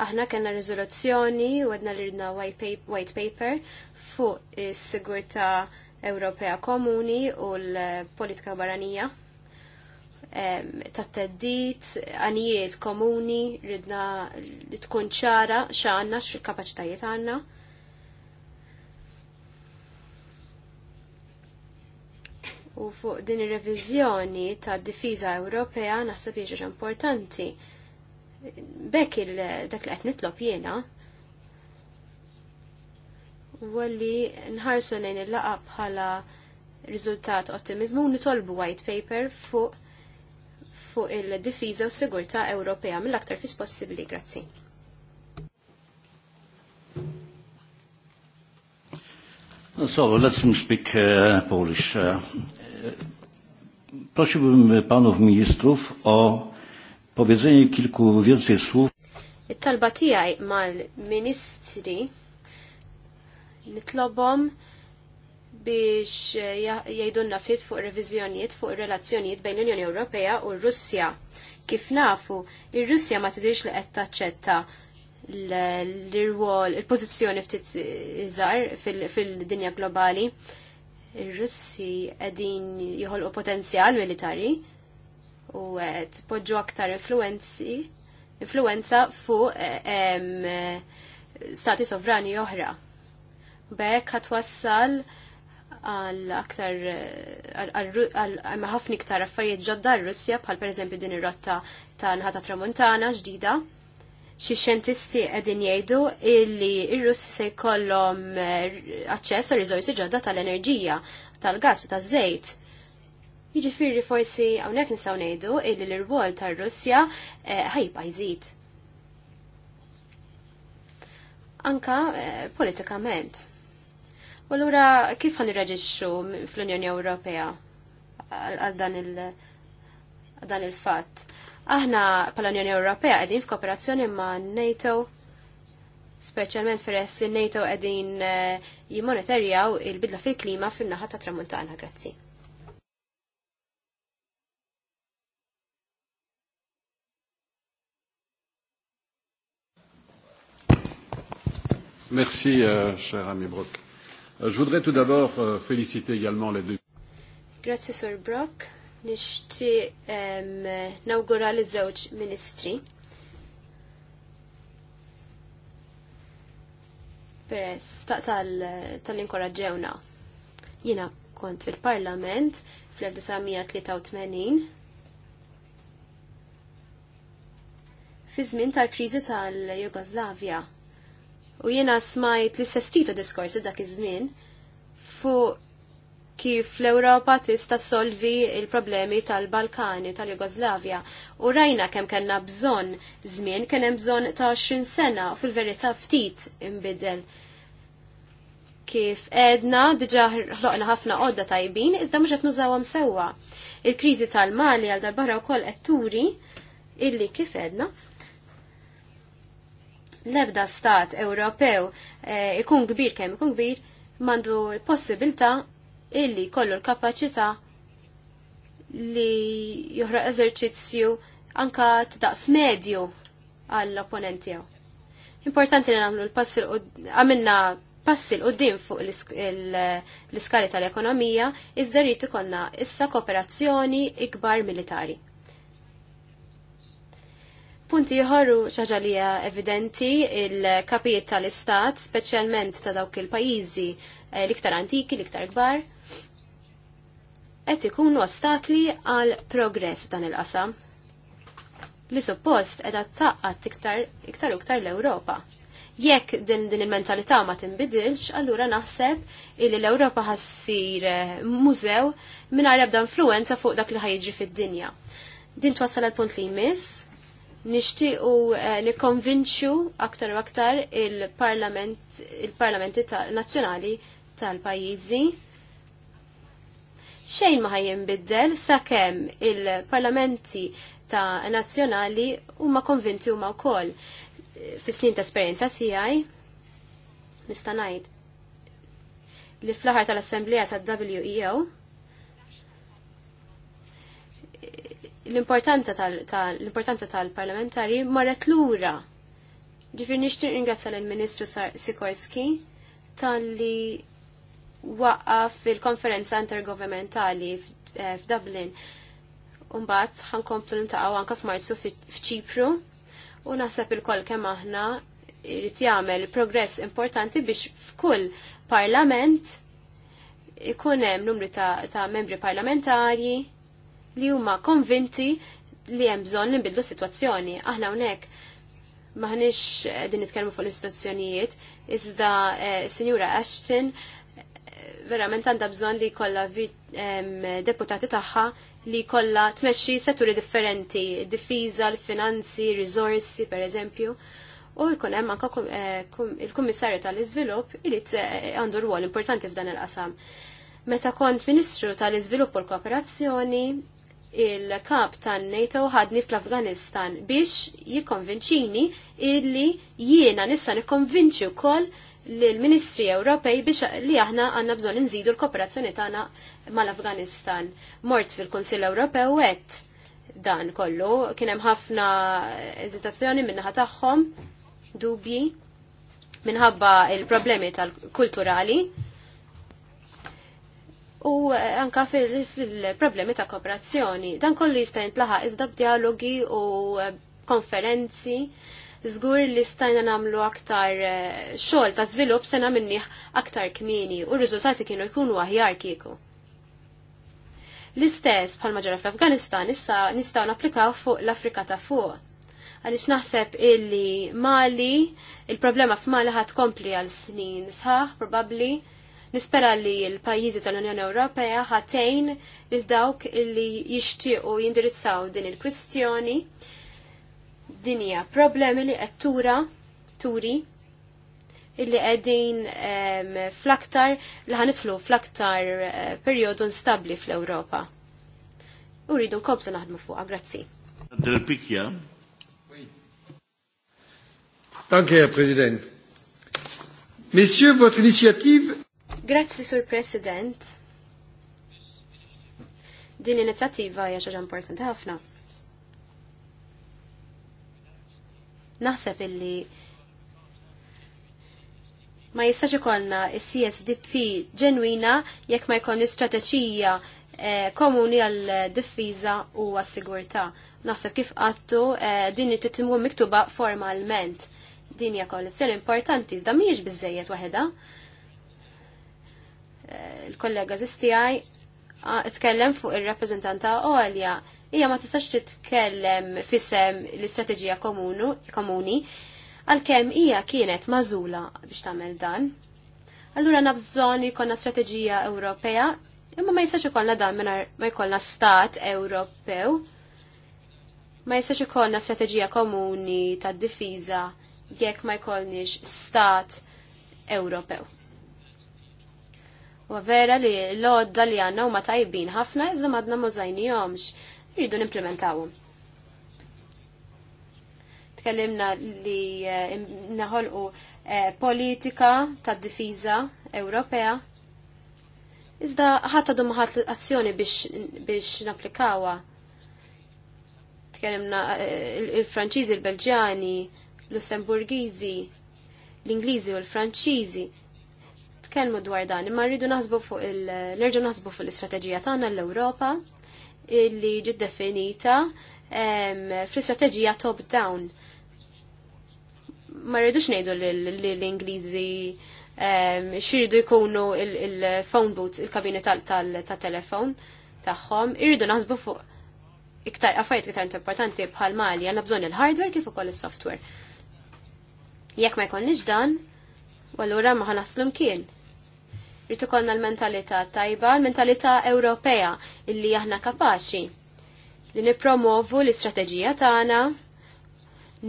Aħna kena rezoluzzjoni u għedna li ridna white paper fuq is-sigurta Ewropea komuni u l-politika barranija ta' teddit, għanijiet komuni, ridna li tkun ċara x'għandna x'kapaċitajiet għandna. u fuq din ir-reviżjoni tad difiża Ewropea naħseb jiġi importanti. Bekk dak li qed nitlob jiena Walli nħarsu lejn il-laqa bħala riżultat ottimizmu u nitolbu white paper fuq fuq il-difiża u sigurtà Ewropea mill-aktar fis possibbli. Grazzi. So, let's speak uh, Polish. Uh, Prosiłbym e, panów ministrów o powiedzenie kilku więcej słów. talba tijaj mal-ministri nitlobom biex e, jajdunna ftit fuq revizjoniet fuq relazzjonijiet bejn l-Unjoni Ewropea u r-Russja. Kif nafu, ir-Russja ma tidirx li qed taċċetta l-irwol, il-pożizzjoni ftit iżgħar e, fil-dinja globali ir-Russi qegħdin jħolqu potenzjal militari u għed podġu aktar influenzi influenza fuq stati sovrani oħra. Bek wassal għal aktar għal ħafna iktar affarijiet ġodda r-Russja bħal pereżempju din ir-rotta tal ħata tramuntana ġdida xi xjentisti qegħdin jgħidu illi r russi se jkollhom eh, aċċess għal riżorsi ġodda tal-enerġija, tal-gas u taż-żejt. Jiġifieri forsi hawnhekk nistgħu ngħidu illi l-irwol tar-Russja eh, ħajba jżid. Anka eh, politikament. U allura kif ħan irreġixxu fl-Unjoni Ewropea għal dan il-fatt? Aħna pal Unjoni Ewropea qegħdin f'kooperazzjoni ma' NATO speċjalment peress li NATO qegħdin eh, jimmonitorjaw il-bidla fil-klima fin-naħa ta' tramuntana. Grazzi. Merci, euh, cher ami Brock. Euh, je voudrais tout d'abord euh, féliciter également les deux. Grazie, Sir Brock nishti nawgura li żewġ ministri. Peress, tal-inkoraġġewna. Jina kont fil-parlament fl-1983 fi żmien tal-kriżi tal-Jugoslavja. U jiena smajt l-istess tipa diskorsi dak iż-żmien fuq kif l-Ewropa tista solvi il-problemi tal-Balkani, tal-Jugoslavja. U rajna kemm kellna bżonn żmien, kien hemm bżonn ta' 20 sena fil-verità ftit imbidel kif edna diġa ħloqna ħafna qodda tajbin, iżda mhux qed nużawhom sewwa. Il-kriżi tal-Mali għal darbara wkoll qed turi illi kif edna l-ebda stat Ewropew eh, ikun kbir kemm ikun kbir mandu possibilità illi kollu l kapacita li juhra eżerċizzju anka t-daqs medju għall-opponenti għaw. Importanti li namlu l-passi għamilna passil u din fuq l-iskali tal-ekonomija, iżda rrit ikonna issa kooperazzjoni ikbar militari. Punti joħorru xaġalija evidenti il-kapijiet tal-istat, specialment ta' dawk il-pajizi Eh, l-iktar antiki, l-iktar kbar, qed ikunu ostakli għal progress dan il-qasam li suppost edha taqqat iktar iktar u l-Ewropa. Jekk din din il-mentalità ma tinbidilx, allura naħseb li l-Ewropa ħassir eh, mużew mingħajr ebda influenza fuq dak li ħajġi fid-dinja. Din twassal għal punt li jmiss, nixtiequ eh, nikkonvinċu aktar u aktar il-parlament il-parlamenti nazzjonali tal-pajjiżi. Xejn ma jinbiddel sakemm il-parlamenti ta' nazzjonali huma konvinti huma wkoll fi snin ta' esperjenza tiegħi nista' ngħid li fl-aħħar tal-Assembleja tad-WEO l-importanza tal-parlamentari marret lura. Ġifir nixtieq ringrazzja lill ministru Sikorski tal-li waqqa fil-konferenza intergovernmentali eh, f'Dublin. Umbat ħankomplu nintaqgħu anke f'Marzu f'Ċipru u naħseb il-koll kemm aħna irid jagħmel progress importanti biex f'kull parlament ikun hemm numri ta', ta membri parlamentari li huma konvinti li hemm bżonn li nbidlu sitwazzjoni. Aħna hawnhekk maħniex din nitkellmu fuq l-istituzzjonijiet, iżda eh, Sinjura Ashton verament għandha bżonn li jkollha deputati tagħha li jkollha tmexxi setturi differenti, difiża, l-finanzi, risorsi pereżempju. U jkun hemm anke eh, il-Kummissarju tal-Iżvilupp irid eh, għandu rwol importanti f'dan il-qasam. Meta kont Ministru tal-Iżvilupp u l-Kooperazzjoni, il-kap tan NATO ħadni fl-Afganistan biex jikkonvinċini illi jiena nista' nikkonvinċi wkoll lill-Ministri Ewropej biex li aħna għandna bżonn inżidu l-kooperazzjoni tagħna mal-Afganistan. Mort fil-Kunsill Ewropew għedt dan kollu, kien hemm ħafna eżitazzjoni minnaħa tagħhom, dubji, minħabba il-problemi tal-kulturali u anka fil-problemi ta' kooperazzjoni. Dan kollu jista' jintlaħaq iżda dialogi u konferenzi Zgur li stajna namlu aktar eh, xol ta' zvilup sena minniħ aktar kmini u r kienu jkunu aħjar kieku. L-istess bħal ġara fl-Afganistan nistaw napplikaw fuq l-Afrika ta' fuq. Għalix naħseb illi Mali, il-problema f'Mali ħat kompli għal snin sħaħ, probabli, nispera li l-pajjiżi tal-Unjoni Ewropea ħatejn lil dawk illi jixtiequ jindirizzaw din il-kwistjoni dinja problemi li qed tura turi illi qegħdin fl-aktar li ħanitlu fl-aktar eh, perjodu instabli fl-Ewropa. U rridu nkomplu naħdmu fuqha, grazzi. Del-pikja. Danke, Herr Präsident. votre initiative... Grazzi, Sur President. Din l-inizjattiva hija ħaġa importanti ħafna. Naħseb illi ma jistax ikollna is-CSDP ġenwina jekk ma jkollni strateġija eh, komuni għal diffiża u għas-sigurtà. Naħseb kif qattu eh, din titimu miktuba formalment. Din hija koalizzjoni importanti, iżda mhijiex biżejjed waħedha. Eh, il-kollega Zistijaj ah, tkellem fuq ir rappreżentanta Olja hija ma tistax titkellem fisem l-istrateġija komuni għalkemm hija kienet mażula biex tagħmel dan. Allura nabżon jkollna strateġija Ewropea imma ma jistax ikollna dan mingħajr ma jkollna stat Ewropew. Ma jistax ikollna strateġija komuni tad-difiża jekk ma jkollniex stat Ewropew. U vera li l-odda li għanna u ma tajbin ħafna iżda madna mużajnijomx. Rridu nimplementawhom. Tkellimna li eh, naħolqu eh, politika tad-difiża Ewropea. Iżda ħadd għadhom ħadd azzjoni biex napplikawha? Tkellimna eh, il-Franċiżi, il-Belġjani, l-Lussemburgiżi, l-Ingliżi u l-Franċiżi. Tkellmu dwar dan, imma rridu naħsbu fuq il nerġgħu naħsbu fuq l-istrateġija tagħna l-Ewropa illi ġid definita fl-istrateġija top-down. Ma rridux ngħidu l-Ingliżi xiridu jkunu il-phone boots, il-kabini tal-telefon tagħhom, irridu naħsbu fuq iktar affarijiet iktar importanti bħal mali għanna bżonn il-hardware kif ukoll is-software. Jekk ma jkollniex dan, allura ma ħanaslu mkien Rrid ikollna l-mentalità tajba, l-mentalità Ewropea illi aħna kapaċi li nippromovu l-istrateġija tagħna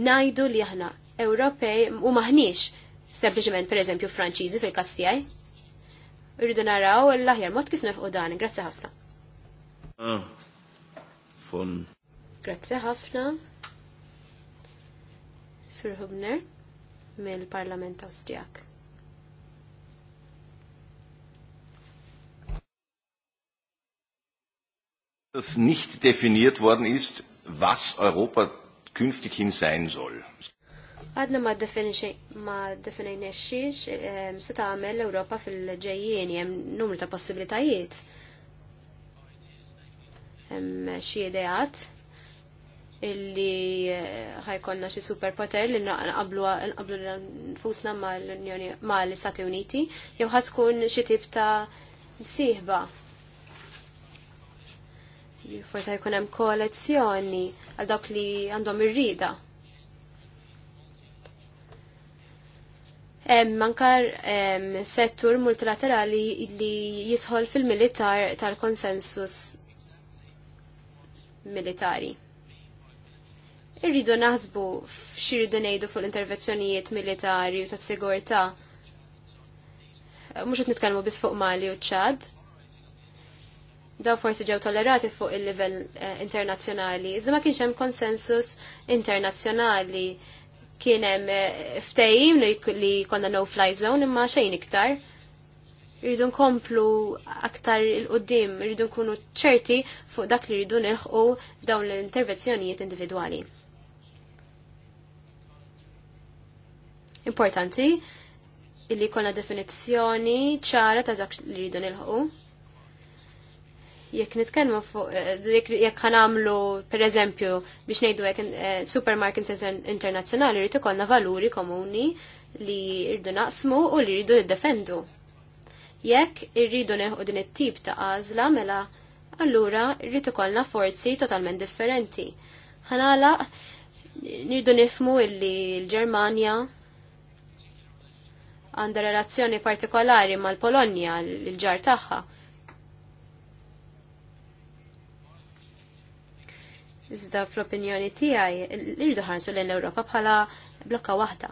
najdu li aħna Ewropej u maħniex sempliċement pereżempju Franċiżi fil-Kastijaj. Irridu naraw l-aħjar mod kif nilħu dan. Grazzi ħafna. Fun. Ah, Grazzi ħafna. Sur Hubner mill-Parlament Awstrijak. dass nicht definiert worden ist, was Europa künftig hin sein soll. Għadna ma definejna xiex, ehm, se tagħmel l-Ewropa fil-ġejjien hemm numru ta' possibilitajiet. Hemm xi ideat illi eh, ħajkonna xi superpoter li naqablu nfusna mal-Unjoni mal-Istati Uniti jew ħadd tkun xi tip ta' msieħba forsa jkun hemm koalizzjoni għal dawk li għandhom ir-rida. Mankar settur multilaterali li jidħol fil-militar tal-konsensus militari. Irridu naħsbu f'xiridu ngħidu fuq l-intervenzjonijiet militari u tas-sigurtà. Mhux qed nitkellmu biss fuq Mali u Ċad, daw forsi ġew tollerati fuq il-livell eh, internazzjonali. Iżda ma kienx hemm konsensus internazzjonali kien hemm eh, ftehim li konna no fly zone imma xejn iktar. Rridu nkomplu aktar il-qoddim, rridu nkunu ċerti fuq dak li rridu nilħqu f'dawn l-intervenzjonijiet individwali. Importanti, illi jkollna definizzjoni ċara ta' dak li rridu nilħu jekk nitkellmu fuq eh, jekk ħanamlu pereżempju biex ngħidu hekk eh, supermarkets internazzjonali rid ikollna valuri komuni li rridu naqsmu u li rridu niddefendu. Jekk irridu neħu din it-tip ta' għażla mela allura rrid ikollna forzi totalment differenti. Ħanala nirdu nifmu illi l-Ġermanja għandha relazzjoni partikolari mal-Polonja l-ġar tagħha Iżda fl-opinjoni tiegħi irridu ħarsu lejn ewropa bħala blokka waħda.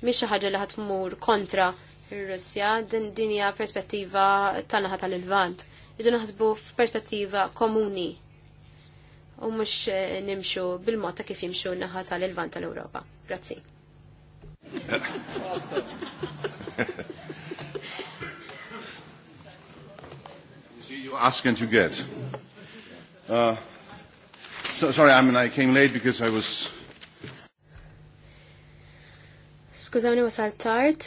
Mhix xi ħaġa li ħadd tmur kontra ir-Russja, din dinja perspettiva tagħna tal-Ilvant. Irridu naħsbu f'perspettiva komuni u mhux eh, nimxu bil-mod ta' kif jimxu naħa tal-Ilvan tal ewropa Grazzi. You asking to get. Uh, so, sorry, I mean, I came late because I was... Skużawni wasal tard.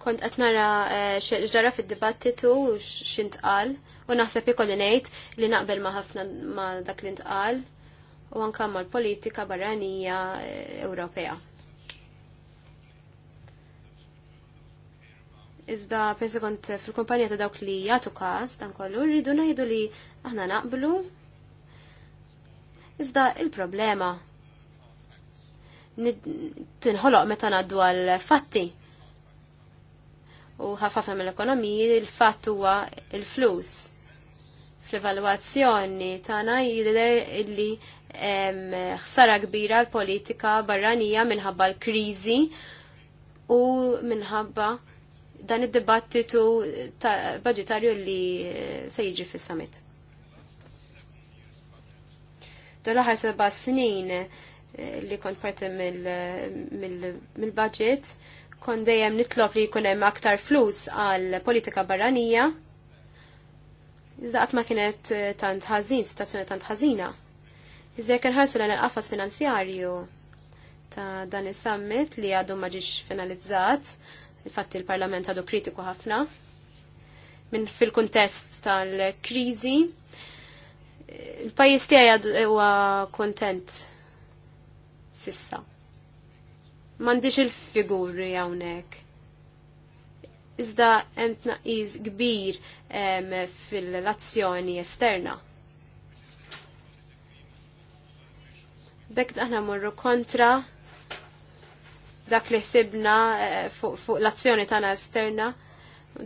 Kont qed nara eh, x'ġara fid-dibattitu u x'intqal u naħseb ikolli ngħid li naqbel ma' ħafna ma' dak li ntqal u anke mal-politika barranija eh, Ewropea. Iżda persekont fil-kumpanija ta' dawk li jagħtu każ dan kollu rridu ngħidu li aħna naqblu. Iżda il-problema tinħoloq meta ngħaddu għal fatti. U ħafna mill-ekonomiji il-fatt huwa il-flus. Fl-evalwazzjoni tagħna jidher illi ħsara kbira l-politika barranija minħabba l-kriżi u minħabba dan id-dibattitu budgetarju li eh, se jiġi fis-summit. Dol aħar seba snin eh, li kont parti mill-budget, kon dejjem nitlob li jkun hemm aktar flus għal politika barranija. Iżda qatt ma kienet eh, tant ħażin, situazzjoni tant ħażina. Iżda jekk inħarsu lejn il-qafas finanzjarju ta' dan is-summit li għadu ma ġiex finalizzat, Infatti il-Parlament għadu kritiku ħafna minn fil-kontest tal-krizi. Il-pajis tiegħi huwa kontent sissa. M'għandix il-figuri hawnhekk. Iżda hemm iż kbir fil-azzjoni esterna. Bekk aħna morru kontra dak li sibna eh, fuq fu l-azzjoni tagħna esterna.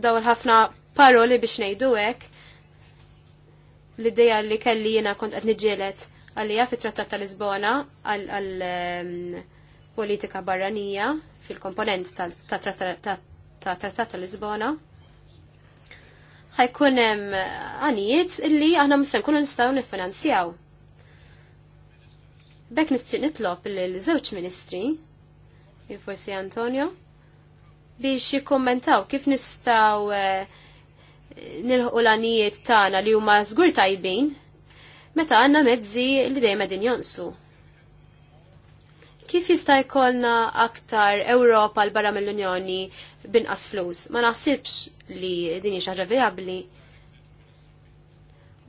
Daw ħafna paroli biex ngħidu hekk l-ideja li kelli jiena kont qed niġielet għalija fit-Trattat tal Lisbona għal ehm, politika barranija fil-komponent ta' Trattat tal Lisbona ħajkun hemm għanijiet illi aħna mhux se nkunu nistgħu niffinanzjaw. Bekk nixtieq nitlob l żewġ ministri forsi Antonio, biex jikkommentaw kif nistaw eh, nilħu l-anijiet tagħna li huma żgur tajbin meta għandna mezzi li dejjem din jonsu. Kif jista' jkollna aktar Ewropa l barra mill-Unjoni binqas flus? Ma naħsibx li din hi xi ħaġa vijabbli.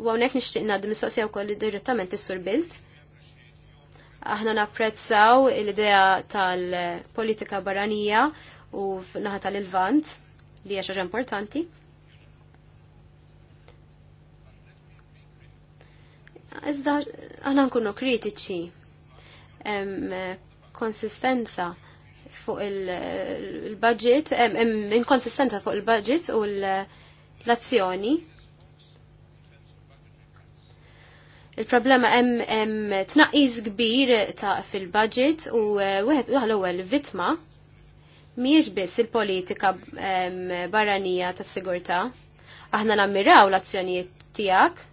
U hawnhekk nixtieq ngħaddi mistoqsija wkoll direttament is-Sur Bilt Aħna napprezzaw l-idea tal-politika barranija u f'naħa tal-Ilvant li hija xaġa importanti. Iżda aħna nkunu kritiċi konsistenza fuq il-budget, inkonsistenza fuq il-budget u l-azzjoni Il-problema hemm tnaqqis kbir ta' fil-budget u eh, wieħed l-ewwel vitma mhijiex biss il-politika barranija tas sigurtà Aħna nammiraw l-azzjonijiet tiegħek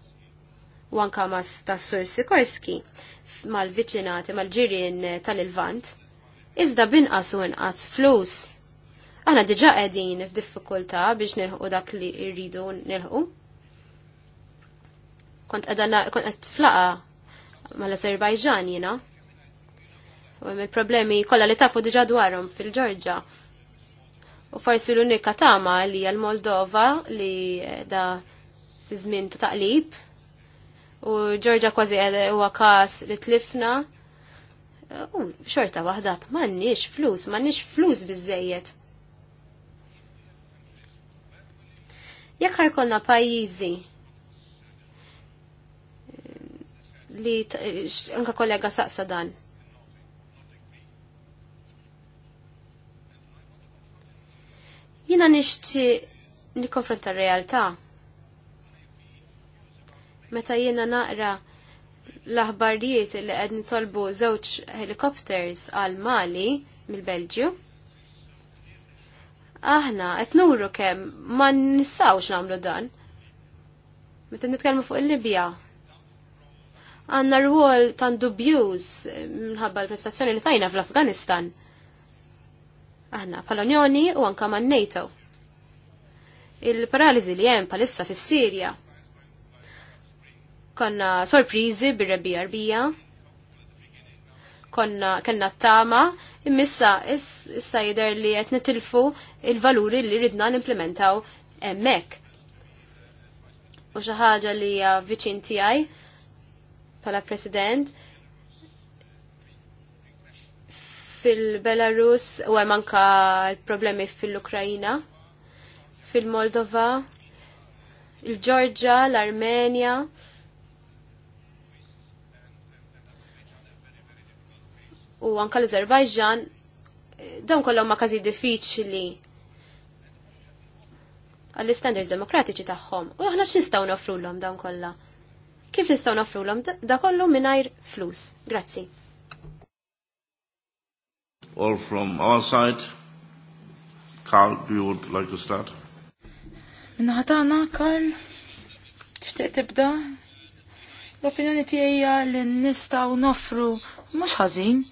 u anka mas tas-Sur Sikorski mal-viċinati mal-ġirien tal-Ilvant. Iżda binqas u inqas flus. Aħna diġà qegħdin f'diffikultà biex nilħu dak li rridu nilħu kont għadana, kont għad flaqa mal-Azerbajġan jina. U għem il-problemi kolla li tafu diġa dwarom fil-ġorġa. U forsi l-unika tama li għal-Moldova li da zmin ta' taqlib. U ġorġa kważi huwa kas li tlifna. U xorta wahdat, mannix flus, mannix flus bizzejiet. Jekk ħajkolna pajjiżi li anka kollega saqsa dan. Jina nixti nikonfronta realtà Meta jiena naqra l-aħbarijiet li qed nitolbu żewġ helikopters għal Mali mill-Belġju. Aħna qed nuru kemm ma nistgħux nagħmlu dan. Meta nitkellmu fuq il-Libja, għanna rwol tan dubjuż minħabba l-prestazzjoni li tajna fl-Afganistan. Aħna pal unjoni u anka man NATO. Il-paralizi li jem palissa fis sirja Konna sorprizi bir rebbi arbija. Konna t tama immissa issa jider li qed nitilfu il-valuri li ridna nimplementaw hemmhekk. U xi ħaġa li hija viċin tiegħi pala president fil-Belarus u hemm anka problemi fil-Ukrajina, fil-Moldova, il georgia l-Armenja. U anka l-Azerbajġan, dawn kollhom ma każi diffiċli għall-standards demokratiċi tagħhom. U aħna x'nistgħu nofru l-hom dawn kollha? Kif nistgħu nofrulhom da kollu mingħajr flus? Grazzi. All from our side. Carl, do you would like to start? Minna ħatana, Carl, tixtieq tibda? L-opinjoni tiegħi li nistgħu nofru mhux ħażin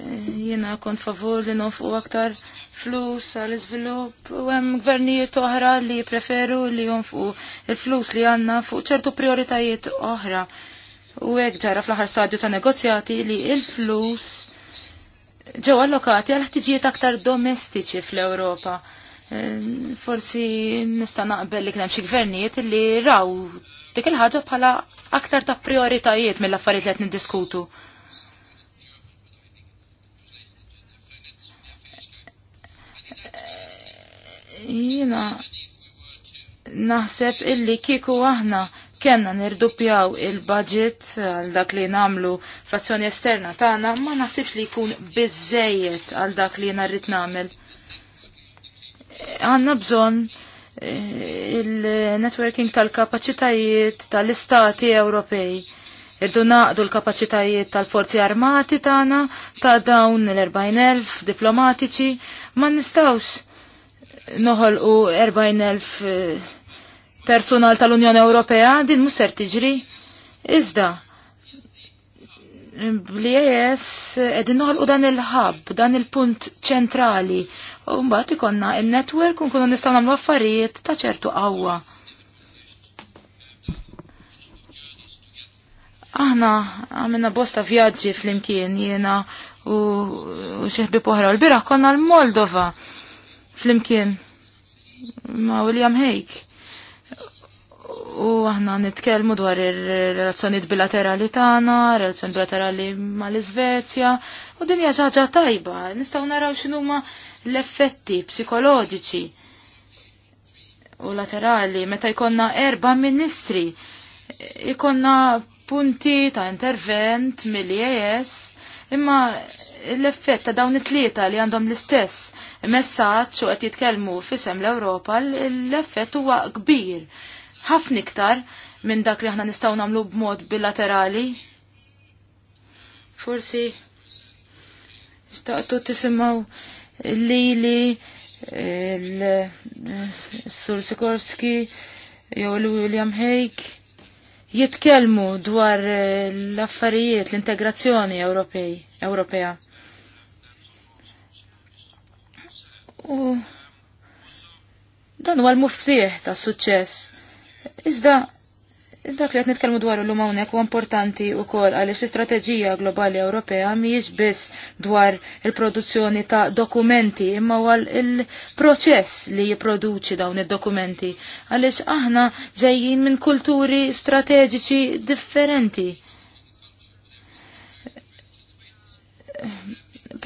Jiena kont favur li nofqu aktar flus għal iżvilupp u hemm gvernijiet oħra li preferu li jonfu il-flus li għandna fuq ċertu prioritajiet oħra. U hekk ġara fl-aħħar stadju ta' negozjati li il-flus ġew allokati għal ħtiġijiet aktar domestiċi fl-Ewropa. E, forsi nista' naqbel li kien hemm xi gvernijiet li raw dik il-ħaġa bħala aktar ta' prioritajiet mill-affarijiet li qed niddiskutu. Jina naħseb illi kiku aħna kena nirdupjaw il-budget għal dak li namlu frazzjoni esterna tagħna ma naħsibx li jkun biżejjed għal dak li jina rrid nagħmel. Għandna bżonn eh, il-networking tal-kapacitajiet tal-istati Ewropej. Irdu naqdu l-kapacitajiet tal-forzi armati tagħna ta' dawn l-40,000 diplomatiċi ma nistawx noħolqu 40.000 eh, personal tal-Unjoni Ewropea, din mhux ser tiġri. Iżda, bl-IAS edin noħolqu dan il-ħab, dan il-punt ċentrali, u mbagħad konna il-network u nkunu nistgħu nagħmlu affarijiet ta' ċertu qawwa. Aħna għamilna bosta vjaġġi fl-imkien jiena u xieħbi poħra. L-biraħ konna l-Moldova flimkien ma' William Hake. U aħna nitkellmu dwar ir-relazzjonijiet bilaterali tagħna, relazzjoni bilaterali mal-Iżvezja, u dinja hija ħaġa tajba, nistgħu naraw x'inhuma l-effetti psikoloġiċi u laterali meta jkollna erba' ministri, jkonna punti ta' intervent mill-IAS Imma l-effett ta' dawn it-tlieta li għandhom l-istess messaġġ u qed jitkellmu f'isem l-Ewropa, l-effett huwa kbir. Ħafna iktar minn dak li aħna nistgħu nagħmlu b'mod bilaterali. Forsi xtaqtu tisimgħu li li eh, l-Sur Sikorski jew William Hake jitkellmu dwar eh, l-affarijiet, l-integrazzjoni Ewropea. U dan huwa l-muftieħ tas suċċess. Iżda Dak li qed nitkellmu dwar illum hawnhekk huwa importanti wkoll għaliex l-istrateġija globali Ewropea mhijiex biss dwar il-produzzjoni ta' dokumenti imma għal il-proċess li jipproduċi dawn id-dokumenti għaliex aħna ġejjin minn kulturi strateġiċi differenti.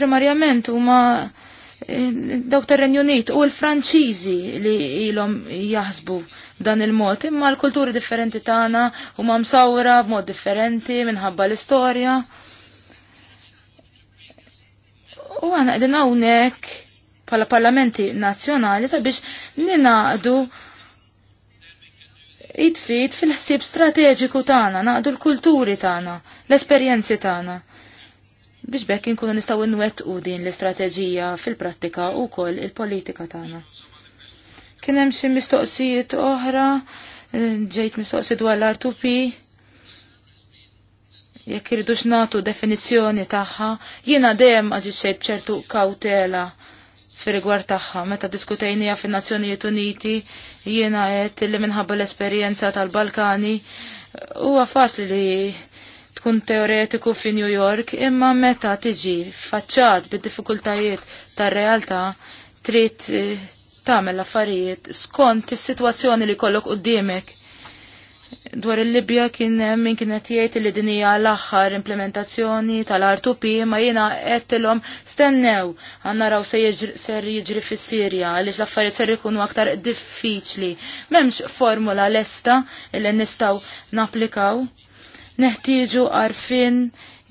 Primarjament huma dawk Renjonit, renju Unit u l-Franċiżi li ilhom jaħsbu dan il-mod, imma l-kulturi differenti tagħna huma msawra b'mod differenti minħabba l-istorja. U għana qegħdin hawnhekk bħala parlamenti nazzjonali sabiex ninaqdu jitfit fil-ħsieb strateġiku tagħna, naqdu l-kulturi tagħna, l-esperjenzi tagħna biex bekk inkunu nistgħu nwettqu din l-istrateġija fil-prattika u koll il-politika tagħna. Kien hemm xi mistoqsijiet oħra, eh, ġejt mistoqsi dwar l-R2P, jekk iridux nagħtu definizzjoni tagħha, jiena dejjem aġixxejt b'ċertu kawtela fir rigward tagħha meta diskutejnija fin-Nazzjonijiet Uniti jiena qed li minħabba l-esperjenza tal-Balkani huwa faċli li tkun teoretiku fi New York imma meta tiġi faċċat bid-diffikultajiet tar-realtà trid eh, tagħmel l-affarijiet skont is-sitwazzjoni li kollok qudiemek. Dwar il-Libja kien min kien qed jgħid li din hija l-aħħar implementazzjoni tal-R2P ma jiena għedtilhom stennew għan naraw se ser jiġri fis-Sirja għaliex l-affarijiet ser ikunu aktar diffiċli. M'hemmx formula lesta li nistgħu napplikaw Neħtieġu għarfin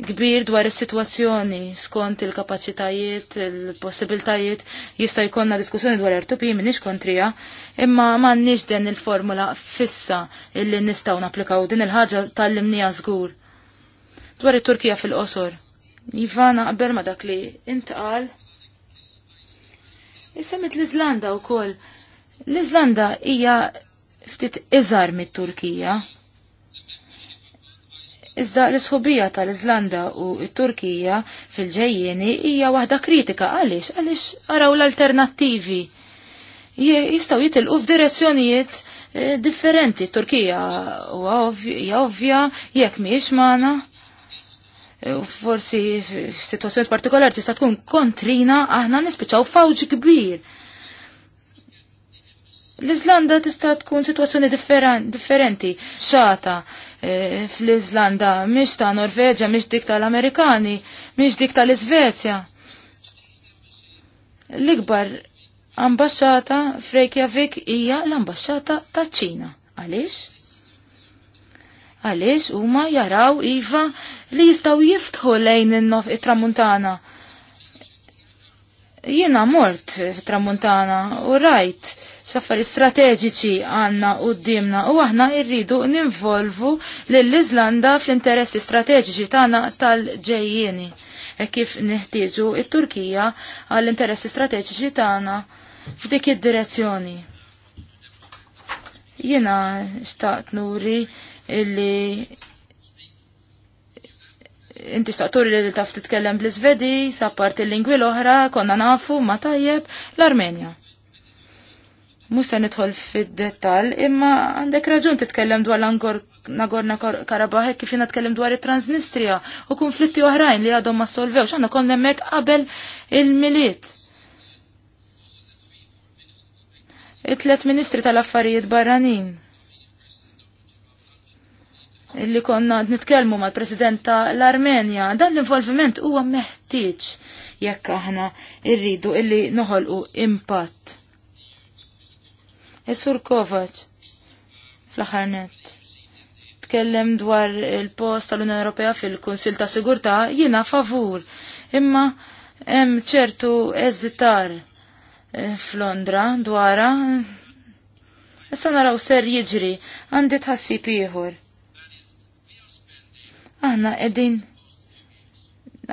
kbir dwar is-sitwazzjoni skont il-kapaċitajiet, il-possibiltajiet jista' jkollna diskussjoni dwar RTP minix kontrija, imma m'għandniex din il-formula fissa illi nistgħu napplikaw din il-ħaġa tal-limnija żgur. Dwar it-Turkija fil-qosor. Ivana qabel ma dak li intqal. Isemmit l-Iżlanda wkoll. L-Iżlanda hija ftit iżar mit-Turkija Iżda l-isħubija tal-Iżlanda u t-Turkija fil-ġejjeni hija waħda kritika għaliex għaliex araw l-alternattivi. Jistaw jitilqu f'direzzjonijiet eh, differenti. Turkija hija ovvja jekk mhijiex magħna. Eh, forsi f'sitwazzjoni partikolari tista' tkun kontrina aħna nispiċaw fawġ kbir L-Iżlanda tista' tkun sitwazzjoni differenti, xata e, fl-Iżlanda, mhix ta' Norveġa, mhix dik tal-Amerikani, mhix dik tal-Iżvezja. L-ikbar ambasċata Reykjavik hija l-ambasċata ta' Ċina. Għaliex? Għaliex huma jaraw iva li jistgħu jiftħu lejn it-tramuntana. Jiena mort fit-tramuntana u rajt xaffari strateġiċi għanna u d-dimna u aħna irridu ninvolvu l-Izlanda fl-interessi strateġiċi tagħna tal-ġejjieni e kif neħtieġu il turkija għall-interessi strateġiċi tagħna f'dik id-direzzjoni. Jiena xtaqt nuri illi inti xtaqturi li taf titkellem bl-Svedi, sappart il-lingwi l-oħra, konna nafu ma tajjeb l-Armenja. Musa nidħol fid-dettall, imma għandek raġun titkellem dwar l-Angor Nagorna Karabah kif jiena tkellem dwar it-Transnistria u konflitti oħrajn li għadhom ma solvewx, għandna konna hemmhekk qabel il-miliet. it-tlet ministri tal-affarijiet barranin. Illi konna nitkellmu mal president tal-Armenja, dan l-involviment huwa meħtieġ jekk aħna irridu illi noħolqu impatt. Is-sur Kovac fl-aħħar tkellem dwar il-post tal-Unjoni Ewropea fil-Kunsil ta' Sigurtà jiena favur. Imma hemm ċertu eżitar eh, f'Londra dwara. Issa naraw ser jiġri għandi tħassib ieħor. Aħna qegħdin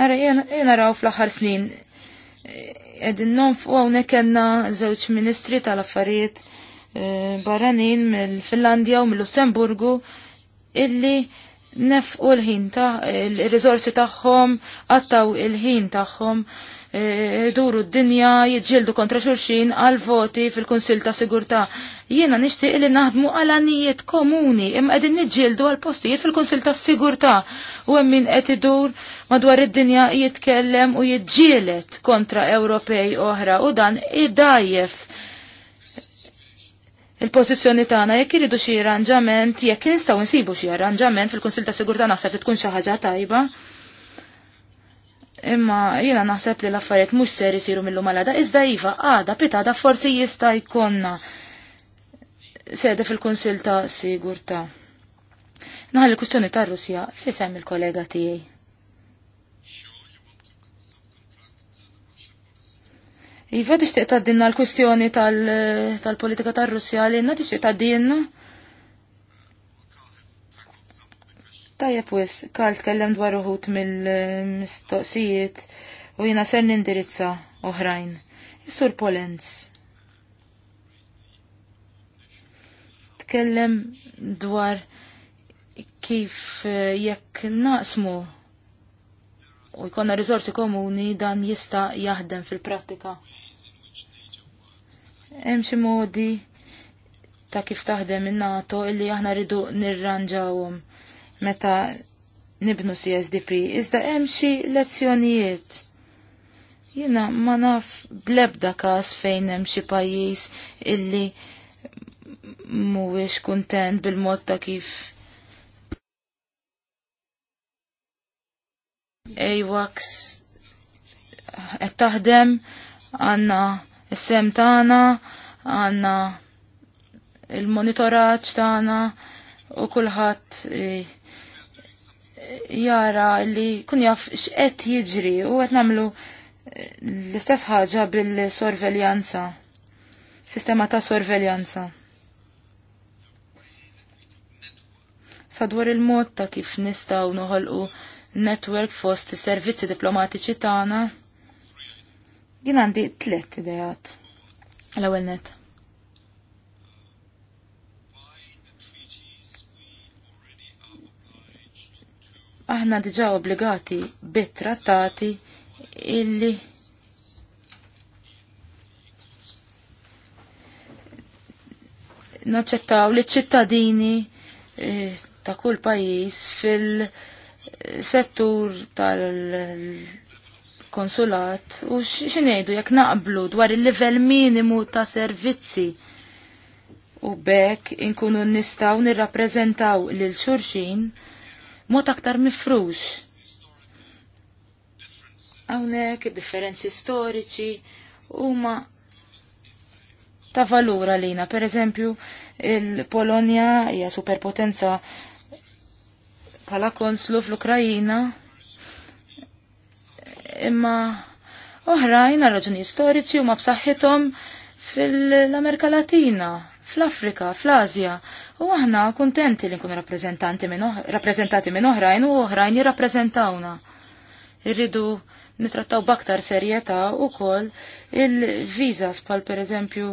Ara jena raw fl-aħħar snin. Eh, qegħdin non fuq hawnhekk kellna żewġ ministri tal-affarijiet Eh, barranin mill-Finlandja u mill-Lussemburgu illi nefqu l-ħin ta' il-rizorsi tagħhom, għattaw il-ħin tagħhom, eh, duru d-dinja, jitġildu kontra xulxin għal voti fil-Kunsil ta' Sigurtà. Jiena nixtieq li naħdmu għal anijiet komuni imma qegħdin niġġieldu għal postijiet fil-Kunsil ta' Sigurtà u hemm min qed idur madwar id-dinja jitkellem u jiġġielet kontra Ewropej oħra u dan idajjef il-pożizzjoni tagħna jekk iridu xi arranġament, jekk nistgħu nsibu xi arranġament fil-Kunsil ta' Sigurtà naħseb li tkun xi ħaġa tajba. Imma jiena naħseb li l-affarijiet mhux ser isiru mill-lum iżda iva għada pitada forsi jista' jkollna sede fil-Kunsil ta' Sigurtà. Naħal il kwistjoni tar Russja fisem il-kollega tiegħi. Iva tixtieq tgħaddilna l-kwistjoni tal-politika tal politika tar russja għalina tixtieq tgħaddilna. Tajjeb wis, Karl tkellem dwar uħut mill-mistoqsijiet u jiena ser nindirizza oħrajn. Is-Sur Polenz. Tkellem dwar kif eh, jekk naqsmu u jkonna riżorsi komuni dan jista jaħdem fil-prattika. Hemm xi modi ta' kif taħdem in-NATO illi aħna rridu nirranġawhom meta nibnu CSDP. Iżda hemm xi lezzjonijiet. Jiena ma naf blebda każ fejn hemm xi pajjiż illi mhuwiex kuntent bil-mod ta' kif AWACS qed taħdem għandna is-sem tagħna għandna il-monitoraġġ tagħna u kulħadd jara li kun jaf x'qed jiġri u qed nagħmlu eh, l-istess ħaġa bil-sorveljanza, sistema ta' sorveljanza. sadwar il-mod ta' kif nistaw noħolqu netwerk fost is-servizzi diplomatiċi tagħna Jien għandi tliet idejat. L-ewwel net. Aħna diġà obbligati bit-trattati illi naċċettaw li ċittadini eh, ta' kull pajjiż fil-settur tal- konsulat u xinejdu jekk naqblu dwar il-livell minimu ta' servizzi u bekk inkunu nistaw nirrappreżentaw lil xurxin mod aktar mifrux. Hawnhekk differenzi storiċi huma ta' valura lina. Per eżempju, il-Polonja hija superpotenza bħala konslu fl-Ukrajina imma oħrajn għal raġuni storiċi huma b'saħħithom fil-Amerika Latina, fl-Afrika, fl-Azja. U aħna kuntenti li nkunu rappreżentati minn oħrajn u oħrajn jirrappreżentawna. Irridu nitrattaw baktar serjetà wkoll il-vizas pal pereżempju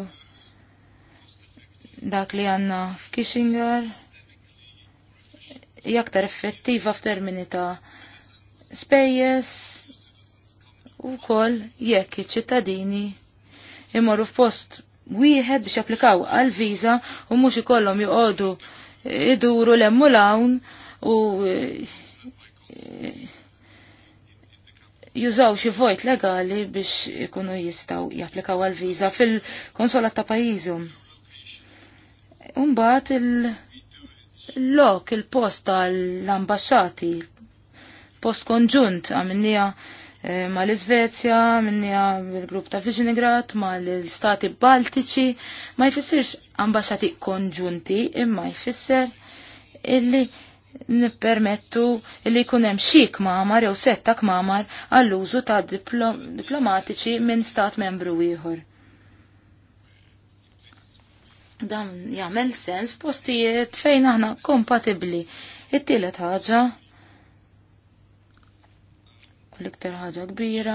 dak li għandna f'Kishinger jaktar aktar effettiva f'termini ta' spejjeż u kol jekk iċ-ċittadini imorru f'post wieħed biex applikaw għal viża u mhux ikollhom joqogħdu iduru lemmu lawn u eh, jużaw xi vojt legali biex ikunu jistgħu japplikaw għal viża fil-konsolat ta' pajjiżhom. Umbagħad il-lok il-post tal-ambasċati, post konġunt għamnija Eh, mal iżvezja minnija bil-grupp ta' ma mal-Stati Baltiċi, ma jfissirx ambasċati konġunti, imma jfisser illi nippermettu illi jkun hemm xi kmamar jew setta kmamar għall-użu ta' diplomatiċi minn stat membru ieħor dan jagħmel sens postijiet fejn aħna kompatibbli. It-tielet ħaġa l-iktar ħaġa kbira.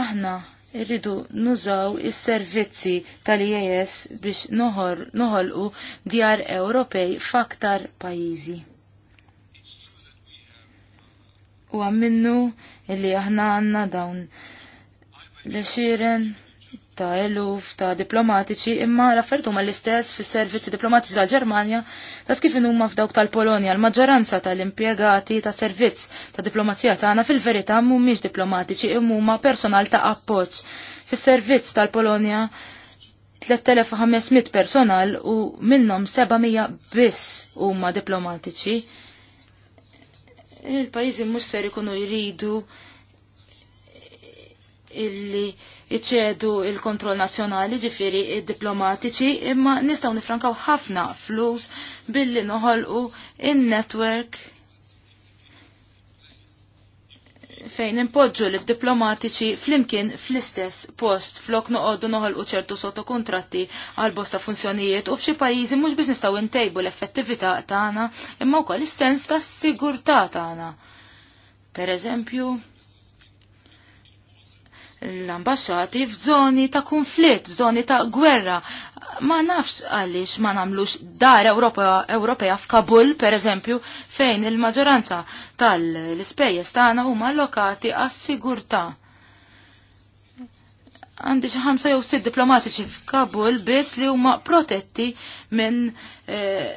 Aħna irridu nużaw is-servizzi tal-IAS biex noħolqu djar Ewropej f'aktar pajjiżi. U għamminnu illi aħna għanna dawn l-xiren ta' eluf ta' diplomatiċi imma l-affertu ma l-istess fis servizzi diplomatiċi tal ġermanja ta' kif huma f'dawk tal-Polonja l-maġġoranza tal-impjegati ta' servizz ta' diplomazija tagħna fil-verità mhumiex diplomatiċi imma personal ta' appoġġ. Fis-servizz tal-Polonja 3500 personal u minnhom 700 biss huma diplomatiċi. Il-pajjiżi mhux ser ikunu jridu illi iċedu il-kontroll nazzjonali ġifiri diplomatiċi imma nistaw nifrankaw ħafna flus billi noħolqu in-network fejn impoġġu l-diplomatiċi flimkien fl-istess post flok noqogħdu noħolqu ċertu sottokuntratti għal bosta funzjonijiet u f'xi pajjiżi mhux biss nistgħu ntejbu l-effettività tagħna imma wkoll is-sens tas-sigurtà tagħna. Per eżempju, l-ambasċati f'żoni ta' konflitt, f'żoni ta' gwerra. Ma nafx għaliex ma namlux dar Ewropea f'Kabul, per eżempju, fejn il-maġoranza tal-ispejjeż tagħna huma allokati għas-sigurtà. Għandi xi ħamsa jew sitt diplomatiċi f'Kabul biss li huma protetti minn eh,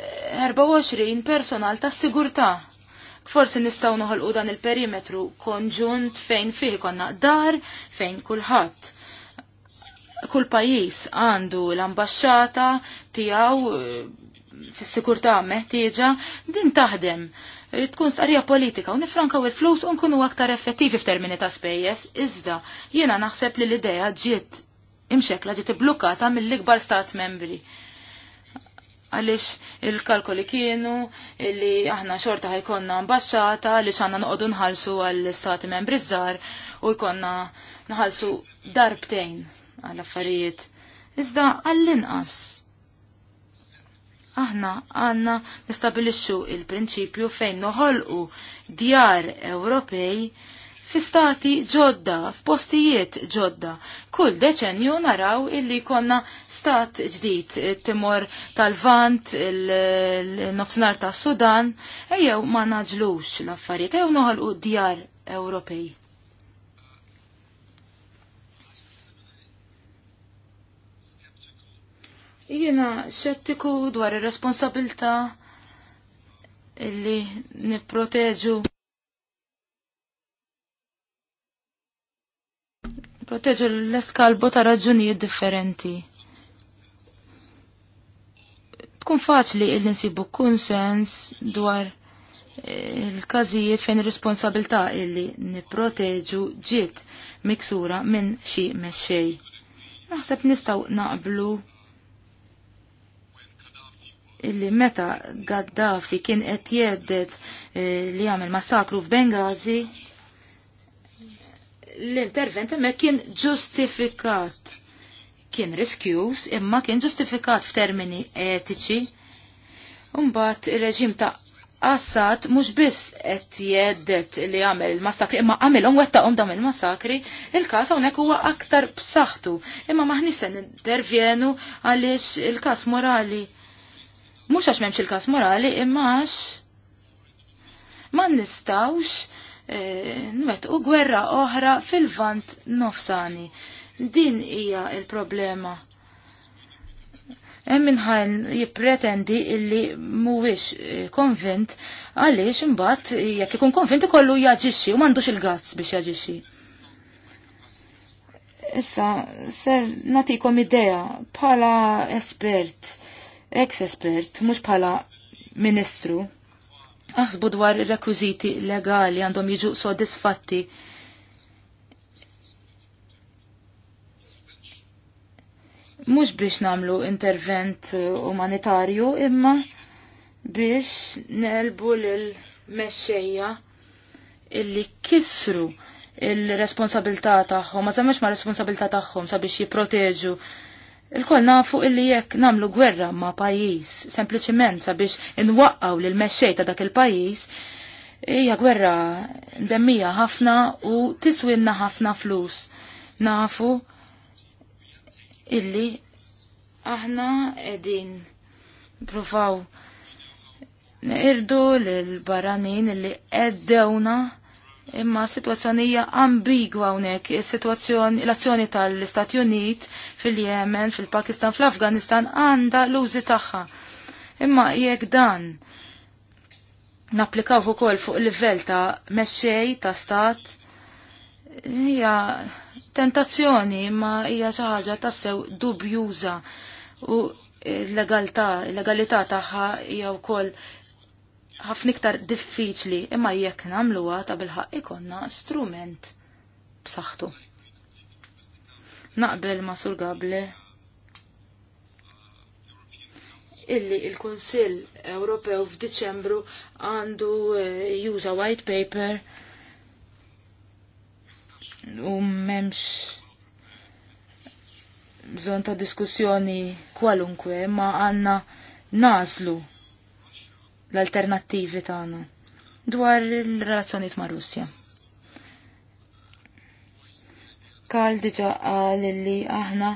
24 personal tas-sigurtà forsi nistaw noħolqu dan il-perimetru konġunt fejn fih konna dar fejn kulħadd. Kull pajis għandu l-ambasċata tiegħu eh, fis-sikurtà meħtieġa din taħdem tkun starija politika u nifrankaw il-flus u nkunu aktar effettivi f'termini ta' spejjeż, iżda jiena naħseb li l-idea ġiet imxekla ġiet ibblukata mill-ikbar stat membri għalix il-kalkoli kienu li aħna xorta ħajkonna ambasċata li xanna noqodu nħalsu għall-istati membri żgħar u jkonna nħalsu darbtejn għall-affarijiet. Iżda għall-inqas. Aħna għanna nistabilixxu il-prinċipju fejn noħolqu djar Ewropej fi stati ġodda, f'postijiet ġodda. Kull deċenju naraw illi konna stat ġdid, timor tal-Vant, il-nofsnar ta' Sudan, ejjew ma naġlux l-affarijiet, ejjew noħolqu djar Ewropej. Jiena xettiku dwar ir-responsabilta illi nipproteġu Proteġu l-eskalbu ta' raġunijiet differenti. Tkun faċli il nsibu kunsens dwar eh, il-każijiet fejn ir illi nipproteġu ġiet miksura minn xi mexxej. Naħseb nistgħu naqblu illi meta Gaddafi kien qed jeddet eh, li jagħmel massakru f'Bengazi, l-intervent hemmhekk kien ġustifikat. Kien riskjus, imma kien ġustifikat f'termini etiċi. Mbagħad ir-reġim ta' Assad mhux biss qed jeddet li għamel il-massakri imma għamilhom wettaqhom dawn il-massakri, il-każ hawnhekk huwa aktar b'saħħtu. Imma maħniex se nintervjenu għaliex il-każ morali. Mhux għax m'hemmx il-każ morali imma għax ma nistawx Eh, nwet u gwerra oħra fil-vant nofsani. Din hija il-problema. Hemm minħal jippretendi illi mhuwiex eh, konvint għaliex imbagħad jekk ikun konvint ikollu jaġixxi u m'għandux il-gazz biex jaġixxi. Issa ser natikom idea bħala espert, ex-espert, mhux bħala ministru Aħsbu dwar ir-rekwiżiti legali għandhom jiġu sodisfatti. Mhux biex nagħmlu intervent eh, umanitarju imma biex nelbu l-mesċeja illi kisru il-responsabilità tagħhom, ma żammex ma responsabilità tagħhom sabiex jipproteġu Il-koll nafu illi jekk namlu gwerra ma' pajis, sempliciment sabiex inwaqqaw l mexxej ta' dak il-pajis, hija gwerra ndemmija ħafna u tiswinna ħafna flus. Nafu illi aħna edin provaw irdu lil baranin illi eddewna Imma situazzjoni hija ambigwa hawnhekk, is-sitwazzjoni l-azzjoni tal-Istati Unit fil-Yemen, fil-Pakistan, fl-Afganistan għandha l-użi tagħha. Imma jekk dan napplikaw ukoll fuq livell ta' mexxej ta' stat hija tentazzjoni imma hija xi ħaġa tassew dubjuża u l-legalità, l-legalità tagħha hija wkoll ħafna iktar diffiċli imma jekk nagħmluha ta' bilħaq ikonna strument b'saħħtu. Naqbel ma' Sur Gable illi il-Kunsill Ewropew f'Diċembru għandu eh, juża white paper u memx bżon ta' diskussjoni kwalunkwe, ma għanna nażlu l-alternattivi tagħna dwar il-relazzjoniet ma' Russja. Kal diġa qal li aħna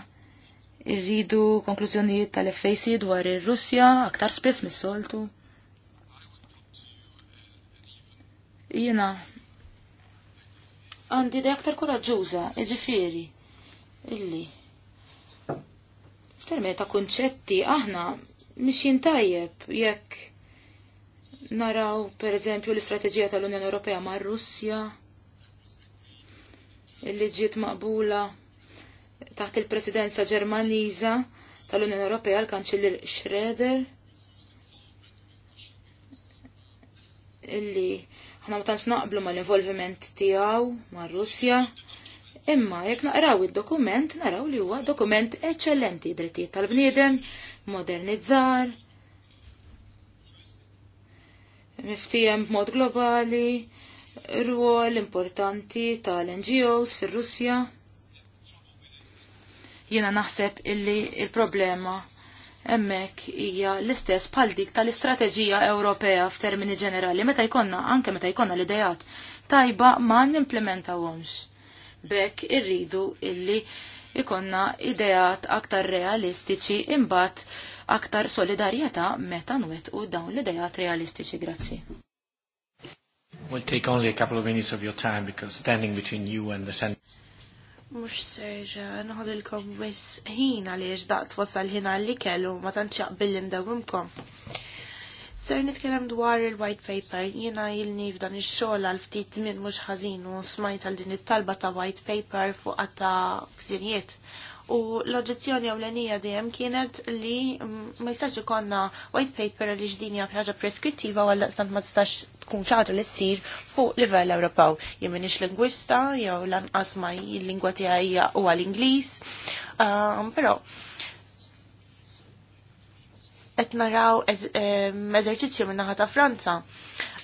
irridu konklużjonijiet tal-FAC dwar ir-Russja aktar spiss mis-soltu. Jiena għandi idea aktar koraġġuża, iġifieri, illi f'termini ta' kunċetti aħna mhix jintajjeb jekk Naraw, per eżempju, l-istrateġija tal-Unjoni Ewropea ma' Russja, li ġiet maqbula taħt il-presidenza Ġermaniża tal-Unjoni Ewropea l kanċiller Schroeder, illi ħna ma tantx naqblu mal-involviment tiegħu ma' Russja. Imma jekk naqraw id-dokument naraw li huwa dokument eċċellenti drittijiet tal-bniedem, modernizzar, miftijem b'mod globali, rwol importanti tal-NGOs fir-Russja. Jiena naħseb illi il-problema emmek hija l-istess bħal dik tal-istrateġija Ewropea f'termini ġenerali meta jkollna anke meta jkollna l-idejat tajba ma nimplementawhomx. Bek irridu illi ikonna idejat aktar realistiċi imbagħad aktar solidarjetà meta nwettqu dawn l-idejat realistiċi. Grazzi. We'll take only a couple of minutes of your time because standing between you and the center. Mux serġa, nħodilkom wis ħin għaliex daqt wasal ħin għalli kellu ma tantx jaqbillim dawimkom. Ser nitkellem dwar il-white paper, jiena jilni f'dan ix-xogħol għal ftit minn mhux ħażin u smajt għal din it-talba ta' white paper fuq ta' gżirijiet u l-oġezzjoni ewlenija dejjem kienet li mm, ma jistax ikonna white paper li għab ħaġa preskrittiva u għallaqstant ma tistax tkun ċaġa li ssir fuq livell Ewropew. Jien minix lingwista jew lanqas ma jil lingwa tiegħi huwa l-Ingliż. Um, però qed naraw eżerċizzju min-naħa ta' Franza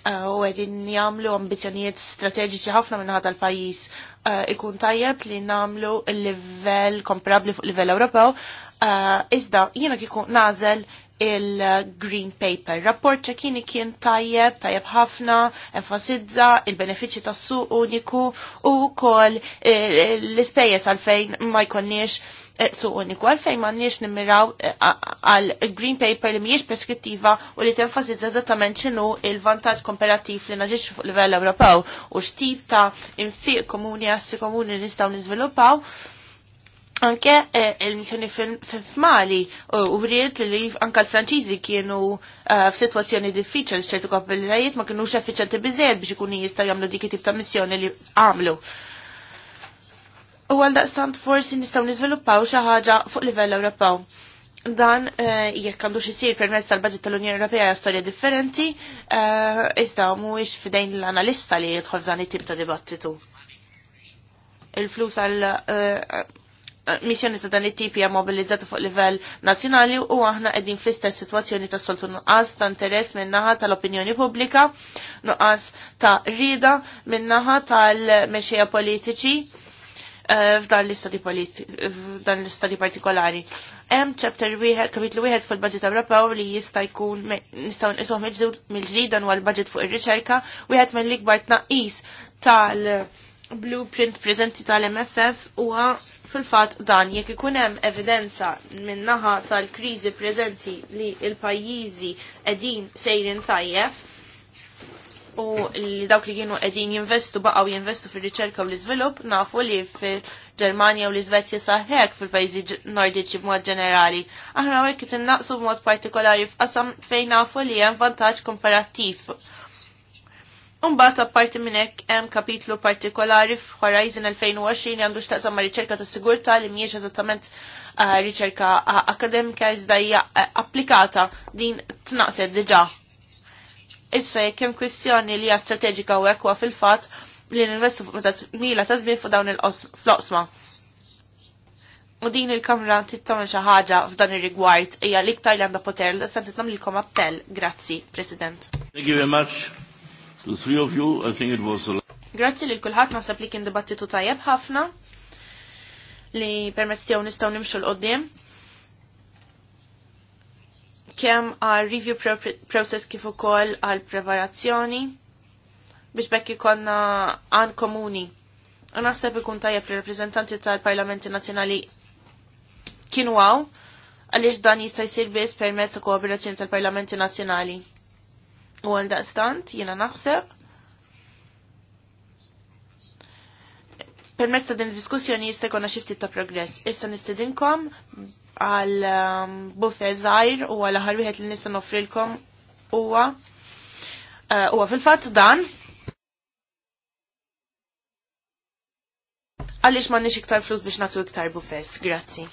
u għedin jamlu ambizjonijiet strateġiċi ħafna minnaħat tal-pajis eh, ikun tajjeb li namlu il-level komparabli fuq livell Ewropew. Eh, iżda jiena kiku nazel il-Green Paper. Rapport ċekini kien tajjeb, tajjeb ħafna, enfasizza il-benefiċi tas suq uniku u kol eh, l-ispejjeż għalfejn ma jkonniex suq uniku għalfejn m'għandniex nimmiraw eh, għal green paper li mhijiex preskrittiva u li tenfasizza eżattament x'inhu il-vantaġġ komparativ li naġix fuq livell Ewropew u x'tip ta' infiq komuni għassi komuni nistgħu niżviluppaw anke eh, il-missjoni f'Mali eh, u rrid li anke l-Franċiżi kienu f'sitwazzjoni diffiċli ċertu rajiet ma kienux effiċenti biżejjed biex ikunu jistgħu jagħmlu dik tip ta' missjoni li għamlu. U għal daqstant forsi nistaw nizviluppaw xi ħaġa fuq livell Ewropew. Dan eh, jekk għandu isir permezz tal-budget tal-Unjoni Ewropea hija storja differenti, eh, iżda mhuwiex f'idejn l-analista li jidħol f'dan it-tip ta' dibattitu. Il-flus għal eh, missjoni ta' dan it-tip hija mobilizzata fuq livell nazzjonali u aħna qegħdin fl-istess sitwazzjoni ta' soltu nuqqas ta' interess min-naħa tal-opinjoni pubblika, nuqqas ta' rida min-naħa tal-mexxejja politiċi Eh, f'dan l-istati partikolari. Hemm chapter wieħed, kapitlu wieħed fil-budget Ewropew li jista' jkun nistgħu nqisuh mill-ġdid dan huwa l-budget fuq ir-riċerka, wieħed mill-ikbar tnaqqis tal-blueprint preżenti tal-MFF huwa fil-fatt dan jekk ikun hemm evidenza minnaħa naħa tal-kriżi preżenti li l-pajjiżi qegħdin sejrin tajjeb u li dawk li kienu qegħdin jinvestu baqgħu jinvestu fir-riċerka u l-iżvilupp nafu li fil-Ġermanja u l-Iżvezja saħek fil-pajjiżi nordiċi b'mod ġenerali. Aħna hekk qed innaqsu b'mod partikolari f'qasam fejn nafu li hemm vantaġġ komparattiv. Umbat apparti minn hekk hemm kapitlu partikolari f'Horizon 2020 għandu x'taqsam ma' riċerka ta' sigurta li mhijiex eżattament eh, riċerka eh, akademika iżda hija eh, applikata din tnaqset diġà Issa jekk hemm kwistjoni li hija strateġika u hekk fil-fatt li l fuq meta mila ta' żmien fuq dawn il-qosma. U din il-kamra tittamel xi ħaġa f'dan ir-rigward hija l-iktar li għandha poter li se titnamlilkom appell. Grazzi, President. Thank you very much to three of you. I think it was a Grazzi li l-kulħadd nasab li kien dibattitu tajjeb ħafna li permezz tiegħu nistgħu nimxu l-qoddim kemm għal review process kif ukoll għal preparazzjoni biex bekk ikonna għan komuni. U naħseb ikun tajjeb li rappreżentanti tal-Parlamenti Nazzjonali kienu għaw għaliex dan jista' jsir biss permezz ta' kooperazzjoni tal-Parlamenti Nazzjonali. U għal daqstant jiena naħseb permezz ta' din id-diskussjoni jista' jkollna xi ftit ta' progress. Issa nistedinkom għal um, buffe zaħir u għal wieħed li nistan huwa huwa uh, fil fatt dan Għaliex m'għandniex iktar flus biex nagħtu iktar buffes, grazzi.